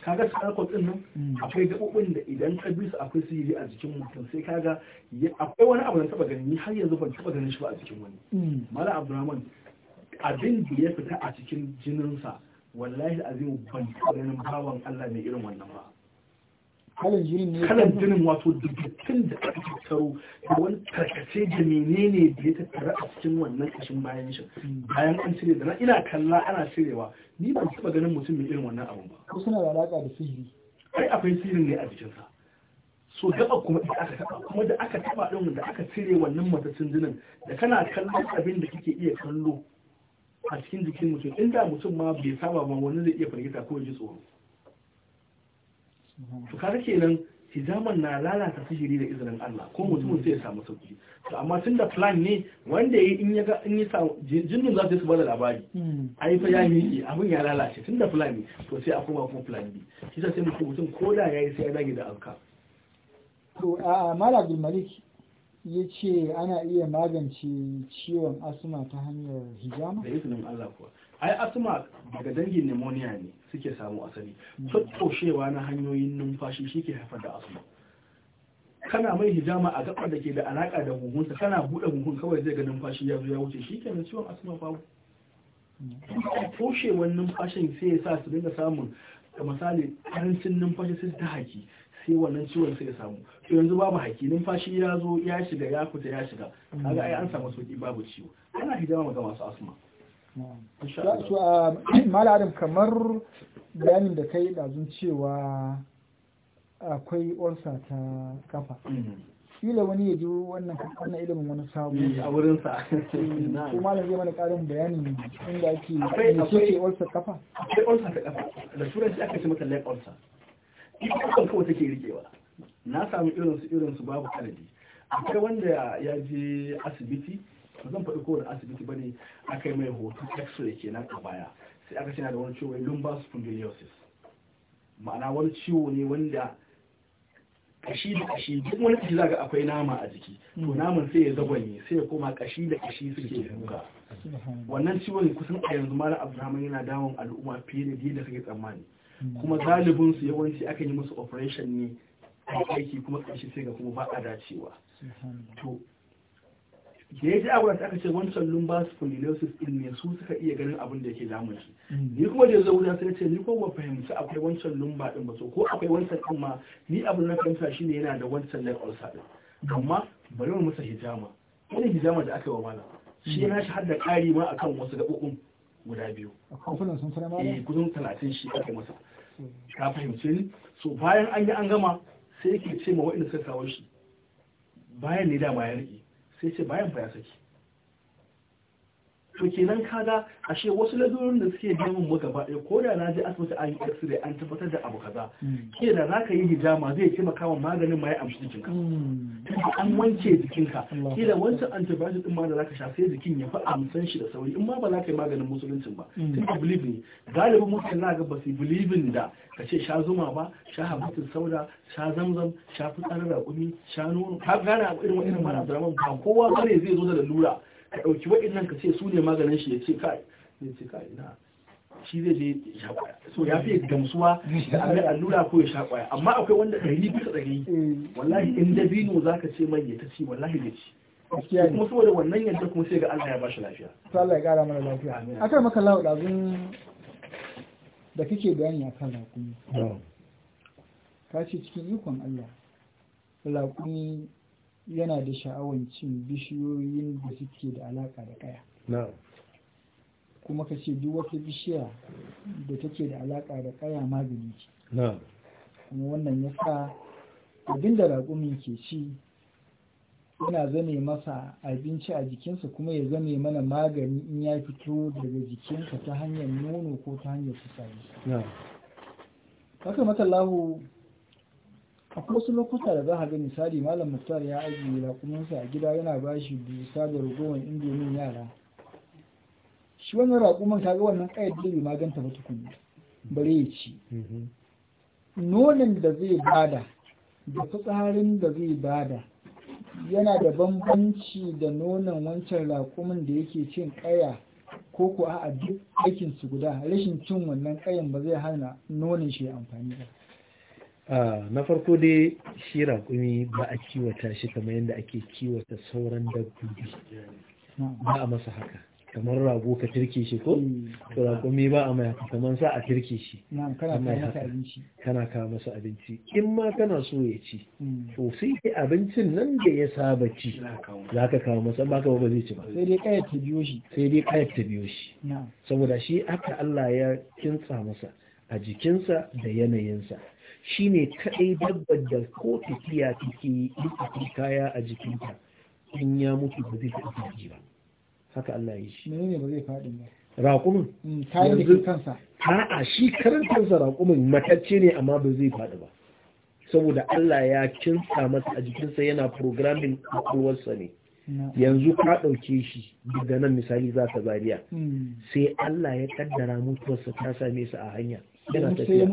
kaga sarkon din nan mm. akwai gabobin da idan ka bi su akwai sihiri a jikin mutum sai kaga akwai wani abu da taba gani har yanzu ban taba ganin shi ba a jikin wani mm. mala abdurrahman abin da ya fita a cikin jininsa wallahi azimu ban taba ganin bawan Allah mai irin wannan ba kalan jinin ne kalan jinin wato dukkan da aka tattaro da wani tarkace da menene da ya tattara a cikin wannan kashin bayan shi hmm. bayan an cire da ina kalla ana cirewa ni ban taba ganin mutum mai irin wannan abu ba ko suna da alaka da sihiri ai akwai sihirin ne a jikinsa so gaba kuma da aka taba kuma da aka taba din da aka cire wannan matacin jinin da kana kallon abin da kake iya kallo a cikin jikin mutum inda mutum ma bai saba ba wani zai iya fargita ko ji tsoro to kaga kenan hijaman na lalata sihiri da izinin Allah ko mutumin sai ya samu sauki to amma tun da plan ne wanda yayi in ya ga in ya samu jinnin za su su bada labari hmm. ai fa ya miki abin ya lalace tun da plan ne to sai a koma kuma plan B shi sai mutum mutum ko da yayi sai ya dage da alka to a malakul Malik ya ce ana iya magance ciwon asma ta hanyar hijama da izinin Allah kuwa ai asma daga dangin pneumonia ne suke samu asali tattoshewa na hanyoyin numfashi shi ke haifar da asma kana mai hijama a gaba da ke da alaka da huhunsa kana buɗe huhun kawai zai ga numfashi ya zo ya wuce shi kenan ciwon asma babu toshewar numfashin sai ya sa su dinga samun da misali karancin numfashi sai ta haki sai wannan ciwon sai ya samu to yanzu babu haki numfashi ya zo ya shiga ya fita ya shiga kaga ai an samu sauki babu ciwo ana hijama ga masu asma Ah, [CLEARS THROAT] malam kamar bayanin da kai ɗazun cewa akwai olsa ta kafa mm-hmm. ila wani ya ji wannan wannan ilimin wani sabu mm, a wurin sa ko eh, malam zai mana ƙarin bayanin inda ake akwai akwai olsa kafa akwai olsa ta kafa da shi aka shi mata leg olsa ita kan kawai take rikewa na samu irinsu irinsu babu kanadi. akwai wanda ya je asibiti ba zan faɗi kowane asibiti ba ne a kai mai hoto x-ray nan a baya sai aka ce da wani ciwo mai lumbar spondylosis ma'ana wani ciwo ne wanda kashi da kashi duk wani kashi zaga akwai nama a jiki to naman sai ya zagwanye sai ya koma kashi da kashi suke duka wannan ciwon kusan a yanzu mara abdulrahman yana damun al'umma fiye da yadda suke tsammani kuma galibin su yawanci aka yi musu operation ne aiki kuma kashi sai ga kuma ba a dacewa to da ya ji a wurin aka ce wancan lumbar spondylosis din ne su suka iya ganin abin da yake damun shi mm. ni kuma da ya zo sai ce ni ko ba fahimci akwai wancan lumba din ba so ko akwai wancan din ma ni abin na fahimta shine yana da wancan leg ulcer din mm. amma bari mu masa hijama wani hijama da aka yi wa malam shi mm. yana shi hadda kari ma akan wasu gaɓoɓin guda biyu eh kusan talatin shi aka masa ka fahimce ni so bayan an yi an gama sai yake ce ma waɗanda suka kawo shi bayan ne dama ya rike. se você vai fa ya aqui to kenan kaga ashe wasu lalurorin da suke damun mu gaba ɗaya ko da na je asibiti an yi x an tabbatar da abu kaza mm. ke da za ka yi hijama zai taimaka wa maganin ma ya amshi jikinka mm. an wanke jikinka ke da wancan antibiotics din ma da za ka sha sai jikin ya fi amsan shi da sauri in ma ba za ka yi maganin musuluncin ba mm. tun da believe galibin mutane za ga ba su bilibin da ka ce sha zuma ba sha habatin sauda sha zamzam sha fitsarin raƙumi sha nono ka gane irin wa'in mara ba kowa bane zai zo da lalura ka ɗauki waɗannan ka ce su ne maganin shi ya ce kai ne ce kai na shi zai je ya sha kwaya so ya fi gamsuwa da abin allura ko ya sha kwaya amma akwai wanda ɗari bisa ɗari wallahi in bino za ka ce mai ya ta ci wallahi ya ci kuma saboda wannan yadda kuma sai ga Allah ya ba shi lafiya. Allah ya mana lafiya. maka lawa ɗazun da kake bayani a kan raƙumi. Ka ce cikin ikon Allah, raƙumi yana da sha'awar cin bishiyoyin da suke da alaka da kaya kuma ka ce duk wata bishiya da take da alaka da kaya magani ce kuma wannan ya sa abinda raƙumin ke ci yana zane masa abinci a jikinsa kuma ya zane mana magani in ya fito daga jikinsa ta hanyar nono ko ta hanyar fitsari haka matallahu a wasu lokuta da za a ga misali malam Mutar ya ajiye raƙumansa a gida yana ba shi dusa da ragowar indomin yara shi wannan raƙumin kaga wannan ƙayar da bai maganta ba tukuni bare ya ci mm-hmm. nonon da zai bada da fitsarin da zai bada yana da bambanci da nonon wancan raƙumin da yake cin ƙaya ko ko a duk aikinsu guda rashin cin wannan ƙayan ba zai hana nonin shi amfani ba na farko dai shi raƙumi ba a kiwata shi kamar yadda ake kiwata sauran dabbobi ba a masa haka kamar rago ka turke shi ko hmm. to raƙumi ba a mai kamar sa a turke shi kana kawo masa abinci in ma kana so ya ci hmm. to sai dai abincin nan da ya saba ci za ka kawo masa ba ka ba zai ci ba sai dai kayar ta biyo shi sai dai kayar ta biyo shi saboda shi haka Allah ya kintsa masa a jikinsa da yanayinsa shine kaɗai dabbar da ko tafiya take yi kaya a jikinta in ya mutu ba zai taɓa faɗi ba haka Allah ya shi ne ba zai faɗi ba raƙumin mm, yanzu kansa a'a shi karan raƙumin matacce ne amma ba zai faɗi ba saboda Allah ya kinsa masa a jikinsa yana programming kwakwalwarsa ne yanzu ka ɗauke shi daga nan misali za ka zariya mm. sai Allah ya ƙaddara mutuwarsa ta same su a hanya yana tafiya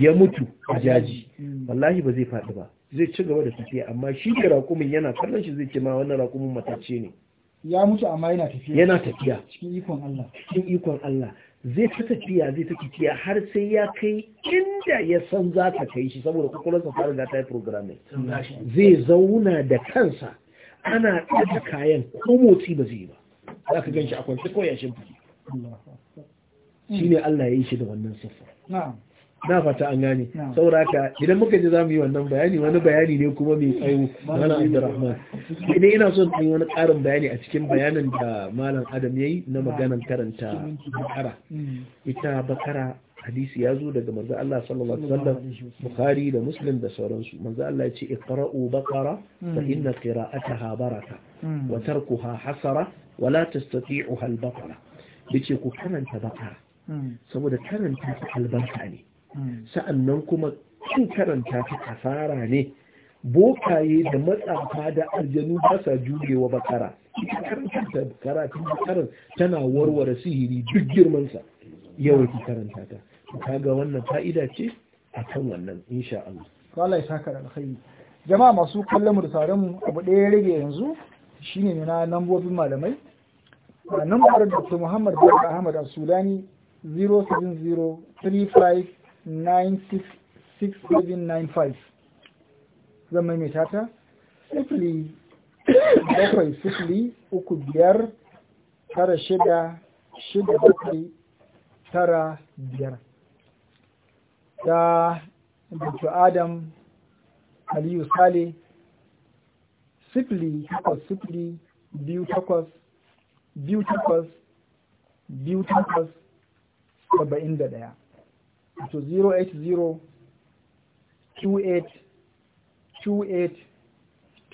ya mutu a jaji hmm. wallahi ba zai faɗi ba zai ci gaba da tafiya amma shi da raƙumin yana kallon shi zai ce ma wannan raƙumin matace ne ya mutu amma yana tafiya yana tafiya cikin ikon Allah cikin ikon Allah zai ta tafiya zai ta tafiya har sai ya kai inda ya san za ta kai shi saboda kokolonsa fara da ta yi programming zai zauna da kansa ana ɗaga kayan ko motsi ba zai yi ba za ka gan shi a kwanci ko yashin shimfi shi ne Allah ya yi shi da wannan siffa na fata an gane sauraka idan muka ji za mu yi wannan bayani wani bayani ne kuma mai tsayo mana Abdurrahman idan ina son yi wani karin bayani a cikin bayanin da malam Adam ya yi na maganan karanta bakara mm. ita bakara hadisi ya zo daga manzo Allah sallallahu alaihi wasallam Bukhari da Muslim da sauransu manzo Allah ya ce iqra'u bakara fa mm. inna qira'ataha baraka mm. wa tarkuha hasara wa la tastati'uha al-baqara yace ku karanta bakara saboda karanta ta albarka ne hmm. sa'annan kuma kin karanta ta kasara ne bokaye da matsafa da aljanu ba sa jurewa bakara karanta karatun bakaran tana warware sihiri duk girmansa yawaki ki karanta ta kaga wannan fa'ida ce a kan wannan insha Allah Allah ya saka da alkhairi jama'a masu kallon mu da tare mu abu ɗaya ya rage yanzu shine na lambobin malamai a nan da Dr. Muhammad Bello Ahmad Asulani 07035966795 zan maimaita ta sifili bakwai sifili uku biyar tara shida shida bakwai tara biyar ta dr adam aliyu sale sifili takwas sifili biyu takwas biyu takwas biyu takwas saba'in da ɗaya to 080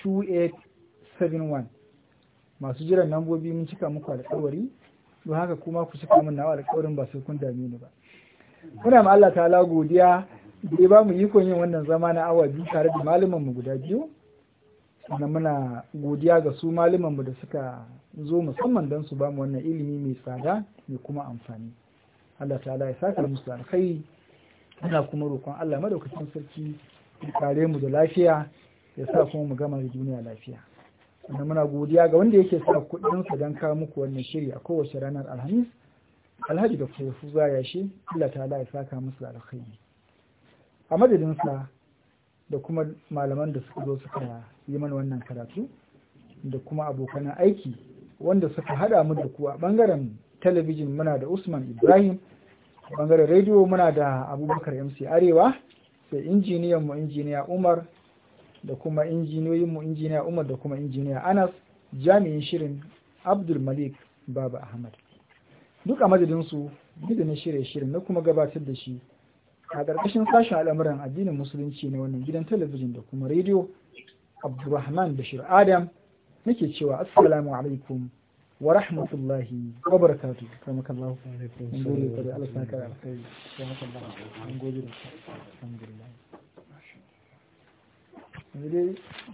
28 masu jiran lambobi mun cika muku alƙawari don haka kuma ku cika mun nawa alƙawarin ba sai kun dame ni ba muna ma Allah ta'ala godiya da ya ba mu ikon yin wannan zama na awa biyu tare da malaman mu guda biyu sannan muna godiya ga su malaman mu da suka zo musamman don su ba mu wannan ilimi mai tsada mai kuma amfani Allah ta'ala ya saka musu alkhairi muna kuma roƙon Allah madaukakin sarki ya kare mu da lafiya ya sa kuma mu gama da duniya lafiya sannan muna godiya ga wanda yake sa kuɗin sa dan ka muku wannan shiri a kowace ranar alhamis alhaji da za ya shi Allah ta'ala ya saka musu alkhairi a madadin sa da kuma malaman da suka zo suka yi mana wannan karatu da kuma abokan aiki wanda suka hada mu da ku a bangaren talabijin muna da usman ibrahim bangaren rediyo muna da abubakar mc arewa sai injiniyan mu injiniya umar da kuma injiniyoyin mu injiniya umar da kuma injiniya anas jami'in shirin abdul malik baba ahmad duk a madadin su da na shirya shirin na kuma gabatar da shi a ƙarƙashin sashen al'amuran addinin musulunci na wannan gidan talabijin da kuma rediyo abdulrahman bashir adam nake cewa assalamu alaikum wa rahmatullahi wa barakatu kama kan Allah ku gode ka da Allah saka Allah gode da alhamdulillah